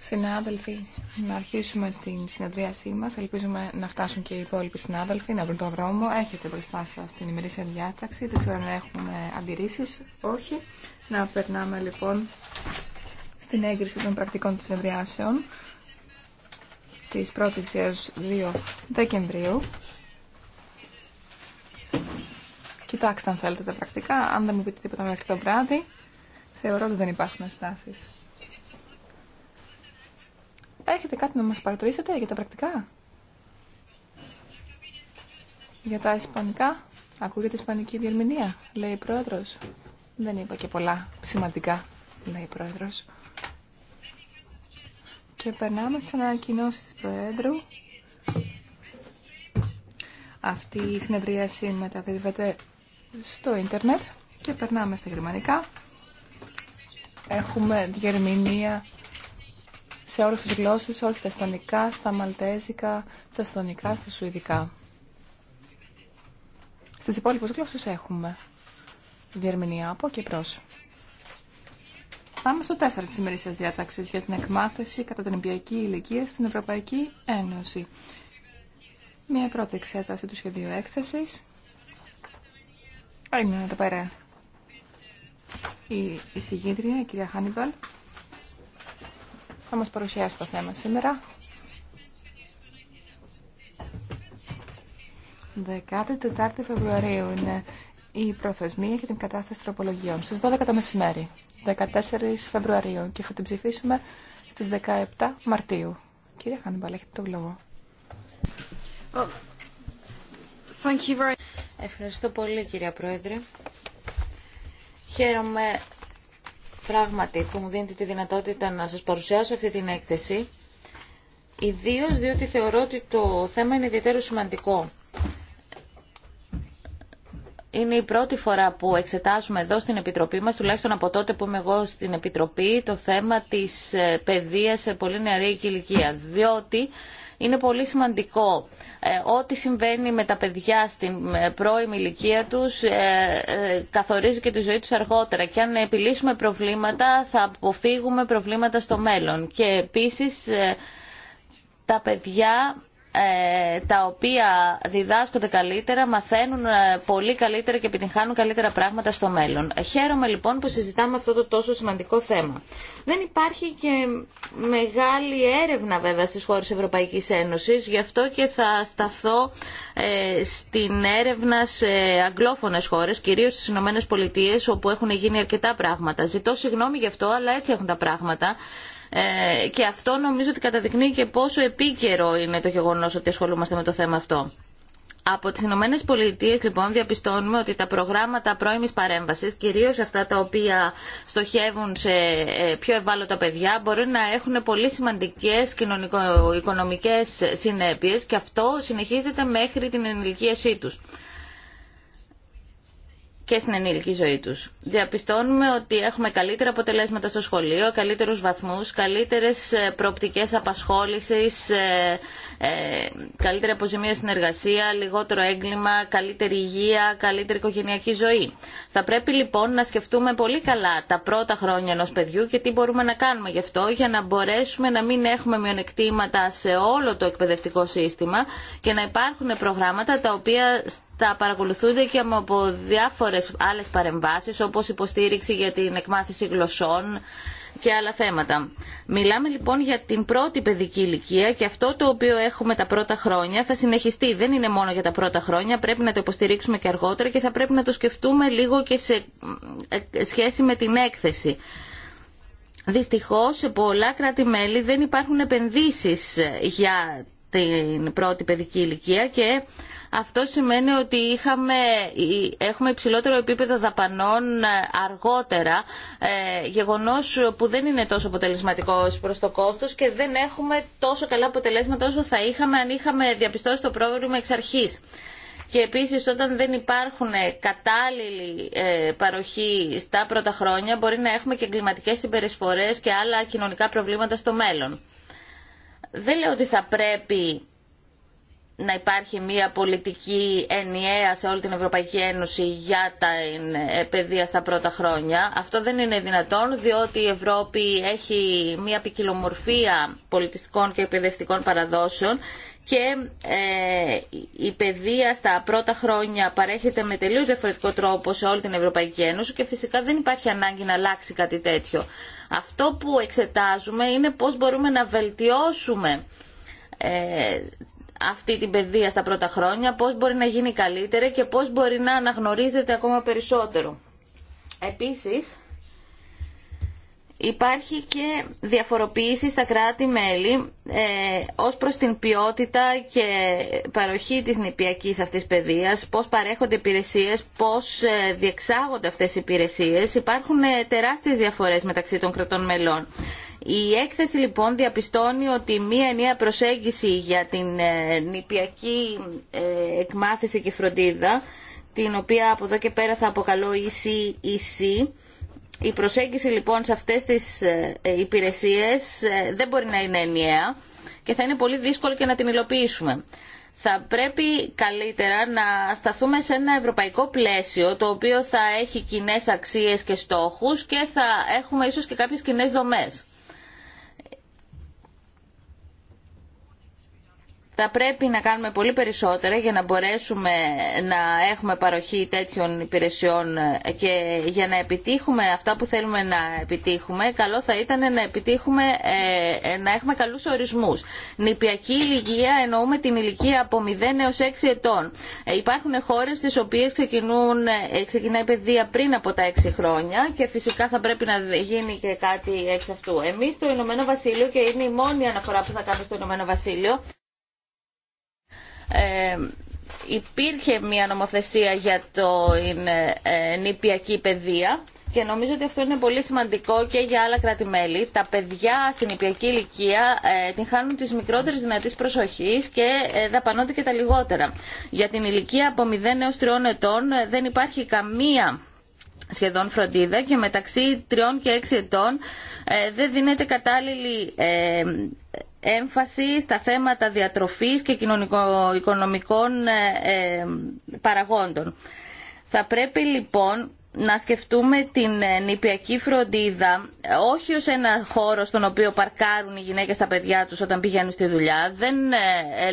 Συνάδελφοι, να αρχίσουμε την συνεδρίασή μα. Ελπίζουμε να φτάσουν και οι υπόλοιποι συνάδελφοι να βρουν τον δρόμο. Έχετε μπροστά σα την ημερήσια διάταξη. Δεν ξέρω αν έχουμε αντιρρήσει Όχι. Να περνάμε λοιπόν στην έγκριση των πρακτικών της συνεδριάσεων τη 1 η έω 2 Δεκεμβρίου. Κοιτάξτε αν θέλετε τα πρακτικά. Αν δεν μου πείτε τίποτα μέχρι το βράδυ, Θεωρώ ότι δεν υπάρχουν αστάθεις. Έχετε κάτι να μα παρατηρήσετε για τα πρακτικά. Για τα ισπανικά. Ακούγεται ισπανική διερμηνία, λέει η πρόεδρο. Δεν είπα και πολλά σημαντικά, λέει η πρόεδρος. Και περνάμε στι ανακοινώσει του Προέδρου. Αυτή η συνεδρίαση μεταδίδεται στο ίντερνετ και περνάμε στα γερμανικά. Έχουμε διερμηνία σε όλες τις γλώσσες, όχι στα αισθανικά, στα μαλτέζικα, στα αισθανικά, στα σουηδικά. Στις υπόλοιπες γλώσσες έχουμε διερμηνία από και προς. Πάμε στο 4 της ημερήσιας διάταξης για την εκμάθηση κατά την εμπιακή ηλικία στην Ευρωπαϊκή Ένωση. Μία πρώτη εξέταση του σχεδίου έκθεσης. Είναι εδώ η εισηγήτρια, η κυρία Χάνιβαλ, θα μας παρουσιάσει το θέμα σήμερα. 14 Φεβρουαρίου είναι η προθεσμία για την κατάθεση τροπολογιών. Στις 12 το μεσημέρι, 14 Φεβρουαρίου και θα την ψηφίσουμε στις 17 Μαρτίου. Κυρία Χάνιμπαλ, έχετε το λόγο. Ευχαριστώ πολύ κυρία Πρόεδρε. Χαίρομαι πράγματι που μου δίνετε τη δυνατότητα να σας παρουσιάσω αυτή την έκθεση, ιδίω διότι θεωρώ ότι το θέμα είναι ιδιαίτερο σημαντικό. Είναι η πρώτη φορά που εξετάζουμε εδώ στην Επιτροπή μας, τουλάχιστον από τότε που είμαι εγώ στην Επιτροπή, το θέμα της ε, παιδείας σε πολύ νεαρή ηλικία. Διότι είναι πολύ σημαντικό ε, ό,τι συμβαίνει με τα παιδιά στην ε, πρώιμη ηλικία τους ε, καθορίζει και τη ζωή τους αργότερα και αν επιλύσουμε προβλήματα θα αποφύγουμε προβλήματα στο μέλλον και επίσης τα παιδιά ε, τα οποία διδάσκονται καλύτερα, μαθαίνουν ε, πολύ καλύτερα και επιτυγχάνουν καλύτερα πράγματα στο μέλλον. Ε, χαίρομαι λοιπόν που συζητάμε αυτό το τόσο σημαντικό θέμα. Δεν υπάρχει και μεγάλη έρευνα βέβαια στις χώρες Ευρωπαϊκής Ένωσης, γι' αυτό και θα σταθώ στην έρευνα σε αγγλόφωνες χώρες, κυρίως στις Ηνωμένες Πολιτείες, όπου έχουν γίνει αρκετά πράγματα. Ζητώ συγγνώμη γι' αυτό, αλλά έτσι έχουν τα πράγματα. Ε, και αυτό νομίζω ότι καταδεικνύει και πόσο επίκαιρο είναι το γεγονός ότι ασχολούμαστε με το θέμα αυτό. Από τι Ηνωμένε Πολιτείε λοιπόν διαπιστώνουμε ότι τα προγράμματα πρώιμης παρέμβαση, κυρίω αυτά τα οποία στοχεύουν σε ε, πιο ευάλωτα παιδιά, μπορεί να έχουν σημαντικέ σημαντικές κοινωνικο-οικονομικέ συνέπειες και αυτό συνεχίζεται μέχρι την ενηλικίασή του και στην ενήλικη ζωή του. Διαπιστώνουμε ότι έχουμε καλύτερα αποτελέσματα στο σχολείο, καλύτερου βαθμού, καλύτερε προοπτικέ απασχόληση. Ε, ε, καλύτερη αποζημίωση στην εργασία, λιγότερο έγκλημα, καλύτερη υγεία, καλύτερη οικογενειακή ζωή. Θα πρέπει λοιπόν να σκεφτούμε πολύ καλά τα πρώτα χρόνια ενό παιδιού και τι μπορούμε να κάνουμε γι' αυτό για να μπορέσουμε να μην έχουμε μειονεκτήματα σε όλο το εκπαιδευτικό σύστημα και να υπάρχουν προγράμματα τα οποία θα παρακολουθούνται και από διάφορες άλλες παρεμβάσεις όπως υποστήριξη για την εκμάθηση γλωσσών και άλλα θέματα. Μιλάμε λοιπόν για την πρώτη παιδική ηλικία και αυτό το οποίο έχουμε τα πρώτα χρόνια θα συνεχιστεί. Δεν είναι μόνο για τα πρώτα χρόνια, πρέπει να το υποστηρίξουμε και αργότερα και θα πρέπει να το σκεφτούμε λίγο και σε ε, σχέση με την έκθεση. Δυστυχώς σε πολλά κράτη-μέλη δεν υπάρχουν επενδύσεις για την πρώτη παιδική ηλικία και αυτό σημαίνει ότι είχαμε, έχουμε υψηλότερο επίπεδο δαπανών ε, αργότερα, ε, γεγονός που δεν είναι τόσο αποτελεσματικός προς το κόστος και δεν έχουμε τόσο καλά αποτελέσματα όσο θα είχαμε αν είχαμε διαπιστώσει το πρόβλημα εξ αρχής. Και επίσης όταν δεν υπάρχουν κατάλληλη ε, παροχή στα πρώτα χρόνια μπορεί να έχουμε και εγκληματικές συμπεριφορές και άλλα κοινωνικά προβλήματα στο μέλλον. Δεν λέω ότι θα πρέπει να υπάρχει μια πολιτική ενιαία σε όλη την Ευρωπαϊκή Ένωση για τα ε, παιδεία στα πρώτα χρόνια. Αυτό δεν είναι δυνατόν διότι η Ευρώπη έχει μια ποικιλομορφία πολιτιστικών και εκπαιδευτικών παραδόσεων και ε, η παιδεία στα πρώτα χρόνια παρέχεται με τελείως διαφορετικό τρόπο σε όλη την Ευρωπαϊκή Ένωση και φυσικά δεν υπάρχει ανάγκη να αλλάξει κάτι τέτοιο. Αυτό που εξετάζουμε είναι πώς μπορούμε να βελτιώσουμε ε, αυτή την παιδεία στα πρώτα χρόνια, πώς μπορεί να γίνει καλύτερη και πώς μπορεί να αναγνωρίζεται ακόμα περισσότερο. Επίσης, Υπάρχει και διαφοροποίηση στα κράτη-μέλη ε, ως προς την ποιότητα και παροχή της νηπιακής αυτής παιδείας, πώς παρέχονται υπηρεσίες, πώς ε, διεξάγονται αυτές οι υπηρεσίες. Υπάρχουν ε, τεράστιες διαφορές μεταξύ των κρατών μελών. Η έκθεση λοιπόν διαπιστώνει ότι μία ενιαία προσέγγιση για την ε, νηπιακή ε, εκμάθηση και φροντίδα, την οποία από εδώ και πέρα θα αποκαλώ EC, e η προσέγγιση λοιπόν σε αυτές τις ε, ε, υπηρεσίες ε, δεν μπορεί να είναι ενιαία και θα είναι πολύ δύσκολο και να την υλοποιήσουμε. Θα πρέπει καλύτερα να σταθούμε σε ένα ευρωπαϊκό πλαίσιο το οποίο θα έχει κοινέ αξίες και στόχους και θα έχουμε ίσως και κάποιες κοινέ δομές. θα πρέπει να κάνουμε πολύ περισσότερα για να μπορέσουμε να έχουμε παροχή τέτοιων υπηρεσιών και για να επιτύχουμε αυτά που θέλουμε να επιτύχουμε, καλό θα ήταν να επιτύχουμε ε, ε, να έχουμε καλούς ορισμούς. Νηπιακή ηλικία εννοούμε την ηλικία από 0 έως 6 ετών. Ε, υπάρχουν χώρες στις οποίες ξεκινούν, ξεκινάει η παιδεία πριν από τα 6 χρόνια και φυσικά θα πρέπει να γίνει και κάτι έξω αυτού. Εμείς το Ηνωμένο Βασίλειο και είναι η μόνη αναφορά που θα κάνουμε στο Ηνωμένο Βασίλειο υπήρχε μια νομοθεσία για το ε, νηπιακή παιδεία και νομίζω ότι αυτό είναι πολύ σημαντικό και για άλλα κράτη-μέλη. Τα παιδιά στην νηπιακή ηλικία ε, την χάνουν τις μικρότερες δυνατή προσοχής και ε, δαπανώνται και τα λιγότερα. Για την ηλικία από 0 έως 3 ετών ε, δεν υπάρχει καμία σχεδόν φροντίδα και μεταξύ 3 και 6 ετών δεν δίνεται κατάλληλη έμφαση στα θέματα διατροφής και κοινωνικο-οικονομικών ε, ε, παραγόντων. Θα πρέπει λοιπόν να σκεφτούμε την ε, νηπιακή φροντίδα όχι ως ένα χώρο στον οποίο παρκάρουν οι γυναίκες τα παιδιά τους όταν πηγαίνουν στη δουλειά. Δεν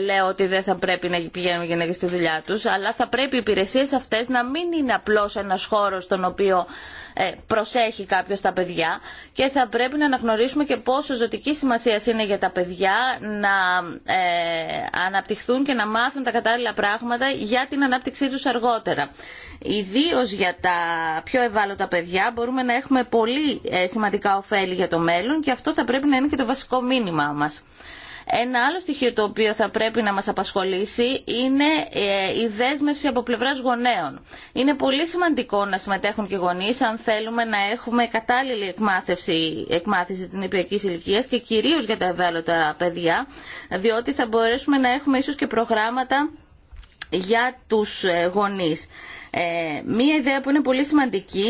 λέω ότι δεν θα πρέπει να πηγαίνουν οι γυναίκες στη δουλειά τους, αλλά θα πρέπει οι υπηρεσίες αυτές να μην είναι απλώς ένας χώρος στον οποίο ε, προσέχει κάποιο τα παιδιά και θα πρέπει να αναγνωρίσουμε και πόσο ζωτική σημασία είναι για τα παιδιά να ε, αναπτυχθούν και να μάθουν τα κατάλληλα πράγματα για την ανάπτυξή τους αργότερα. Ιδίω για τα πιο ευάλωτα παιδιά μπορούμε να έχουμε πολύ ε, σημαντικά ωφέλη για το μέλλον και αυτό θα πρέπει να είναι και το βασικό μήνυμά μας. Ένα άλλο στοιχείο το οποίο θα πρέπει να μας απασχολήσει είναι ε, η δέσμευση από πλευράς γονέων. Είναι πολύ σημαντικό να συμμετέχουν και οι γονείς αν θέλουμε να έχουμε κατάλληλη εκμάθευση, εκμάθηση την υπηρετική ηλικία και κυρίως για τα ευάλωτα παιδιά, διότι θα μπορέσουμε να έχουμε ίσως και προγράμματα για τους ε, γονείς. Ε, μία ιδέα που είναι πολύ σημαντική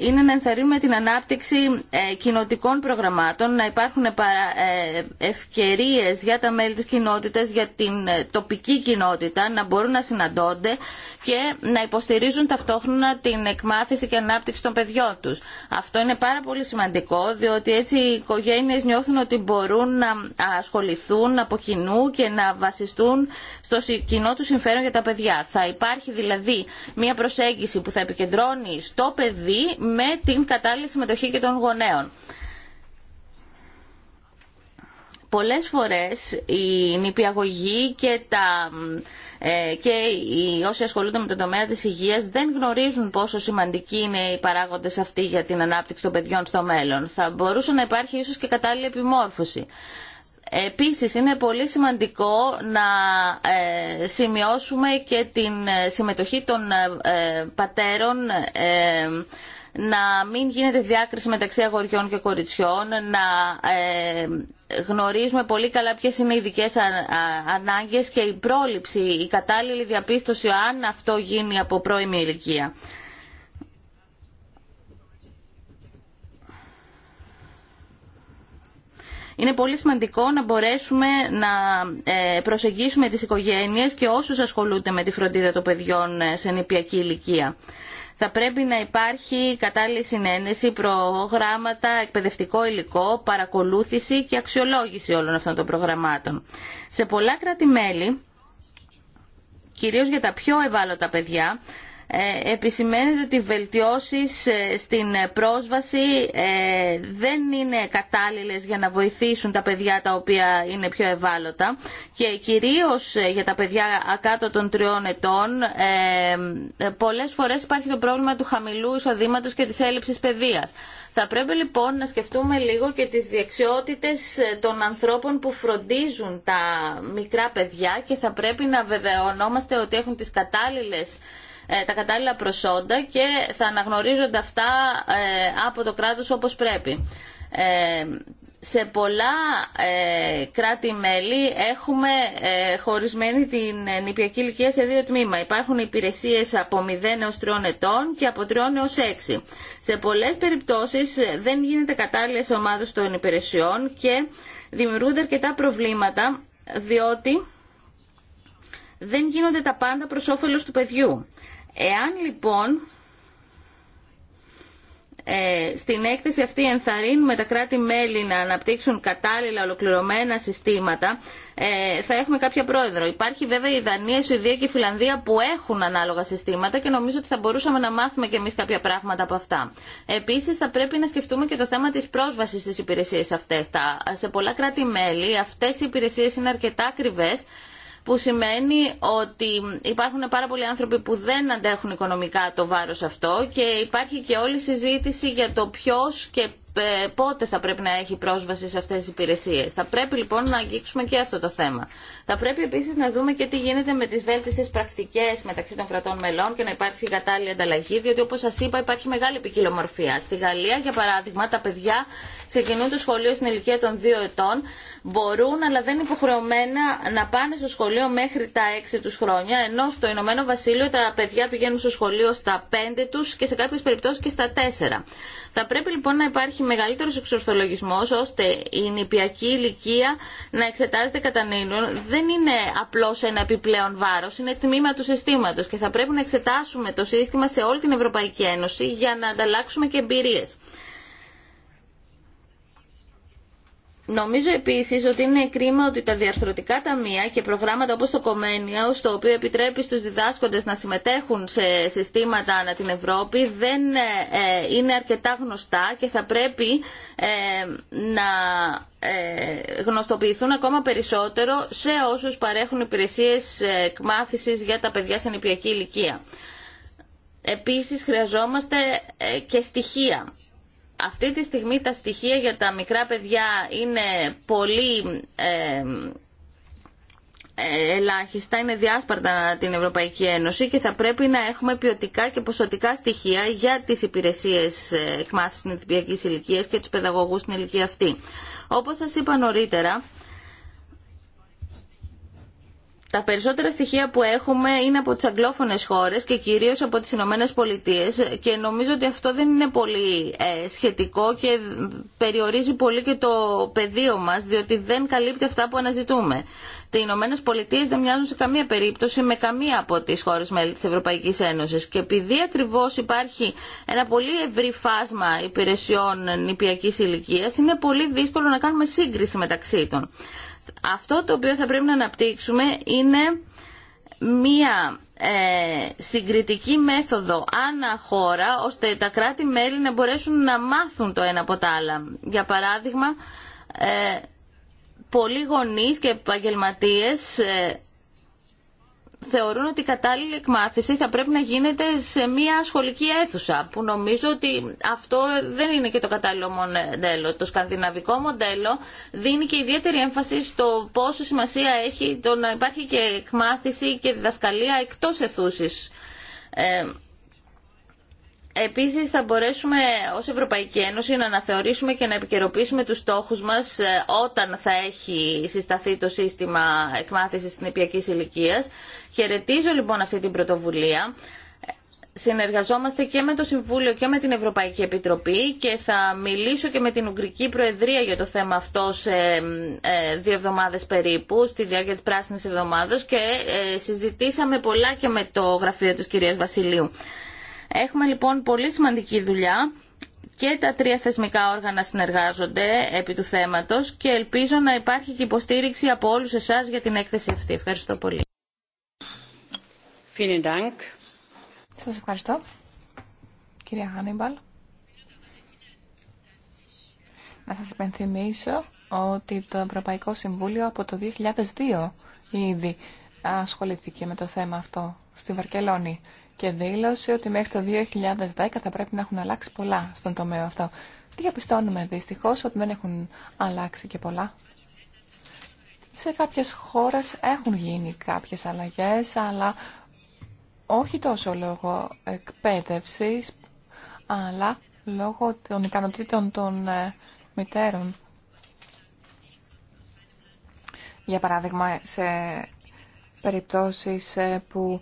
είναι να ενθαρρύνουμε την ανάπτυξη ε, κοινοτικών προγραμμάτων, να υπάρχουν ε, ευκαιρίε για τα μέλη τη κοινότητα, για την τοπική κοινότητα, να μπορούν να συναντώνται και να υποστηρίζουν ταυτόχρονα την εκμάθηση και ανάπτυξη των παιδιών τους. Αυτό είναι πάρα πολύ σημαντικό, διότι έτσι οι οικογένειε νιώθουν ότι μπορούν να ασχοληθούν από κοινού και να βασιστούν στο κοινό του συμφέρον για τα παιδιά. Θα υπάρχει δηλαδή προσέγγιση που θα επικεντρώνει στο παιδί με την κατάλληλη συμμετοχή και των γονέων. Πολλές φορές οι νηπιαγωγή και, τα, ε, και οι όσοι ασχολούνται με το τομέα της υγείας δεν γνωρίζουν πόσο σημαντικοί είναι οι παράγοντες αυτοί για την ανάπτυξη των παιδιών στο μέλλον. Θα μπορούσε να υπάρχει ίσως και κατάλληλη επιμόρφωση. Επίσης είναι πολύ σημαντικό να ε, σημειώσουμε και την συμμετοχή των ε, ε, πατέρων να μην γίνεται διάκριση μεταξύ αγοριών και κοριτσιών, να γνωρίζουμε πολύ καλά ποιες είναι οι ειδικές ανάγκες και η πρόληψη, η κατάλληλη διαπίστωση αν αυτό γίνει από πρώιμη ηλικία. Είναι πολύ σημαντικό να μπορέσουμε να ε, προσεγγίσουμε τις οικογένειες και όσους ασχολούνται με τη φροντίδα των παιδιών ε, σε νηπιακή ηλικία. Θα πρέπει να υπάρχει κατάλληλη συνένεση, προγράμματα, εκπαιδευτικό υλικό, παρακολούθηση και αξιολόγηση όλων αυτών των προγραμμάτων. Σε πολλά κράτη-μέλη, κυρίως για τα πιο ευάλωτα παιδιά, ε, επισημαίνεται ότι οι βελτιώσεις ε, στην πρόσβαση ε, δεν είναι κατάλληλες για να βοηθήσουν τα παιδιά τα οποία είναι πιο ευάλωτα και κυρίως για τα παιδιά κάτω των τριών ετών πολλές φορές υπάρχει το πρόβλημα του χαμηλού εισοδήματος και της έλλειψης παιδείας. Θα πρέπει λοιπόν να σκεφτούμε λίγο και τις διεξιότητες των ανθρώπων που φροντίζουν τα μικρά παιδιά και θα πρέπει να βεβαιωνόμαστε ότι έχουν τις κατάλληλες ε, τα κατάλληλα προσόντα και θα αναγνωρίζονται αυτά ε, από το κράτος όπως πρέπει. Ε, σε πολλά κράτη-μέλη έχουμε χωρισμένη την νηπιακή ηλικία σε δύο τμήμα. Υπάρχουν υπηρεσίες από 0 έως 3 ετών και από 3 έως 6. Σε πολλές περιπτώσεις δεν γίνεται κατάλληλες ομάδες των υπηρεσιών και δημιουργούνται αρκετά προβλήματα διότι δεν γίνονται τα πάντα προς όφελος του παιδιού. Εάν λοιπόν ε, στην έκθεση αυτή ενθαρρύνουμε τα κράτη-μέλη να αναπτύξουν κατάλληλα ολοκληρωμένα συστήματα, ε, θα έχουμε κάποια πρόεδρο. Υπάρχει βέβαια η Δανία, η Σουηδία και η Φιλανδία που έχουν ανάλογα συστήματα και νομίζω ότι θα μπορούσαμε να μάθουμε και εμεί κάποια πράγματα από αυτά. Επίση, θα πρέπει να σκεφτούμε και το θέμα τη πρόσβαση στι υπηρεσίε αυτέ. Σε πολλά κράτη-μέλη αυτέ οι υπηρεσίε είναι αρκετά ακριβέ που σημαίνει ότι υπάρχουν πάρα πολλοί άνθρωποι που δεν αντέχουν οικονομικά το βάρος αυτό και υπάρχει και όλη η συζήτηση για το ποιος και ε, πότε θα πρέπει να έχει πρόσβαση σε αυτές τις υπηρεσίες. Θα πρέπει λοιπόν να αγγίξουμε και αυτό το θέμα. Θα πρέπει επίσης να δούμε και τι γίνεται με τις βέλτιστες πρακτικές μεταξύ των κρατών μελών και να υπάρξει κατάλληλη ανταλλαγή, διότι όπως σας είπα υπάρχει μεγάλη ποικιλομορφία. Στη Γαλλία, για παράδειγμα, τα παιδιά ξεκινούν το σχολείο στην ηλικία των 2 ετών μπορούν αλλά δεν υποχρεωμένα να πάνε στο σχολείο μέχρι τα 6 τους χρόνια ενώ στο Ηνωμένο Βασίλειο τα παιδιά πηγαίνουν στο σχολείο στα 5 τους και σε κάποιες περιπτώσεις και στα 4. Θα πρέπει λοιπόν να υπάρχει μεγαλύτερος εξορθολογισμός ώστε η νηπιακή ηλικία να εξετάζεται κατά νήνων. Δεν είναι απλώς ένα επιπλέον βάρος, είναι τμήμα του συστήματος και θα πρέπει να εξετάσουμε το σύστημα σε όλη την Ευρωπαϊκή Ένωση για να ανταλλάξουμε και εμπειρίες. Νομίζω επίση ότι είναι κρίμα ότι τα διαρθρωτικά ταμεία και προγράμματα όπω το Κομένιο, στο οποίο επιτρέπει στου διδάσκοντε να συμμετέχουν σε συστήματα ανά την Ευρώπη, δεν ε, είναι αρκετά γνωστά και θα πρέπει ε, να ε, γνωστοποιηθούν ακόμα περισσότερο σε όσου παρέχουν υπηρεσίε εκμάθηση για τα παιδιά σε νηπιακή ηλικία. Επίση, χρειαζόμαστε και στοιχεία αυτή τη στιγμή τα στοιχεία για τα μικρά παιδιά είναι πολύ ε, ε, ελάχιστα, είναι διάσπαρτα την Ευρωπαϊκή Ένωση και θα πρέπει να έχουμε ποιοτικά και ποσοτικά στοιχεία για τις υπηρεσίες ε, εκμάθησης νηπιακής ηλικίας και τους παιδαγωγούς στην ηλικία αυτή. Όπως σας είπα νωρίτερα, τα περισσότερα στοιχεία που έχουμε είναι από τις αγγλόφωνες χώρες και κυρίως από τις Ηνωμένε Πολιτείε και νομίζω ότι αυτό δεν είναι πολύ ε, σχετικό και περιορίζει πολύ και το πεδίο μας διότι δεν καλύπτει αυτά που αναζητούμε. Τα Ηνωμένε Πολιτείε δεν μοιάζουν σε καμία περίπτωση με καμία από τις χώρες μέλη τη Ευρωπαϊκή Ένωση. Και επειδή ακριβώ υπάρχει ένα πολύ ευρύ φάσμα υπηρεσιών νηπιακή ηλικία, είναι πολύ δύσκολο να κάνουμε σύγκριση μεταξύ των. Αυτό το οποίο θα πρέπει να αναπτύξουμε είναι μία ε, συγκριτική μέθοδο ανά χώρα, ώστε τα κράτη-μέλη να μπορέσουν να μάθουν το ένα από τα άλλα. Για παράδειγμα, ε, πολλοί γονείς και επαγγελματίε. Ε, θεωρούν ότι η κατάλληλη εκμάθηση θα πρέπει να γίνεται σε μια σχολική αίθουσα, που νομίζω ότι αυτό δεν είναι και το κατάλληλο μοντέλο. Το σκανδιναβικό μοντέλο δίνει και ιδιαίτερη έμφαση στο πόσο σημασία έχει το να υπάρχει και εκμάθηση και διδασκαλία εκτός αιθούσης. Ε, Επίσης θα μπορέσουμε ως Ευρωπαϊκή Ένωση να αναθεωρήσουμε και να επικαιροποιήσουμε τους στόχους μας ε, όταν θα έχει συσταθεί το σύστημα εκμάθησης νηπιακής ηλικία. Χαιρετίζω λοιπόν αυτή την πρωτοβουλία. Συνεργαζόμαστε και με το Συμβούλιο και με την Ευρωπαϊκή Επιτροπή και θα μιλήσω και με την Ουγγρική Προεδρία για το θέμα αυτό σε ε, δύο εβδομάδες περίπου, στη διάρκεια της Πράσινης εβδομάδα, και ε, συζητήσαμε πολλά και με το γραφείο της κυρίας Βασιλείου. Έχουμε λοιπόν πολύ σημαντική δουλειά και τα τρία θεσμικά όργανα συνεργάζονται επί του θέματος και ελπίζω να υπάρχει και υποστήριξη από όλους εσάς για την έκθεση αυτή. Ευχαριστώ πολύ. Σας ευχαριστώ. Κυρία Χάνιμπαλ. Να σας υπενθυμίσω ότι το Ευρωπαϊκό Συμβούλιο από το 2002 ήδη ασχοληθήκε με το θέμα αυτό στη Βαρκελόνη και δήλωσε ότι μέχρι το 2010 θα πρέπει να έχουν αλλάξει πολλά στον τομέα αυτό. Τι διαπιστώνουμε δυστυχώς ότι δεν έχουν αλλάξει και πολλά. Σε κάποιες χώρες έχουν γίνει κάποιες αλλαγές, αλλά όχι τόσο λόγω εκπαίδευσης, αλλά λόγω των ικανοτήτων των ε, μητέρων. Για παράδειγμα, σε περιπτώσεις ε, που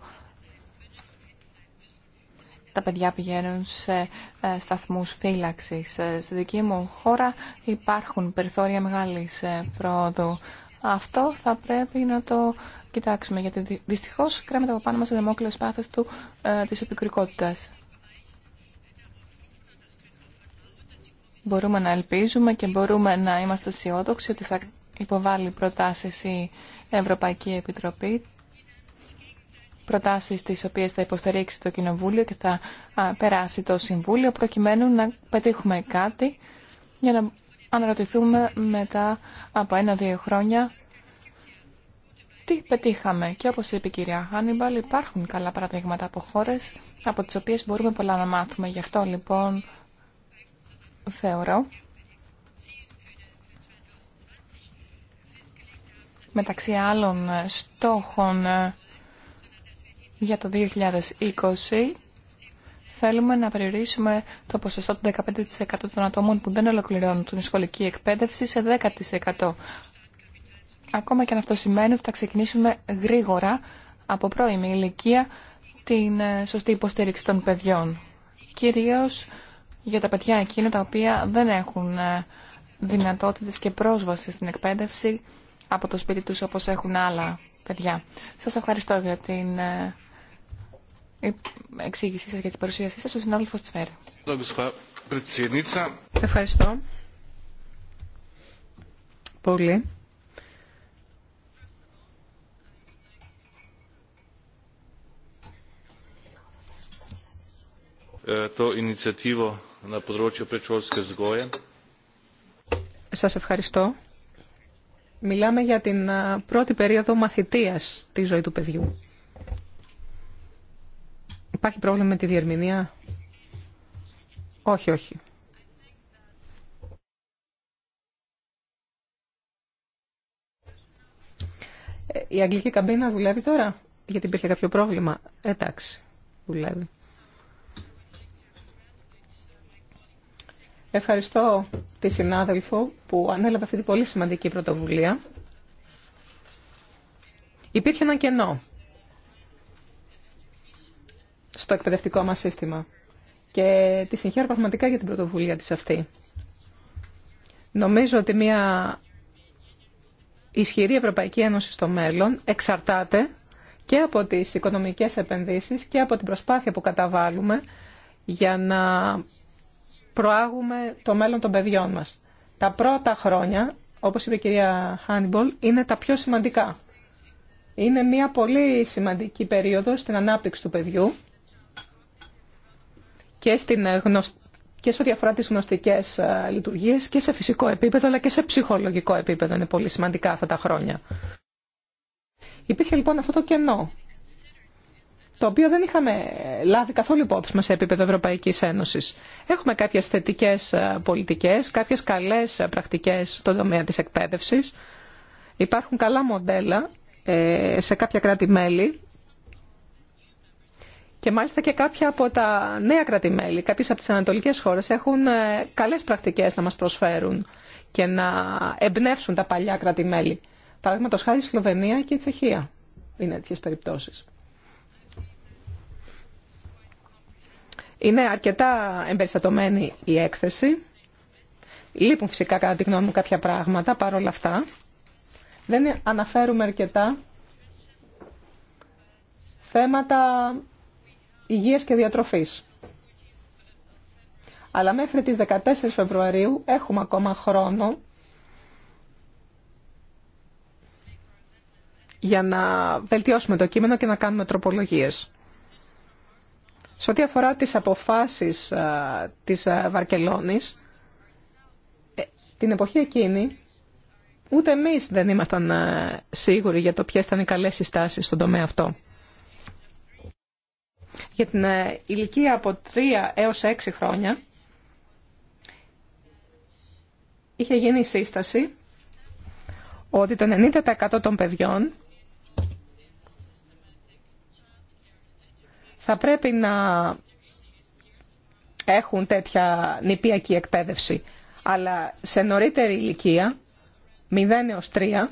τα παιδιά πηγαίνουν σε ε, σταθμούς φύλαξης. Ε, στη δική μου χώρα υπάρχουν περιθώρια μεγάλης ε, πρόοδου. Αυτό θα πρέπει να το κοιτάξουμε, γιατί δυστυχώς κρέμεται από πάνω μας ο πάθος του, ε, της επικρικότητας. Μπορούμε να ελπίζουμε και μπορούμε να είμαστε αισιόδοξοι ότι θα υποβάλει προτάσεις η Ευρωπαϊκή Επιτροπή προτάσεις τις οποίες θα υποστηρίξει το Κοινοβούλιο και θα περάσει το Συμβούλιο προκειμένου να πετύχουμε κάτι για να αναρωτηθούμε μετά από ένα-δύο χρόνια τι πετύχαμε. Και όπως είπε η κυρία Χάνιμπαλ υπάρχουν καλά παραδείγματα από χώρες από τις οποίες μπορούμε πολλά να μάθουμε. Γι' αυτό λοιπόν θεωρώ μεταξύ άλλων στόχων ε, για το 2020 θέλουμε να περιορίσουμε το ποσοστό του 15% των ατόμων που δεν ολοκληρώνουν την σχολική εκπαίδευση σε 10%. Ακόμα και αν αυτό σημαίνει ότι θα ξεκινήσουμε γρήγορα από πρώιμη ηλικία την ε, σωστή υποστήριξη των παιδιών. Κυρίως για τα παιδιά εκείνα τα οποία δεν έχουν ε, δυνατότητες και πρόσβαση στην εκπαίδευση από το σπίτι τους όπως έχουν άλλα παιδιά. Σας ευχαριστώ για την ε, εξήγησή σας και της παρουσίασή σας, ο συνάδελφο Τσφέρα. Ευχαριστώ πολύ. Ε, το Σας ευχαριστώ. Μιλάμε για την ε, πρώτη περίοδο μαθητείας στη ζωή του παιδιού. Υπάρχει πρόβλημα με τη διερμηνία. Όχι, όχι. Ε, η αγγλική καμπίνα δουλεύει τώρα, γιατί υπήρχε κάποιο πρόβλημα. Ε, εντάξει, δουλεύει. Ευχαριστώ τη συνάδελφο που ανέλαβε αυτή την πολύ σημαντική πρωτοβουλία. Υπήρχε ένα κενό στο εκπαιδευτικό μας σύστημα. Και τη συγχαίρω πραγματικά για την πρωτοβουλία της αυτή. Νομίζω ότι μια ισχυρή Ευρωπαϊκή Ένωση στο μέλλον εξαρτάται και από τις οικονομικές επενδύσεις και από την προσπάθεια που καταβάλουμε για να προάγουμε το μέλλον των παιδιών μας. Τα πρώτα χρόνια, όπως είπε η κυρία Χάνιμπολ, είναι τα πιο σημαντικά. Είναι μια πολύ σημαντική περίοδος στην ανάπτυξη του παιδιού και, στην ε, και σε ό,τι αφορά τις γνωστικές ε, λειτουργίες και σε φυσικό επίπεδο αλλά και σε ψυχολογικό επίπεδο είναι πολύ σημαντικά αυτά τα χρόνια. Υπήρχε λοιπόν αυτό το κενό το οποίο δεν είχαμε ε, λάβει καθόλου υπόψη μας σε επίπεδο Ευρωπαϊκής Ένωσης. Έχουμε κάποιες θετικές πολιτικές, κάποιες καλές πρακτικές στον τομέα της εκπαίδευσης. Υπάρχουν καλά μοντέλα σε κάποια κράτη-μέλη και μάλιστα και κάποια από τα νέα κρατημέλη, Κάποιε από τις ανατολικές χώρες έχουν ε, καλές πρακτικές να μας προσφέρουν και να εμπνεύσουν τα παλιά κρατημέλη. Παραδείγματο χάρη η Σλοβενία και η Τσεχία είναι τέτοιε περιπτώσει. Είναι αρκετά εμπεριστατωμένη η έκθεση. Λείπουν φυσικά κατά τη γνώμη μου κάποια πράγματα παρόλα αυτά. Δεν αναφέρουμε αρκετά θέματα υγείας και διατροφής. Αλλά μέχρι τις 14 Φεβρουαρίου έχουμε ακόμα χρόνο για να βελτιώσουμε το κείμενο και να κάνουμε τροπολογίες. Σε ό,τι αφορά τις αποφάσεις της Βαρκελόνης, ε, την εποχή εκείνη ούτε εμείς δεν ήμασταν σίγουροι για το ποιες ήταν οι καλές συστάσεις στον τομέα αυτό για την ε, ηλικία από 3 έως 6 χρόνια είχε γίνει η σύσταση ότι το 90% των παιδιών θα πρέπει να έχουν τέτοια νηπιακή εκπαίδευση. Αλλά σε νωρίτερη ηλικία, 0 έως 3,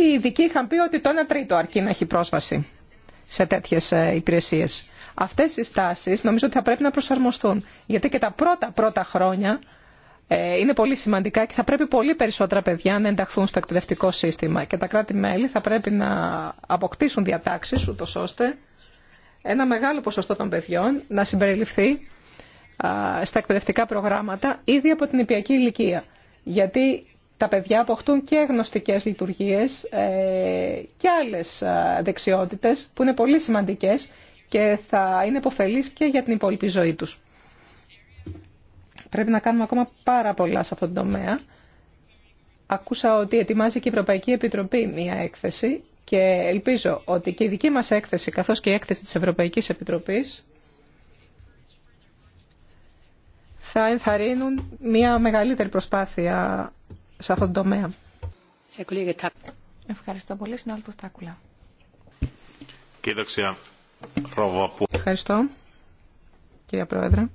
οι ειδικοί είχαν πει ότι το 1 τρίτο αρκεί να έχει πρόσβαση σε τέτοιε ε, υπηρεσίες. Αυτές οι στάσεις νομίζω ότι θα πρέπει να προσαρμοστούν, γιατί και τα πρώτα-πρώτα χρόνια ε, είναι πολύ σημαντικά και θα πρέπει πολύ περισσότερα παιδιά να ενταχθούν στο εκπαιδευτικό σύστημα και τα κράτη-μέλη θα πρέπει να αποκτήσουν διατάξεις ούτως ώστε ένα μεγάλο ποσοστό των παιδιών να συμπεριληφθεί στα εκπαιδευτικά προγράμματα ήδη από την υπιακή ηλικία. Γιατί τα παιδιά αποκτούν και γνωστικές λειτουργίες ε, και άλλες ε, δεξιότητες που είναι πολύ σημαντικές και θα είναι υποφελείς και για την υπόλοιπη ζωή τους. Πρέπει να κάνουμε ακόμα πάρα πολλά σε αυτόν τον τομέα. Ακούσα ότι ετοιμάζει και η Ευρωπαϊκή Επιτροπή μία έκθεση και ελπίζω ότι και η δική μας έκθεση, καθώς και η έκθεση της Ευρωπαϊκής Επιτροπής, θα ενθαρρύνουν μία μεγαλύτερη προσπάθεια σε αυτόν τον τομέα. Ευχαριστώ πολύ, συνάδελφο Τάκουλα. Ευχαριστώ, κυρία Πρόεδρε.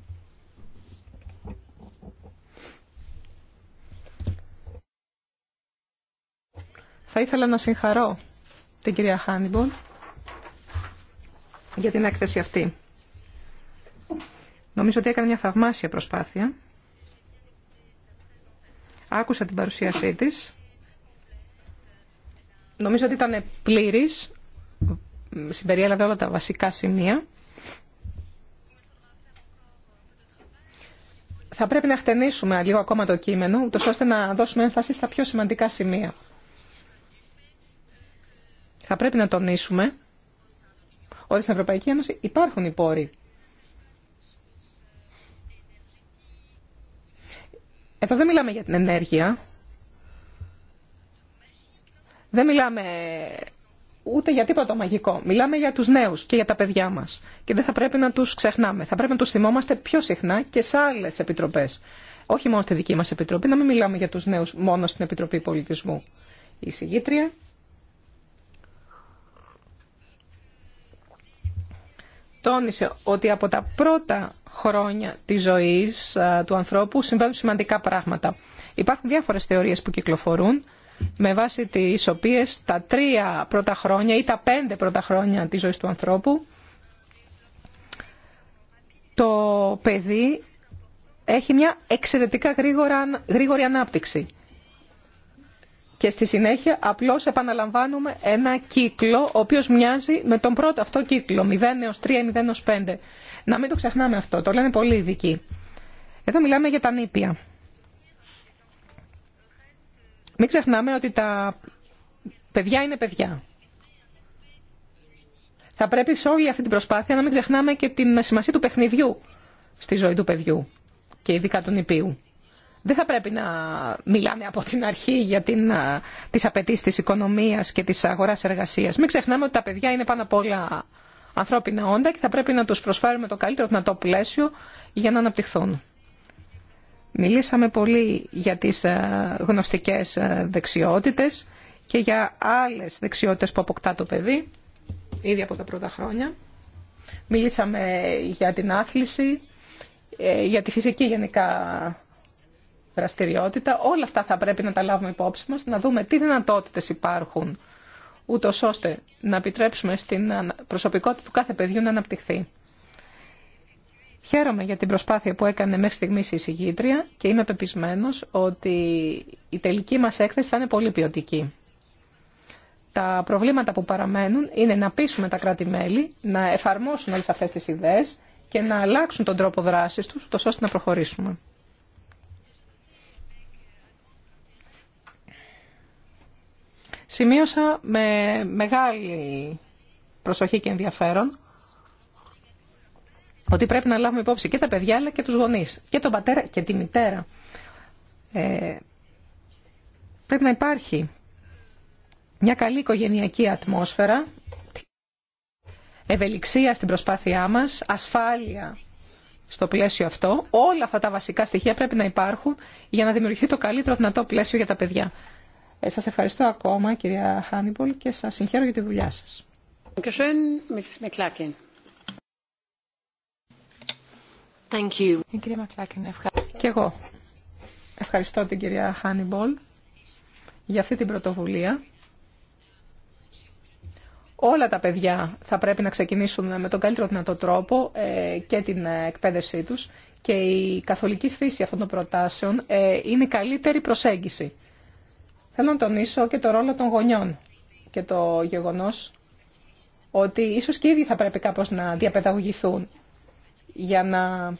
Θα ήθελα να συγχαρώ την κυρία Χάνιμπον για την έκθεση αυτή. Νομίζω ότι έκανε μια θαυμάσια προσπάθεια Άκουσα την παρουσίασή της. Νομίζω ότι ήταν πλήρης, συμπεριέλαβε όλα τα βασικά σημεία. Θα πρέπει να χτενίσουμε λίγο ακόμα το κείμενο, ούτως ώστε να δώσουμε έμφαση στα πιο σημαντικά σημεία. Θα πρέπει να τονίσουμε ότι στην Ευρωπαϊκή Ένωση υπάρχουν οι πόροι Εδώ δεν μιλάμε για την ενέργεια. Δεν μιλάμε ούτε για τίποτα μαγικό. Μιλάμε για τους νέους και για τα παιδιά μας. Και δεν θα πρέπει να τους ξεχνάμε. Θα πρέπει να τους θυμόμαστε πιο συχνά και σε άλλες επιτροπές. Όχι μόνο στη δική μας επιτροπή, να μην μιλάμε για τους νέους μόνο στην Επιτροπή Πολιτισμού. Η συγγήτρια. Τόνισε ότι από τα πρώτα χρόνια της ζωής του ανθρώπου συμβαίνουν σημαντικά πράγματα. Υπάρχουν διάφορες θεωρίες που κυκλοφορούν με βάση τις οποίες τα τρία πρώτα χρόνια ή τα πέντε πρώτα χρόνια της ζωής του ανθρώπου το παιδί έχει μια εξαιρετικά γρήγορα, γρήγορη ανάπτυξη και στη συνέχεια απλώς επαναλαμβάνουμε ένα κύκλο ο οποίος μοιάζει με τον πρώτο αυτό κύκλο 0 έως 3 ή 0 έως 5. Να μην το ξεχνάμε αυτό, το λένε πολύ ειδικοί. Εδώ μιλάμε για τα νήπια. Μην ξεχνάμε ότι τα παιδιά είναι παιδιά. Θα πρέπει σε όλη αυτή την προσπάθεια να μην ξεχνάμε και την σημασία του παιχνιδιού στη ζωή του παιδιού και ειδικά του νηπίου. Δεν θα πρέπει να μιλάμε από την αρχή για την, τις απαιτήσει της οικονομίας και της αγοράς εργασίας. Μην ξεχνάμε ότι τα παιδιά είναι πάνω απ' όλα ανθρώπινα όντα και θα πρέπει να τους προσφέρουμε το καλύτερο δυνατό πλαίσιο για να αναπτυχθούν. Μιλήσαμε πολύ για τις γνωστικές δεξιότητες και για άλλες δεξιότητες που αποκτά το παιδί, ήδη από τα πρώτα χρόνια. Μιλήσαμε για την άθληση, ε, για τη φυσική γενικά δραστηριότητα. Όλα αυτά θα πρέπει να τα λάβουμε υπόψη μας, να δούμε τι δυνατότητες υπάρχουν, ούτω ώστε να επιτρέψουμε στην προσωπικότητα του κάθε παιδιού να αναπτυχθεί. Χαίρομαι για την προσπάθεια που έκανε μέχρι στιγμή η συγγήτρια και είμαι πεπισμένος ότι η τελική μας έκθεση θα είναι πολύ ποιοτική. Τα προβλήματα που παραμένουν είναι να πείσουμε τα κράτη-μέλη να εφαρμόσουν όλες αυτές τις ιδέες και να αλλάξουν τον τρόπο δράσης τους, ώστε να προχωρήσουμε. Σημείωσα με μεγάλη προσοχή και ενδιαφέρον ότι πρέπει να λάβουμε υπόψη και τα παιδιά αλλά και τους γονείς, και τον πατέρα και τη μητέρα. Ε, πρέπει να υπάρχει μια καλή οικογενειακή ατμόσφαιρα, ευελιξία στην προσπάθειά μας, ασφάλεια στο πλαίσιο αυτό. Όλα αυτά τα βασικά στοιχεία πρέπει να υπάρχουν για να δημιουργηθεί το καλύτερο δυνατό πλαίσιο για τα παιδιά. Ε, σας ευχαριστώ ακόμα κυρία Χάνιμπολ και σας συγχαίρω για τη δουλειά σας. Ε, ευχαριστώ. Και εγώ ευχαριστώ την κυρία Χάνιμπολ για αυτή την πρωτοβουλία. Όλα τα παιδιά θα πρέπει να ξεκινήσουν με τον καλύτερο δυνατό τρόπο ε, και την εκπαίδευσή τους και η καθολική φύση αυτών των προτάσεων ε, είναι η καλύτερη προσέγγιση. Θέλω να τονίσω και το ρόλο των γονιών και το γεγονός ότι ίσως και ήδη θα πρέπει κάπως να διαπαιδαγωγηθούν. Για να...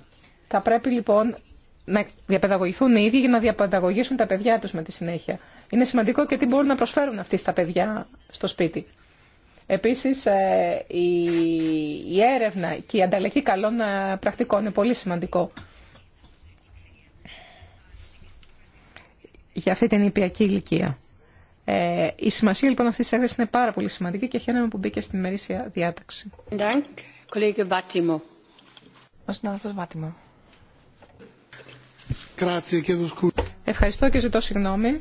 Θα πρέπει λοιπόν να διαπαιδαγωγηθούν οι ίδιοι για να διαπαιδαγωγήσουν τα παιδιά τους με τη συνέχεια. Είναι σημαντικό και τι μπορούν να προσφέρουν αυτοί στα παιδιά στο σπίτι. Επίσης, ε, η έρευνα και η ανταλλαγή καλών ε, πρακτικών είναι πολύ σημαντικό. για αυτή την ηπιακή ηλικία. Ε, η σημασία λοιπόν αυτής της έκθεση είναι πάρα πολύ σημαντική και χαίρομαι που μπήκε στην ημερήσια διάταξη. Ευχαριστώ και ζητώ συγγνώμη.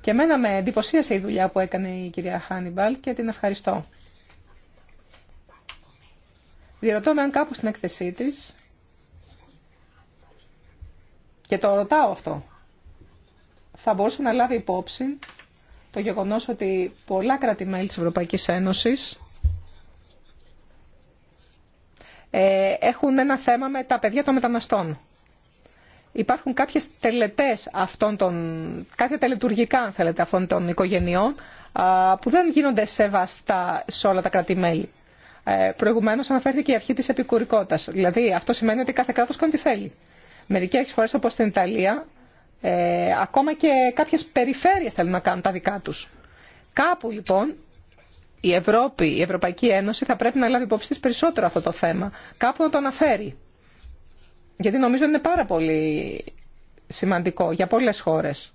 Και εμένα με εντυπωσίασε η δουλειά που έκανε η κυρία Χάνιμπαλ και την ευχαριστώ. Διερωτώ με αν κάπου στην έκθεσή της και το ρωτάω αυτό, θα μπορούσε να λάβει υπόψη το γεγονός ότι πολλά κράτη-μέλη της Ευρωπαϊκής Ένωσης ε, έχουν ένα θέμα με τα παιδιά των μεταναστών. Υπάρχουν κάποιες τελετές αυτών των, κάποια τελετουργικά αν θέλετε αυτών των οικογενειών που δεν γίνονται σεβαστά σε όλα τα κράτη-μέλη. Ε, αναφέρθηκε η αρχή της επικουρικότητας. Δηλαδή, αυτό σημαίνει ότι κάθε κράτος κάνει τι θέλει. Μερικές φορές όπως στην Ιταλία, ε, ακόμα και κάποιες περιφέρειες θέλουν να κάνουν τα δικά τους. Κάπου λοιπόν η Ευρώπη, η Ευρωπαϊκή Ένωση θα πρέπει να λάβει υπόψη της περισσότερο αυτό το θέμα. Κάπου να το αναφέρει. Γιατί νομίζω είναι πάρα πολύ σημαντικό για πολλές χώρες.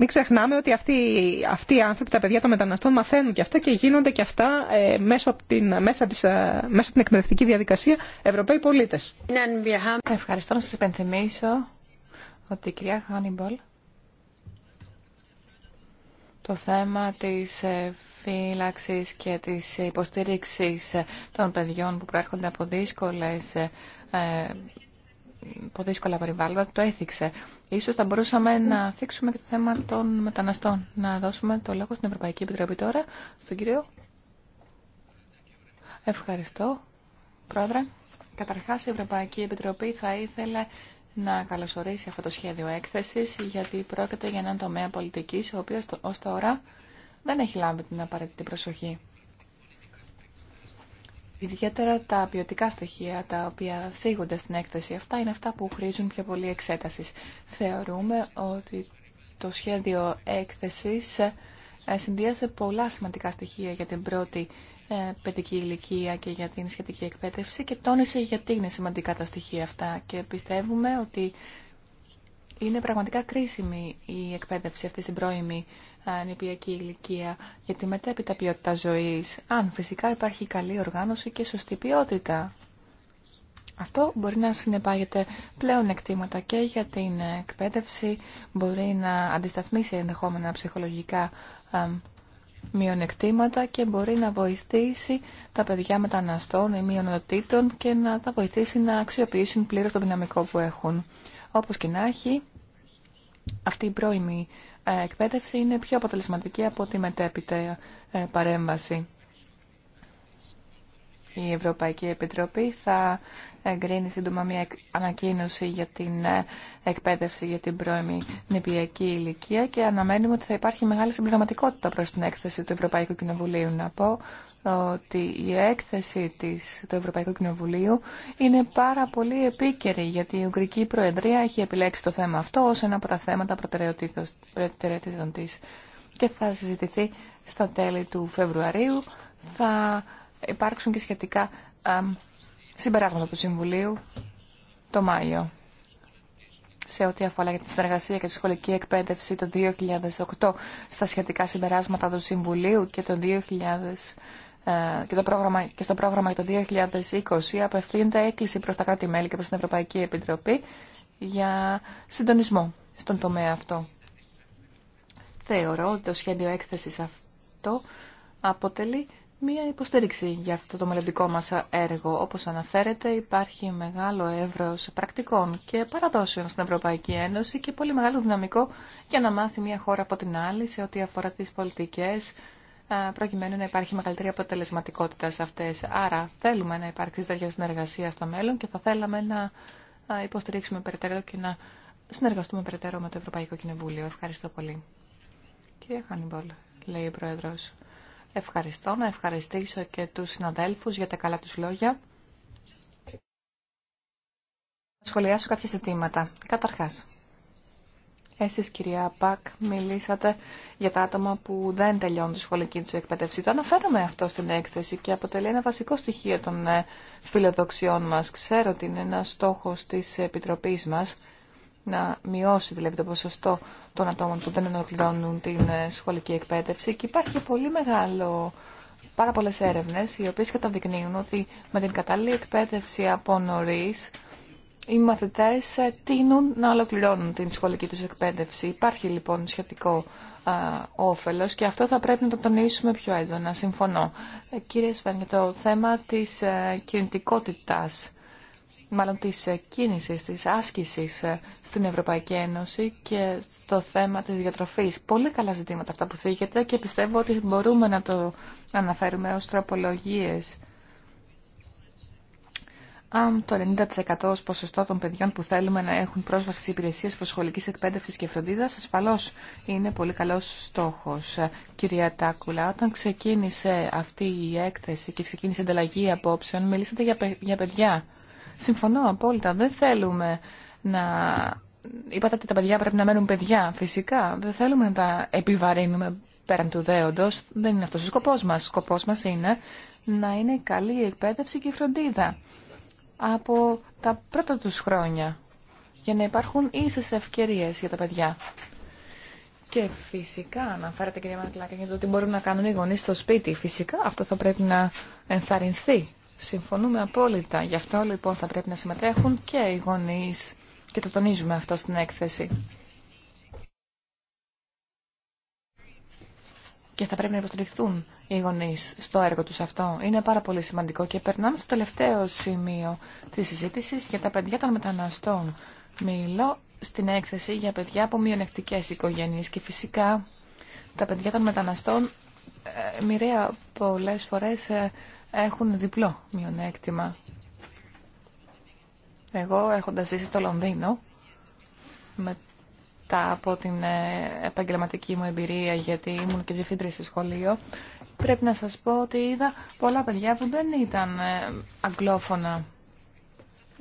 μην ξεχνάμε ότι αυτοί, αυτοί οι άνθρωποι, τα παιδιά των μεταναστών, μαθαίνουν και αυτά και γίνονται και αυτά ε, μέσα από την, μέσα της, ε, εκπαιδευτική διαδικασία Ευρωπαίοι πολίτες. Ευχαριστώ να σας υπενθυμίσω ότι η κυρία Χάνιμπολ το θέμα της ε, φύλαξης και της υποστήριξης των παιδιών που προέρχονται από δύσκολες ε, δύσκολα περιβάλλοντα, το έθιξε. Ίσως θα μπορούσαμε να θίξουμε και το θέμα των μεταναστών. Να δώσουμε το λόγο στην Ευρωπαϊκή Επιτροπή τώρα, στον κύριο. Ευχαριστώ, Πρόεδρε. Καταρχάς, η Ευρωπαϊκή Επιτροπή θα ήθελε να καλωσορίσει αυτό το σχέδιο έκθεσης, γιατί πρόκειται για έναν τομέα πολιτικής, ο οποίος ως τώρα δεν έχει λάβει την απαραίτητη προσοχή. Ιδιαίτερα τα ποιοτικά στοιχεία τα οποία θίγονται στην έκθεση αυτά είναι αυτά που χρήζουν πιο πολύ εξέταση. Θεωρούμε ότι το σχέδιο έκθεσης ε, συνδύασε πολλά σημαντικά στοιχεία για την πρώτη ε, παιδική ηλικία και για την σχετική εκπαίδευση και τόνισε γιατί είναι σημαντικά τα στοιχεία αυτά και πιστεύουμε ότι είναι πραγματικά κρίσιμη η εκπαίδευση αυτή στην πρώιμη νηπιακή ηλικία για τη μετέπειτα ποιότητα ζωής, αν φυσικά υπάρχει καλή οργάνωση και σωστή ποιότητα. Αυτό μπορεί να συνεπάγεται πλέον εκτίματα και για την εκπαίδευση, μπορεί να αντισταθμίσει ενδεχόμενα ψυχολογικά μειονεκτήματα και μπορεί να βοηθήσει τα παιδιά μεταναστών ή μειονοτήτων και να τα βοηθήσει να αξιοποιήσουν πλήρως το δυναμικό που έχουν. Όπως και να έχει, αυτή η πρώιμη ε, εκπαίδευση είναι πιο αποτελεσματική από τη μετέπειτα ε, παρέμβαση. Η Ευρωπαϊκή Επιτροπή θα εγκρίνει σύντομα μια ανακοίνωση για την ε, εκπαίδευση για την πρώιμη νηπιακή ηλικία και αναμένουμε ότι θα υπάρχει μεγάλη συμπληρωματικότητα προς την έκθεση του Ευρωπαϊκού Κοινοβουλίου. Να πω ότι η έκθεση της, του Ευρωπαϊκού Κοινοβουλίου είναι πάρα πολύ επίκαιρη γιατί η Ουγγρική Προεδρία έχει επιλέξει το θέμα αυτό ως ένα από τα θέματα προτεραιοτήτων της και θα συζητηθεί στα τέλη του Φεβρουαρίου. Θα υπάρξουν και σχετικά συμπεράσματα του Συμβουλίου το Μάιο σε ό,τι αφορά για τη συνεργασία και τη σχολική εκπαίδευση το 2008 στα σχετικά συμπεράσματα του Συμβουλίου και το 2000 ε, και, το πρόγραμμα, και στο πρόγραμμα για το 2020 απευθύνεται έκκληση προς τα κράτη-μέλη και προς την Ευρωπαϊκή Επιτροπή για συντονισμό στον τομέα αυτό. Θεωρώ ότι το σχέδιο έκθεσης αυτό αποτελεί μία υποστήριξη για αυτό το μελλοντικό μας έργο. Όπως αναφέρεται υπάρχει μεγάλο εύρος πρακτικών και παραδόσεων στην Ευρωπαϊκή Ένωση και πολύ μεγάλο δυναμικό για να μάθει μία χώρα από την άλλη σε ό,τι αφορά τις πολιτικές προκειμένου να υπάρχει μεγαλύτερη αποτελεσματικότητα σε αυτές. Άρα θέλουμε να υπάρξει τέτοια συνεργασία στο μέλλον και θα θέλαμε να υποστηρίξουμε περαιτέρω και να συνεργαστούμε περαιτέρω με το Ευρωπαϊκό Κοινοβούλιο. Ευχαριστώ πολύ. Κυρία Χάνιμπολ, λέει ο Πρόεδρος. Ευχαριστώ. Να ευχαριστήσω και τους συναδέλφους για τα καλά τους λόγια. Να σχολιάσω κάποια ζητήματα. Καταρχάς, εσείς κυρία Πακ μιλήσατε για τα άτομα που δεν τελειώνουν τη σχολική του εκπαίδευση. Το αναφέρομαι αυτό στην έκθεση και αποτελεί ένα βασικό στοιχείο των ε, φιλοδοξιών μας. Ξέρω ότι είναι ένα στόχος της Επιτροπής μας να μειώσει δηλαδή το ποσοστό των ατόμων που δεν ολοκληρώνουν την ε, σχολική εκπαίδευση και υπάρχει πολύ μεγάλο πάρα πολλές έρευνες οι οποίες καταδεικνύουν ότι με την κατάλληλη εκπαίδευση από νωρίς οι μαθητές ε, τείνουν να ολοκληρώνουν την σχολική τους εκπαίδευση. Υπάρχει λοιπόν σχετικό α, όφελος και αυτό θα πρέπει να το τονίσουμε πιο έντονα. Συμφωνώ. Ε, κύριε Σφέν, το θέμα της ε, κινητικότητας, μάλλον της κίνησης, της άσκησης στην Ευρωπαϊκή Ένωση και στο θέμα της διατροφής. Πολύ καλά ζητήματα αυτά που θίγεται και πιστεύω ότι μπορούμε να το αναφέρουμε ως τροπολογίες αν το 90% ω ποσοστό των παιδιών που θέλουμε να έχουν πρόσβαση σε υπηρεσίε προσχολική εκπαίδευση και φροντίδα, ασφαλώ είναι πολύ καλό στόχο, Κυρία Τάκουλα, όταν ξεκίνησε αυτή η έκθεση και ξεκίνησε η ανταλλαγή απόψεων, μιλήσατε για παιδιά. Συμφωνώ απόλυτα, δεν θέλουμε να... Είπατε ότι τα παιδιά πρέπει να μένουν παιδιά, φυσικά. Δεν θέλουμε να τα επιβαρύνουμε πέραν του δέοντο Δεν είναι αυτό ο σκοπό μα. Σκοπό μα είναι να είναι καλή η εκπαίδευση και η φροντίδα από τα πρώτα τους χρόνια για να υπάρχουν ίσες ευκαιρίες για τα παιδιά. Και φυσικά, αναφέρατε κυρία Μαρκλάκη, για το τι μπορούν να κάνουν οι γονείς στο σπίτι. Φυσικά αυτό θα πρέπει να ενθαρρυνθεί. Συμφωνούμε απόλυτα. Γι' αυτό λοιπόν θα πρέπει να συμμετέχουν και οι γονείς και το τονίζουμε αυτό στην έκθεση. Και θα πρέπει να υποστηριχθούν οι στο έργο του αυτό. Είναι πάρα πολύ σημαντικό και περνάμε στο τελευταίο σημείο τη συζήτηση για τα παιδιά των μεταναστών. Μιλώ στην έκθεση για παιδιά από μειονεκτικέ οικογένειε. και φυσικά τα παιδιά των μεταναστών ε, μοιραία πολλές φορές ε, έχουν διπλό μειονέκτημα. Εγώ έχοντα ζήσει στο Λονδίνο μετά από την ε, επαγγελματική μου εμπειρία γιατί ήμουν και διευθύντρια στο σχολείο πρέπει να σας πω ότι είδα πολλά παιδιά που δεν ήταν ε, αγγλόφωνα.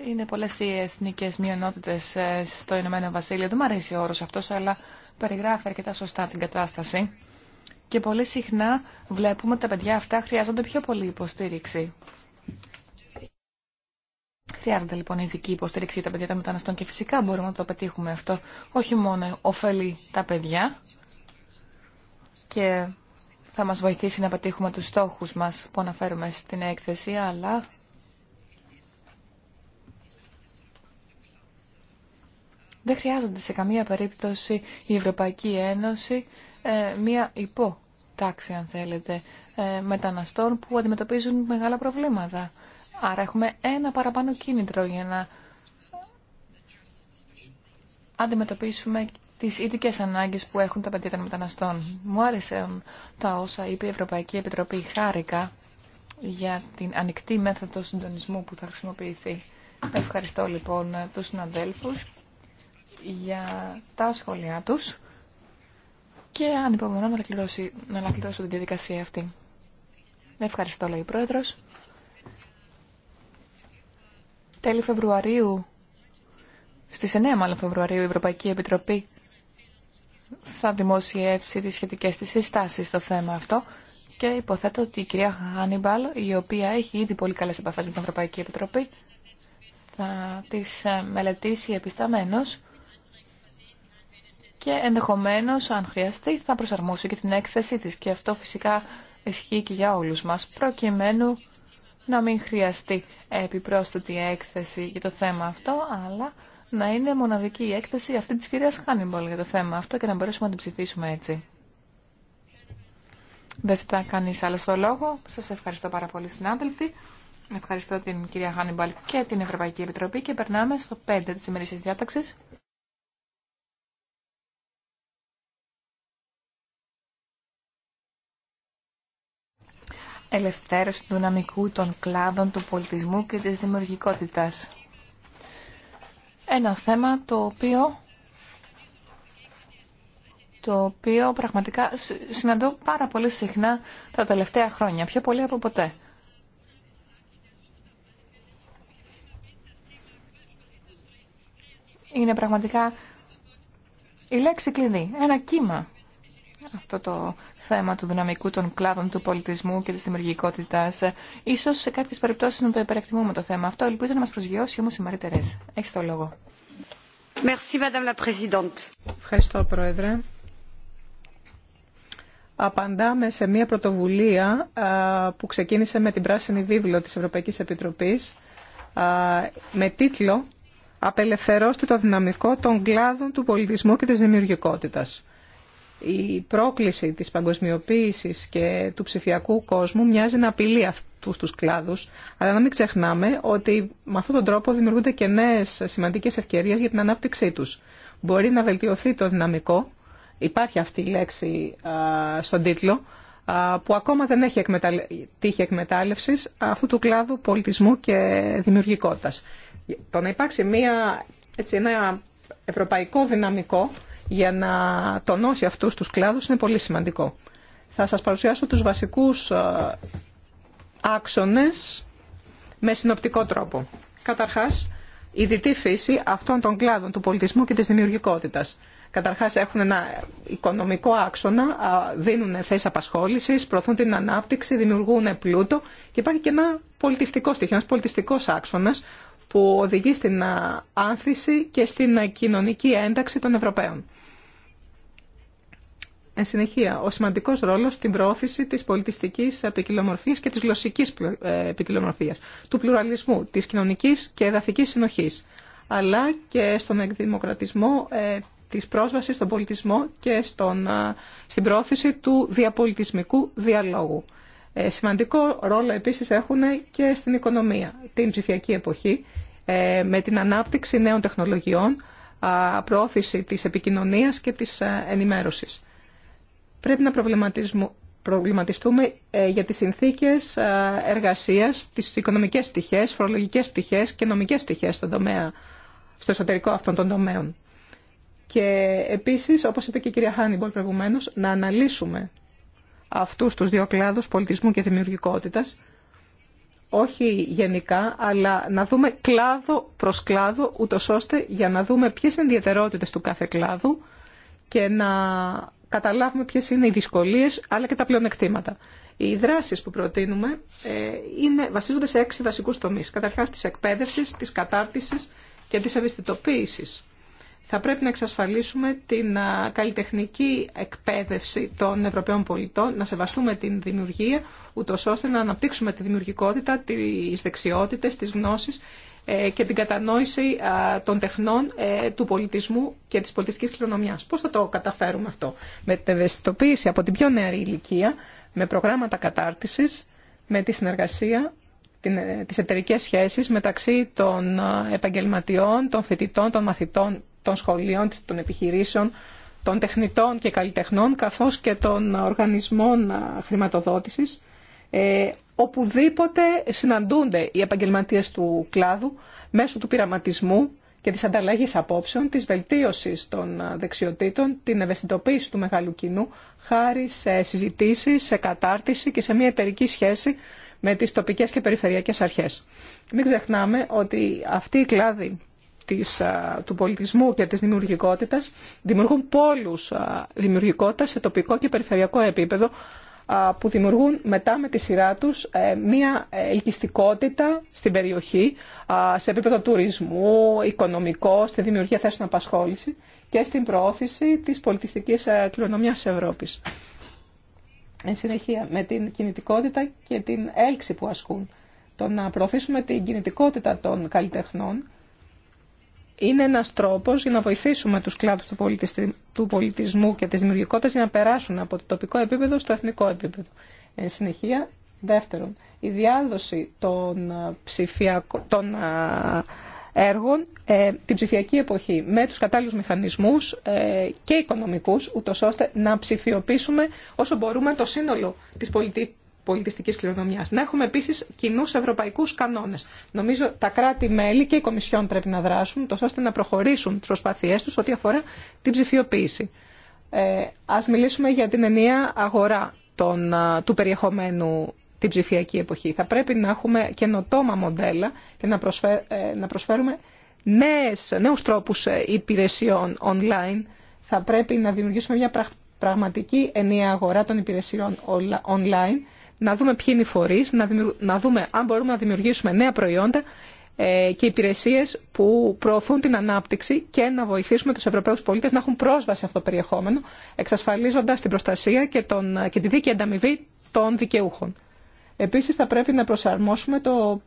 Είναι πολλές οι εθνικές μειονότητες ε, στο Ηνωμένο Βασίλειο. Δεν μου αρέσει ο όρος αυτός, αλλά περιγράφει αρκετά σωστά την κατάσταση. Και πολύ συχνά βλέπουμε ότι τα παιδιά αυτά χρειάζονται πιο πολύ υποστήριξη. Χρειάζεται λοιπόν ειδική υποστήριξη για τα παιδιά των μεταναστών και φυσικά μπορούμε να το πετύχουμε αυτό. Όχι μόνο ωφελεί τα παιδιά και θα μας βοηθήσει να πετύχουμε τους στόχους μας που αναφέρουμε στην έκθεση, αλλά δεν χρειάζονται σε καμία περίπτωση η Ευρωπαϊκή Ένωση ε, μία υπόταξη αν θέλετε, ε, μεταναστών που αντιμετωπίζουν μεγάλα προβλήματα. Άρα έχουμε ένα παραπάνω κίνητρο για να αντιμετωπίσουμε τι ειδικέ ανάγκε που έχουν τα παιδιά των μεταναστών. Μου άρεσαν τα όσα είπε η Ευρωπαϊκή Επιτροπή χάρηκα για την ανοιχτή μέθοδο συντονισμού που θα χρησιμοποιηθεί. Ευχαριστώ λοιπόν τους συναδέλφους για τα σχόλιά τους και ανυπομονώ να ανακληρώσω, να ανακληρώσω τη διαδικασία αυτή. Ευχαριστώ, λέει ο Πρόεδρος. Τέλη Φεβρουαρίου, στις 9 μάλλον Φεβρουαρίου, η Ευρωπαϊκή Επιτροπή θα δημοσιεύσει τις σχετικές της συστάσεις στο θέμα αυτό και υποθέτω ότι η κυρία Χάνιμπαλ, η οποία έχει ήδη πολύ καλές επαφές με την Ευρωπαϊκή Επιτροπή, θα τις ε, μελετήσει επισταμένως και ενδεχομένως, αν χρειαστεί, θα προσαρμόσει και την έκθεσή της. Και αυτό φυσικά ισχύει και για όλους μας, προκειμένου να μην χρειαστεί επιπρόσθετη έκθεση για το θέμα αυτό, αλλά να είναι μοναδική η έκθεση αυτή της κυρίας Χάνιμπολ για το θέμα αυτό και να μπορέσουμε να την ψηφίσουμε έτσι. Δεν ζητά κανείς άλλο το λόγο. Σας ευχαριστώ πάρα πολύ συνάδελφοι. Ευχαριστώ την κυρία Χάνιμπαλ και την Ευρωπαϊκή Επιτροπή και περνάμε στο 5 της ημερήσιας διάταξης. Ελευθέρωση του δυναμικού των κλάδων του πολιτισμού και της δημιουργικότητας ένα θέμα το οποίο, το οποίο πραγματικά συναντώ πάρα πολύ συχνά τα τελευταία χρόνια, πιο πολύ από ποτέ. Είναι πραγματικά η λέξη κλειδί, ένα κύμα αυτό το θέμα του δυναμικού των κλάδων του πολιτισμού και τη δημιουργικότητα, Ίσως σε κάποιε περιπτώσει να το υπερεκτιμούμε το θέμα αυτό. Ελπίζω να μα προσγειώσει όμω η Μαρή Έχει το λόγο. Ευχαριστώ, Πρόεδρε. Απαντάμε σε μια πρωτοβουλία που ξεκίνησε με την Πράσινη Βίβλο της Ευρωπαϊκής Επιτροπής με τίτλο «Απελευθερώστε το δυναμικό των κλάδων του πολιτισμού και της δημιουργικότητας» η πρόκληση της παγκοσμιοποίησης και του ψηφιακού κόσμου μοιάζει να απειλεί αυτούς τους κλάδους, αλλά να μην ξεχνάμε ότι με αυτόν τον τρόπο δημιουργούνται και νέες σημαντικές ευκαιρίες για την ανάπτυξή τους. Μπορεί να βελτιωθεί το δυναμικό, υπάρχει αυτή η λέξη στον τίτλο, που ακόμα δεν έχει τύχη εκμετάλλευση αυτού του κλάδου πολιτισμού και δημιουργικότητας. Το να υπάρξει μια, έτσι, ένα ευρωπαϊκό δυναμικό για να τονώσει αυτούς τους κλάδους είναι πολύ σημαντικό. Θα σας παρουσιάσω τους βασικούς ε, άξονες με συνοπτικό τρόπο. Καταρχάς, η δυτή φύση αυτών των κλάδων του πολιτισμού και της δημιουργικότητας. Καταρχάς έχουν ένα οικονομικό άξονα, δίνουν θέσει απασχόλησης, προωθούν την ανάπτυξη, δημιουργούν πλούτο και υπάρχει και ένα πολιτιστικό στοιχείο, ένας πολιτιστικός άξονας που οδηγεί στην άνθηση και στην κοινωνική ένταξη των Ευρωπαίων. Εν συνεχεία, ο σημαντικό ρόλο στην προώθηση τη πολιτιστική ποικιλομορφία και τη γλωσσική ε, επικοινωνία, του πλουραλισμού, τη κοινωνική και εδαφική συνοχή, αλλά και στον εκδημοκρατισμό ε, τη πρόσβαση στον πολιτισμό και στον, στην προώθηση του διαπολιτισμικού διαλόγου. Ε, σημαντικό ρόλο επίσης, έχουν και στην οικονομία. Την ψηφιακή εποχή ε, με την ανάπτυξη νέων τεχνολογιών, προώθηση της επικοινωνίας και της ε, ενημέρωσης. Πρέπει να προβληματιστούμε ε, για τις συνθήκες εργασίας, τις οικονομικές πτυχές, φορολογικές πτυχές και νομικές πτυχές στον τομέα, στο εσωτερικό αυτών των τομέων. Και επίσης, όπως είπε και η κυρία Χάνιμπολ προηγουμένως, να αναλύσουμε αυτούς τους δύο κλάδους πολιτισμού και δημιουργικότητας όχι γενικά, αλλά να δούμε κλάδο προς κλάδο, ούτως ώστε για να δούμε ποιες είναι οι ιδιαιτερότητες του κάθε κλάδου και να καταλάβουμε ποιες είναι οι δυσκολίες, αλλά και τα πλεονεκτήματα. Οι δράσεις που προτείνουμε ε, είναι, βασίζονται σε έξι βασικούς τομείς. Καταρχάς της εκπαίδευσης, της κατάρτισης και της ευαισθητοποίησης θα πρέπει να εξασφαλίσουμε την καλλιτεχνική εκπαίδευση των Ευρωπαίων πολιτών, να σεβαστούμε την δημιουργία, ούτω ώστε να αναπτύξουμε τη δημιουργικότητα, τις δεξιότητες, τις γνώσεις ε, και την κατανόηση των τεχνών ε, του πολιτισμού και της πολιτιστικής κληρονομιάς. Πώς θα το καταφέρουμε αυτό. Με την ευαισθητοποίηση από την πιο νεαρή ηλικία, με προγράμματα κατάρτισης, με τη συνεργασία ε, τις εταιρικές σχέσεις μεταξύ των επαγγελματιών, των φοιτητών, των μαθητών των σχολείων, των επιχειρήσεων, των τεχνητών και καλλιτεχνών, καθώς και των οργανισμών χρηματοδότησης, ε, οπουδήποτε συναντούνται οι επαγγελματίες του κλάδου μέσω του πειραματισμού και της ανταλλαγής απόψεων, της βελτίωσης των δεξιοτήτων, την ευαισθητοποίηση του μεγάλου κοινού, χάρη σε συζητήσεις, σε κατάρτιση και σε μια εταιρική σχέση με τις τοπικές και περιφερειακές αρχές. Μην ξεχνάμε ότι αυτή η κλάδη της, του πολιτισμού και της δημιουργικότητας δημιουργούν πόλους δημιουργικότητας σε τοπικό και περιφερειακό επίπεδο που δημιουργούν μετά με τη σειρά τους ε, μια ελκυστικότητα στην περιοχή σε επίπεδο τουρισμού, οικονομικό, στη δημιουργία θέσεων απασχόληση και στην προώθηση της πολιτιστικής ε, κληρονομιάς της Ευρώπης. Εν συνεχεία, με την κινητικότητα και την έλξη που ασκούν. Το να προωθήσουμε την κινητικότητα των καλλιτεχνών είναι ένα τρόπο για να βοηθήσουμε τους κλάδους του πολιτισμού και της δημιουργικότητα για να περάσουν από το τοπικό επίπεδο στο εθνικό επίπεδο. Εν συνεχεία, δεύτερον, η διάδοση των, ε, ψηφιακών, ε, έργων ε, την ψηφιακή εποχή με τους κατάλληλους μηχανισμούς ε, και οικονομικούς, ούτως ώστε να ψηφιοποιήσουμε όσο μπορούμε το σύνολο της πολιτικής πολιτιστική κληρονομιά. Να έχουμε επίση κοινού ευρωπαϊκού κανόνε. Νομίζω τα κράτη-μέλη και η Κομισιόν πρέπει να δράσουν, τόσο ώστε να προχωρήσουν τι προσπάθειέ του ό,τι αφορά την ψηφιοποίηση. Ε, Α μιλήσουμε για την ενιαία αγορά των, του περιεχομένου την ψηφιακή εποχή. Θα πρέπει να έχουμε καινοτόμα μοντέλα και να, ε, να προσφέρουμε νέες, νέους τρόπους ε, υπηρεσιών online. Θα πρέπει να δημιουργήσουμε μια πραγματική ενιαία αγορά των υπηρεσιών online να δούμε ποιοι είναι οι φορεί, να, να δούμε αν μπορούμε να δημιουργήσουμε νέα προϊόντα ε, και υπηρεσίε που προωθούν την ανάπτυξη και να βοηθήσουμε του Ευρωπαίου πολίτε να έχουν πρόσβαση σε αυτό το περιεχόμενο, εξασφαλίζοντα την προστασία και, τον, και τη δίκαιη ανταμοιβή των δικαιούχων. Επίση, θα πρέπει να προσαρμόσουμε το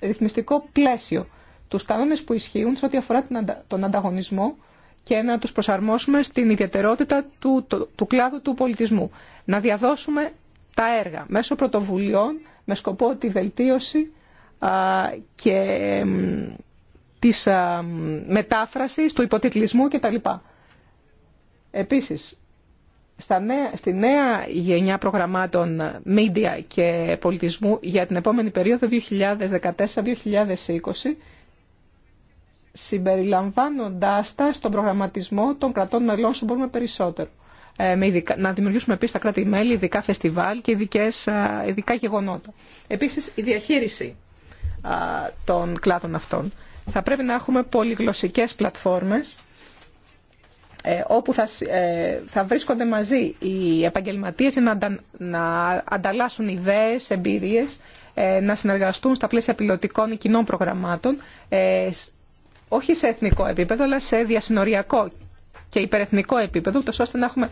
ρυθμιστικό πλαίσιο, του κανόνε που ισχύουν σε ό,τι αφορά τον ανταγωνισμό και να τους προσαρμόσουμε στην ιδιαιτερότητα του, του, του κλάδου του πολιτισμού. Να διαδώσουμε τα έργα μέσω πρωτοβουλειών με σκοπό τη βελτίωση και της μετάφρασης, του υποτιτλισμού κτλ. Επίσης, στα νέα, στη νέα γενιά προγραμμάτων media και πολιτισμού για την επόμενη περίοδο 2014-2020 συμπεριλαμβάνοντάς τα στον προγραμματισμό των κρατών μελών όσο μπορούμε περισσότερο. Ε, να δημιουργήσουμε επίση τα κράτη-μέλη ειδικά φεστιβάλ και ειδικές, ειδικά γεγονότα. Επίσης, η διαχείριση των κλάδων αυτών. Θα πρέπει να έχουμε πολυγλωσσικές πλατφόρμες ε, όπου θα, ε, θα βρίσκονται μαζί οι επαγγελματίες να, να ανταλλάσσουν ιδέες, εμπειρίες, να συνεργαστούν στα πλαίσια πιλωτικών ή κοινών προγραμμάτων, όχι σε εθνικό επίπεδο, αλλά σε διασυνοριακό και υπερεθνικό επίπεδο, ούτως ώστε να έχουμε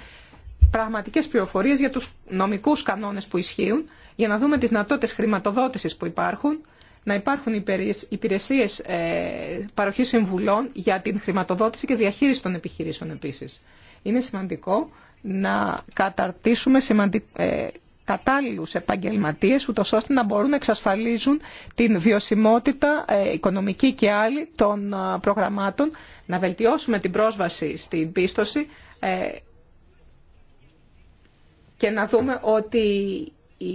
πραγματικές πληροφορίες για τους νομικούς κανόνες που ισχύουν, για να δούμε τις δυνατότητε χρηματοδότησης που υπάρχουν, να υπάρχουν υπηρεσίες ε, παροχής συμβουλών για την χρηματοδότηση και διαχείριση των επιχειρήσεων επίσης. Είναι σημαντικό να καταρτήσουμε σημαντικ... Ε, κατάλληλους επαγγελματίες, ούτως ώστε να μπορούν να εξασφαλίζουν την βιωσιμότητα ε, οικονομική και άλλη των ε, προγραμμάτων, να βελτιώσουμε την πρόσβαση στην πίστοση ε, και να δούμε ότι οι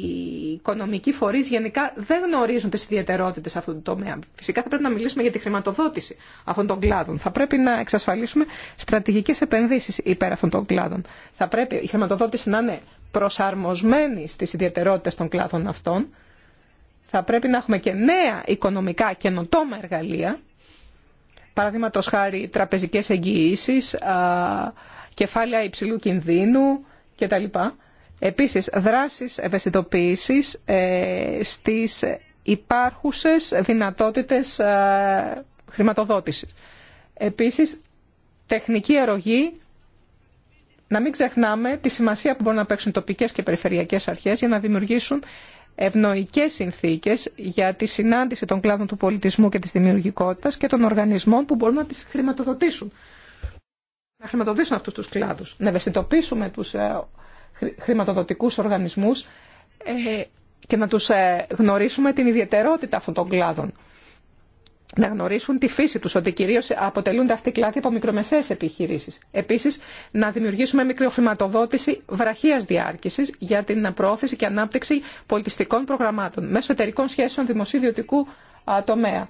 οικονομικοί φορεί γενικά δεν γνωρίζουν τι ιδιαιτερότητε αυτού του τομέα. Φυσικά θα πρέπει να μιλήσουμε για τη χρηματοδότηση αυτών των κλάδων. Θα πρέπει να εξασφαλίσουμε στρατηγικέ επενδύσει υπέρ αυτών των κλάδων. Θα πρέπει η χρηματοδότηση να είναι προσαρμοσμένη στις ιδιαιτερότητες των κλάδων αυτών. Θα πρέπει να έχουμε και νέα οικονομικά καινοτόμα εργαλεία, παραδείγματο χάρη τραπεζικές εγγυήσεις, κεφάλαια υψηλού κινδύνου κτλ. Επίσης, δράσεις ευαισθητοποίησης ε, στις υπάρχουσες δυνατότητες ε, χρηματοδότησης. Επίσης, τεχνική αρρωγή να μην ξεχνάμε τη σημασία που μπορούν να παίξουν τοπικές και περιφερειακές αρχές για να δημιουργήσουν ευνοϊκές συνθήκες για τη συνάντηση των κλάδων του πολιτισμού και της δημιουργικότητας και των οργανισμών που μπορούν να τις χρηματοδοτήσουν. Να χρηματοδοτήσουν αυτούς τους κλάδους, να ευαισθητοποιήσουμε τους ε, χρηματοδοτικούς οργανισμούς ε, και να τους ε, γνωρίσουμε την ιδιαιτερότητα αυτών των κλάδων να γνωρίσουν τη φύση τους, ότι κυρίως αποτελούνται αυτοί κλάδοι από μικρομεσαίες επιχειρήσεις. Επίσης, να δημιουργήσουμε μικροχρηματοδότηση βραχίας διάρκησης για την προώθηση και ανάπτυξη πολιτιστικών προγραμμάτων μέσω εταιρικών σχέσεων τομέα.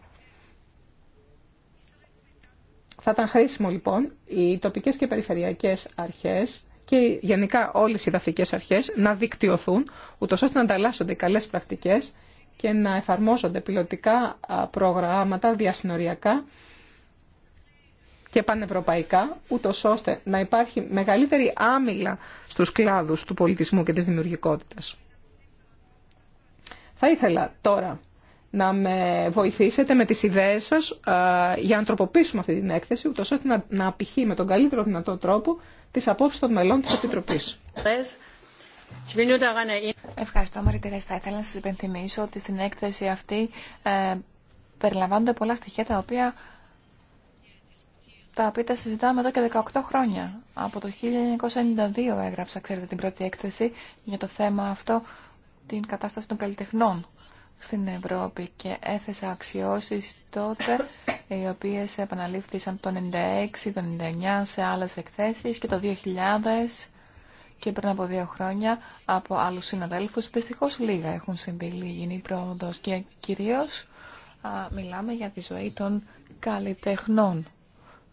Θα ήταν χρήσιμο λοιπόν οι τοπικές και περιφερειακές αρχές και γενικά όλες οι δαφικές αρχές να δικτυωθούν, ούτως ώστε να ανταλλάσσονται καλές πρακτικές και να εφαρμόζονται πιλωτικά προγράμματα διασυνοριακά και πανευρωπαϊκά, ούτω ώστε να υπάρχει μεγαλύτερη άμυλα στους κλάδους του πολιτισμού και της δημιουργικότητας. Θα ήθελα τώρα να με βοηθήσετε με τις ιδέες σας για να τροποποιήσουμε αυτή την έκθεση, ούτω ώστε να, να απηχεί με τον καλύτερο δυνατό τρόπο τις απόψεις των μελών της Επιτροπής. Ευχαριστώ, Μαριτέλε. Θα ήθελα να σα υπενθυμίσω ότι στην έκθεση αυτή ε, περιλαμβάνονται πολλά στοιχεία τα οποία τα οποία τα συζητάμε εδώ και 18 χρόνια. Από το 1992 έγραψα, ξέρετε, την πρώτη έκθεση για το θέμα αυτό, την κατάσταση των καλλιτεχνών στην Ευρώπη και έθεσα αξιώσει τότε οι οποίε επαναλήφθησαν το 1996, το 99 σε άλλε εκθέσει και το 2000 και πριν από δύο χρόνια από άλλους συναδέλφους. Δυστυχώς λίγα έχουν συμβεί, γίνει πρόοδος και κυρίως α, μιλάμε για τη ζωή των καλλιτεχνών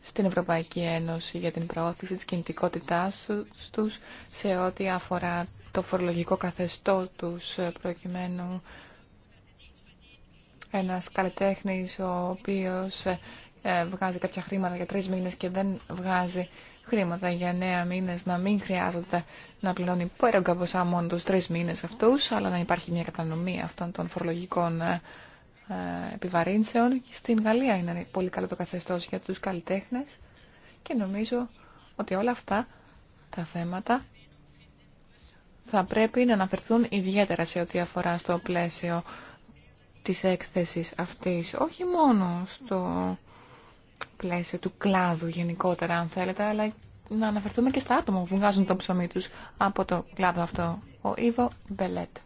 στην Ευρωπαϊκή Ένωση για την προώθηση της κινητικότητάς τους σε ό,τι αφορά το φορολογικό καθεστώ τους ε, προκειμένου ένας καλλιτέχνης ο οποίος ε, ε, βγάζει κάποια χρήματα για τρεις μήνες και δεν βγάζει χρήματα για νέα μήνε να μην χρειάζεται να πληρώνει πέραν ποσά μόνο του τρει μήνε αυτού, αλλά να υπάρχει μια κατανομή αυτών των φορολογικών ε, ε, επιβαρύνσεων. Στην Γαλλία είναι πολύ καλό το καθεστώς για τους καλλιτέχνες και νομίζω ότι όλα αυτά τα θέματα θα πρέπει να αναφερθούν ιδιαίτερα σε ό,τι αφορά στο πλαίσιο της έκθεσης αυτής, όχι μόνο στο πλαίσιο του κλάδου γενικότερα, αν θέλετε, αλλά να αναφερθούμε και στα άτομα που βγάζουν το ψωμί τους από το κλάδο αυτό. Ο Ιβο Μπελέτ.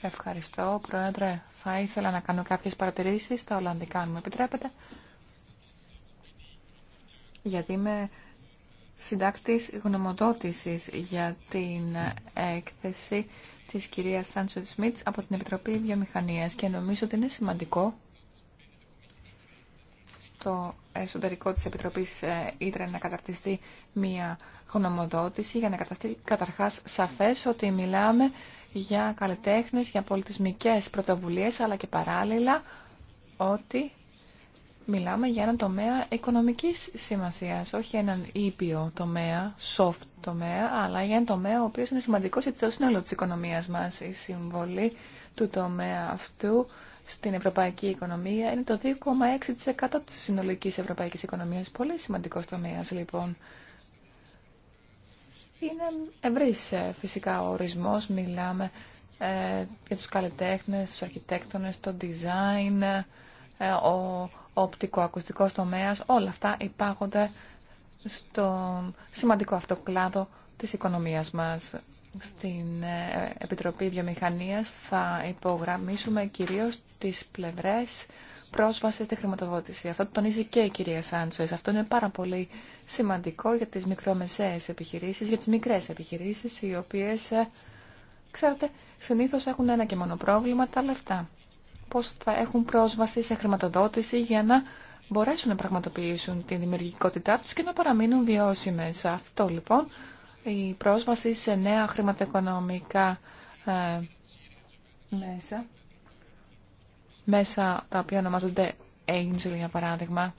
Ευχαριστώ, Πρόεδρε. Θα ήθελα να κάνω κάποιες παρατηρήσεις στα Ολλανδικά, μου επιτρέπετε. Γιατί είμαι συντάκτης γνωμοδότησης για την έκθεση της κυρίας Σάντσο Σμιτς από την Επιτροπή Βιομηχανίας και νομίζω ότι είναι σημαντικό το εσωτερικό της Επιτροπής Ήτρε να καταρτιστεί μία γνωμοδότηση για να καταστεί καταρχάς σαφές ότι μιλάμε για καλλιτέχνες, για πολιτισμικές πρωτοβουλίες αλλά και παράλληλα ότι μιλάμε για έναν τομέα οικονομικής σημασίας, όχι έναν ήπιο τομέα, soft τομέα, αλλά για έναν τομέα ο οποίος είναι σημαντικός για το σύνολο της οικονομίας μας. Η συμβολή του τομέα αυτού στην ευρωπαϊκή οικονομία είναι το 2,6% της συνολικής ευρωπαϊκής οικονομίας. Πολύ σημαντικός τομέας λοιπόν. Είναι ευρύς ε, φυσικά ο ορισμός, μιλάμε ε, για τους καλλιτέχνες, τους αρχιτέκτονες, το design, ε, ο οπτικοακουστικός τομέας, όλα αυτά υπάρχονται στο σημαντικό αυτό κλάδο της οικονομίας μας στην ε, Επιτροπή Βιομηχανίας θα υπογραμμίσουμε κυρίως τις πλευρές πρόσβαση στη χρηματοδότηση. Αυτό το τονίζει και η κυρία Σάντσο. Αυτό είναι πάρα πολύ σημαντικό για τις μικρομεσαίες επιχειρήσεις, για τις μικρές επιχειρήσεις, οι οποίες, ε, ξέρετε, συνήθως έχουν ένα και μόνο πρόβλημα, τα λεφτά. Πώς θα έχουν πρόσβαση σε χρηματοδότηση για να μπορέσουν να πραγματοποιήσουν τη δημιουργικότητά τους και να παραμείνουν βιώσιμες. Αυτό λοιπόν η πρόσβαση σε νέα χρηματοοικονομικά ε, μέσα, μέσα τα οποία ονομάζονται Angel για παράδειγμα,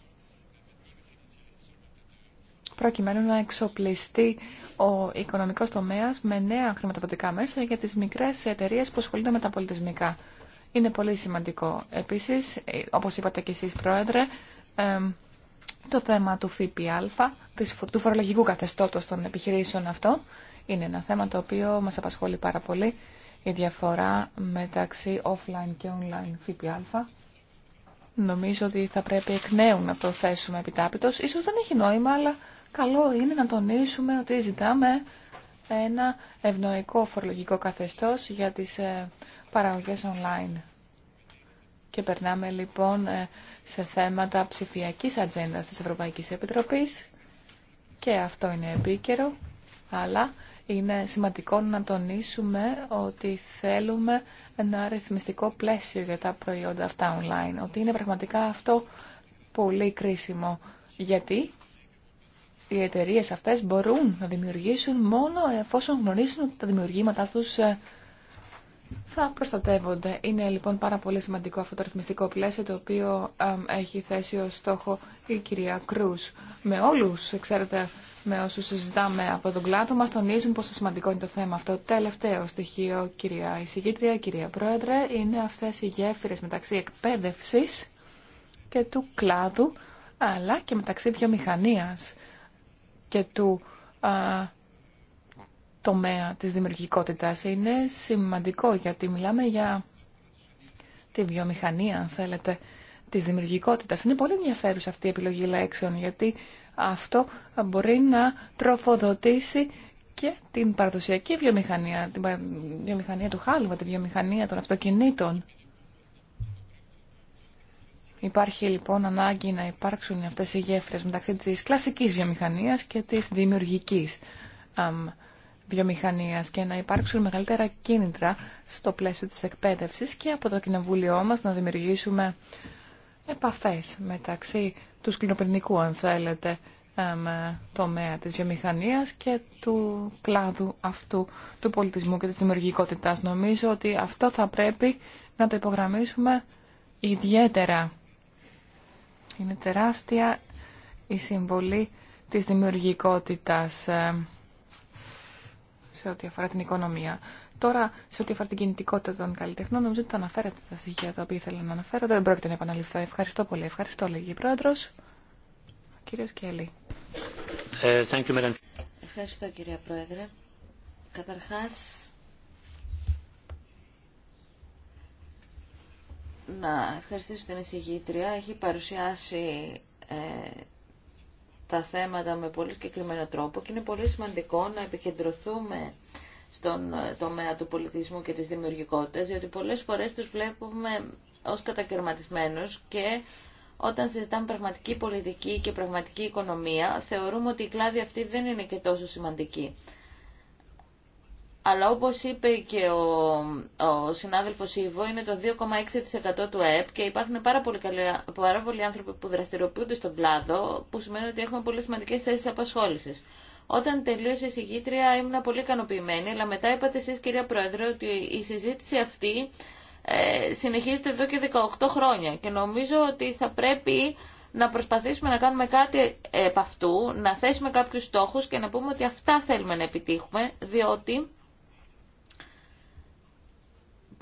προκειμένου να εξοπλιστεί ο οικονομικός τομέας με νέα χρηματοδοτικά μέσα για τις μικρές εταιρείες που ασχολούνται με τα πολιτισμικά. Είναι πολύ σημαντικό. Επίσης, ε, όπως είπατε και εσείς, Πρόεδρε, ε, το θέμα του ΦΠΑ, του φορολογικού καθεστώτος των επιχειρήσεων αυτών, είναι ένα θέμα το οποίο μας απασχολεί πάρα πολύ. Η διαφορά μεταξύ offline και online ΦΠΑ. Νομίζω ότι θα πρέπει εκ νέου να το θέσουμε επιτάπητος. Ίσως δεν έχει νόημα, αλλά καλό είναι να τονίσουμε ότι ζητάμε ένα ευνοϊκό φορολογικό καθεστώς για τις ε, παραγωγές online. Και περνάμε λοιπόν ε, σε θέματα ψηφιακής ατζέντα της Ευρωπαϊκής Επιτροπής και αυτό είναι επίκαιρο, αλλά είναι σημαντικό να τονίσουμε ότι θέλουμε ένα ρυθμιστικό πλαίσιο για τα προϊόντα αυτά online, ότι είναι πραγματικά αυτό πολύ κρίσιμο. Γιατί οι εταιρείες αυτές μπορούν να δημιουργήσουν μόνο εφόσον γνωρίζουν ότι τα δημιουργήματά τους ε, θα προστατεύονται. Είναι λοιπόν πάρα πολύ σημαντικό αυτό το ρυθμιστικό πλαίσιο το οποίο έχει θέσει ως στόχο η κυρία Κρούς. Με όλους, ξέρετε, με όσους συζητάμε από τον κλάδο μας τονίζουν πόσο σημαντικό είναι το θέμα αυτό. Τελευταίο στοιχείο, κυρία εισηγήτρια, κυρία Πρόεδρε, είναι αυτές οι γέφυρες μεταξύ εκπαίδευσης και του κλάδου, αλλά και μεταξύ βιομηχανίας και του τομέα της δημιουργικότητας. Είναι σημαντικό γιατί μιλάμε για τη βιομηχανία, αν θέλετε, της δημιουργικότητας. Είναι πολύ ενδιαφέρουσα αυτή η επιλογή λέξεων γιατί αυτό μπορεί να τροφοδοτήσει και την παραδοσιακή βιομηχανία, την βιομηχανία του χάλυβα τη βιομηχανία των αυτοκινήτων. Υπάρχει λοιπόν ανάγκη να υπάρξουν αυτές οι γέφυρες μεταξύ της κλασικής βιομηχανίας και της δημιουργικής βιομηχανίας και να υπάρξουν μεγαλύτερα κίνητρα στο πλαίσιο της εκπαίδευσης και από το κοινοβούλιο μας να δημιουργήσουμε επαφές μεταξύ του σκληροπυρηνικού, αν θέλετε, τομέα της βιομηχανίας και του κλάδου αυτού του πολιτισμού και της δημιουργικότητας. Νομίζω ότι αυτό θα πρέπει να το υπογραμμίσουμε ιδιαίτερα. Είναι τεράστια η συμβολή της δημιουργικότητας σε ό,τι αφορά την οικονομία. Τώρα, σε ό,τι αφορά την κινητικότητα των καλλιτεχνών, νομίζω ότι τα αναφέρατε τα στοιχεία τα οποία ήθελα να αναφέρω. Δεν πρόκειται να επαναληφθώ. Ευχαριστώ πολύ. Ευχαριστώ, λέγει η Πρόεδρο. Κύριο Κέλλη. Ε, Ευχαριστώ, κυρία Πρόεδρε. Καταρχά, να ευχαριστήσω την εισηγήτρια. Έχει παρουσιάσει ε, τα θέματα με πολύ συγκεκριμένο τρόπο και είναι πολύ σημαντικό να επικεντρωθούμε στον ε, τομέα του πολιτισμού και της δημιουργικότητας, διότι πολλές φορές τους βλέπουμε ως κατακαιρματισμένους και όταν συζητάμε πραγματική πολιτική και πραγματική οικονομία, θεωρούμε ότι η κλάδη αυτή δεν είναι και τόσο σημαντική αλλά όπως είπε και ο, ο συνάδελφος Ιβο, είναι το 2,6% του ΑΕΠ και υπάρχουν πάρα πολλοί, άνθρωποι που δραστηριοποιούνται στον κλάδο, που σημαίνει ότι έχουμε πολύ σημαντικέ θέσεις απασχόλησης. Όταν τελείωσε η συγκήτρια ήμουν πολύ ικανοποιημένη, αλλά μετά είπατε εσείς κυρία Πρόεδρε ότι η συζήτηση αυτή ε, συνεχίζεται εδώ και 18 χρόνια και νομίζω ότι θα πρέπει να προσπαθήσουμε να κάνουμε κάτι επ' αυτού, να θέσουμε κάποιους στόχους και να πούμε ότι αυτά θέλουμε να επιτύχουμε, διότι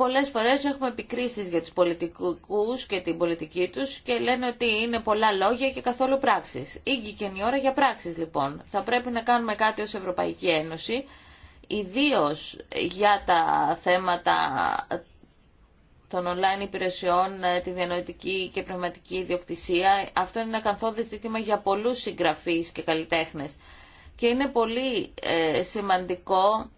πολλές φορές έχουμε επικρίσεις για τους πολιτικούς και την πολιτική τους και λένε ότι είναι πολλά λόγια και καθόλου πράξεις. Ήγκη και η ώρα για πράξεις λοιπόν. Θα πρέπει να κάνουμε κάτι ως Ευρωπαϊκή Ένωση, ιδίω για τα θέματα των online υπηρεσιών, ε, τη διανοητική και πνευματική ιδιοκτησία. Αυτό είναι ένα καθόδη ζήτημα για πολλούς συγγραφείς και καλλιτέχνες. Και είναι πολύ ε, σημαντικό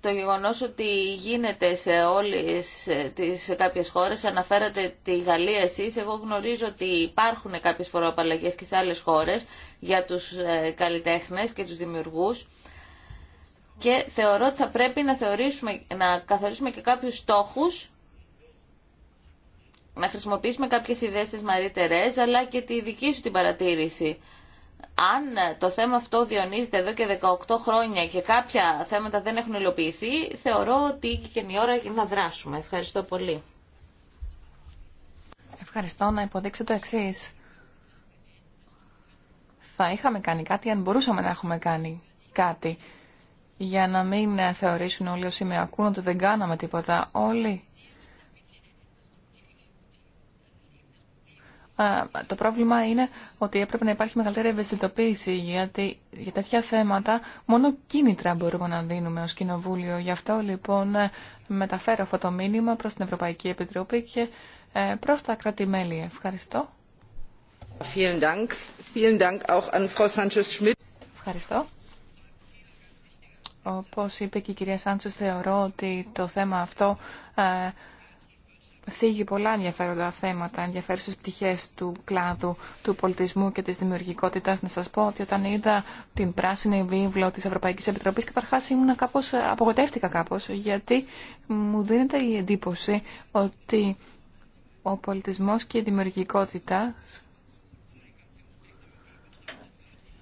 το γεγονός ότι γίνεται σε όλες ε, τις σε κάποιες χώρες, αναφέρατε τη Γαλλία εσείς, εγώ γνωρίζω ότι υπάρχουν κάποιες φοροαπαλλαγές και σε άλλες χώρες για τους ε, καλλιτέχνες και τους δημιουργούς και θεωρώ ότι θα πρέπει να, θεωρήσουμε, να καθορίσουμε και κάποιους στόχους να χρησιμοποιήσουμε κάποιες ιδέες της Μαρή Τερέζ, αλλά και τη δική σου την παρατήρηση αν το θέμα αυτό διονύζεται εδώ και 18 χρόνια και κάποια θέματα δεν έχουν υλοποιηθεί, θεωρώ ότι και είναι η ώρα να δράσουμε. Ευχαριστώ πολύ. Ευχαριστώ. Να υποδείξω το εξή. Θα είχαμε κάνει κάτι αν μπορούσαμε να έχουμε κάνει κάτι για να μην θεωρήσουν όλοι όσοι με ακούν ότι δεν κάναμε τίποτα. Όλοι το πρόβλημα είναι ότι έπρεπε να υπάρχει μεγαλύτερη ευαισθητοποίηση γιατί για τέτοια θέματα μόνο κίνητρα μπορούμε να δίνουμε ως Κοινοβούλιο. Γι' αυτό λοιπόν ε, μεταφέρω αυτό το μήνυμα προς την Ευρωπαϊκή Επιτροπή και ε, προς τα κράτη-μέλη. Ευχαριστώ. Ευχαριστώ. Όπως είπε και η κυρία Σάντσες, θεωρώ ότι το θέμα αυτό ε, θίγει πολλά ενδιαφέροντα θέματα, ενδιαφέρουσες πτυχές του κλάδου, του πολιτισμού και της δημιουργικότητας. Να σας πω ότι όταν είδα την πράσινη βίβλο της Ευρωπαϊκής Επιτροπής, καταρχάς ήμουν κάπως, απογοητεύτηκα κάπως, γιατί μου δίνεται η εντύπωση ότι ο πολιτισμός και η δημιουργικότητα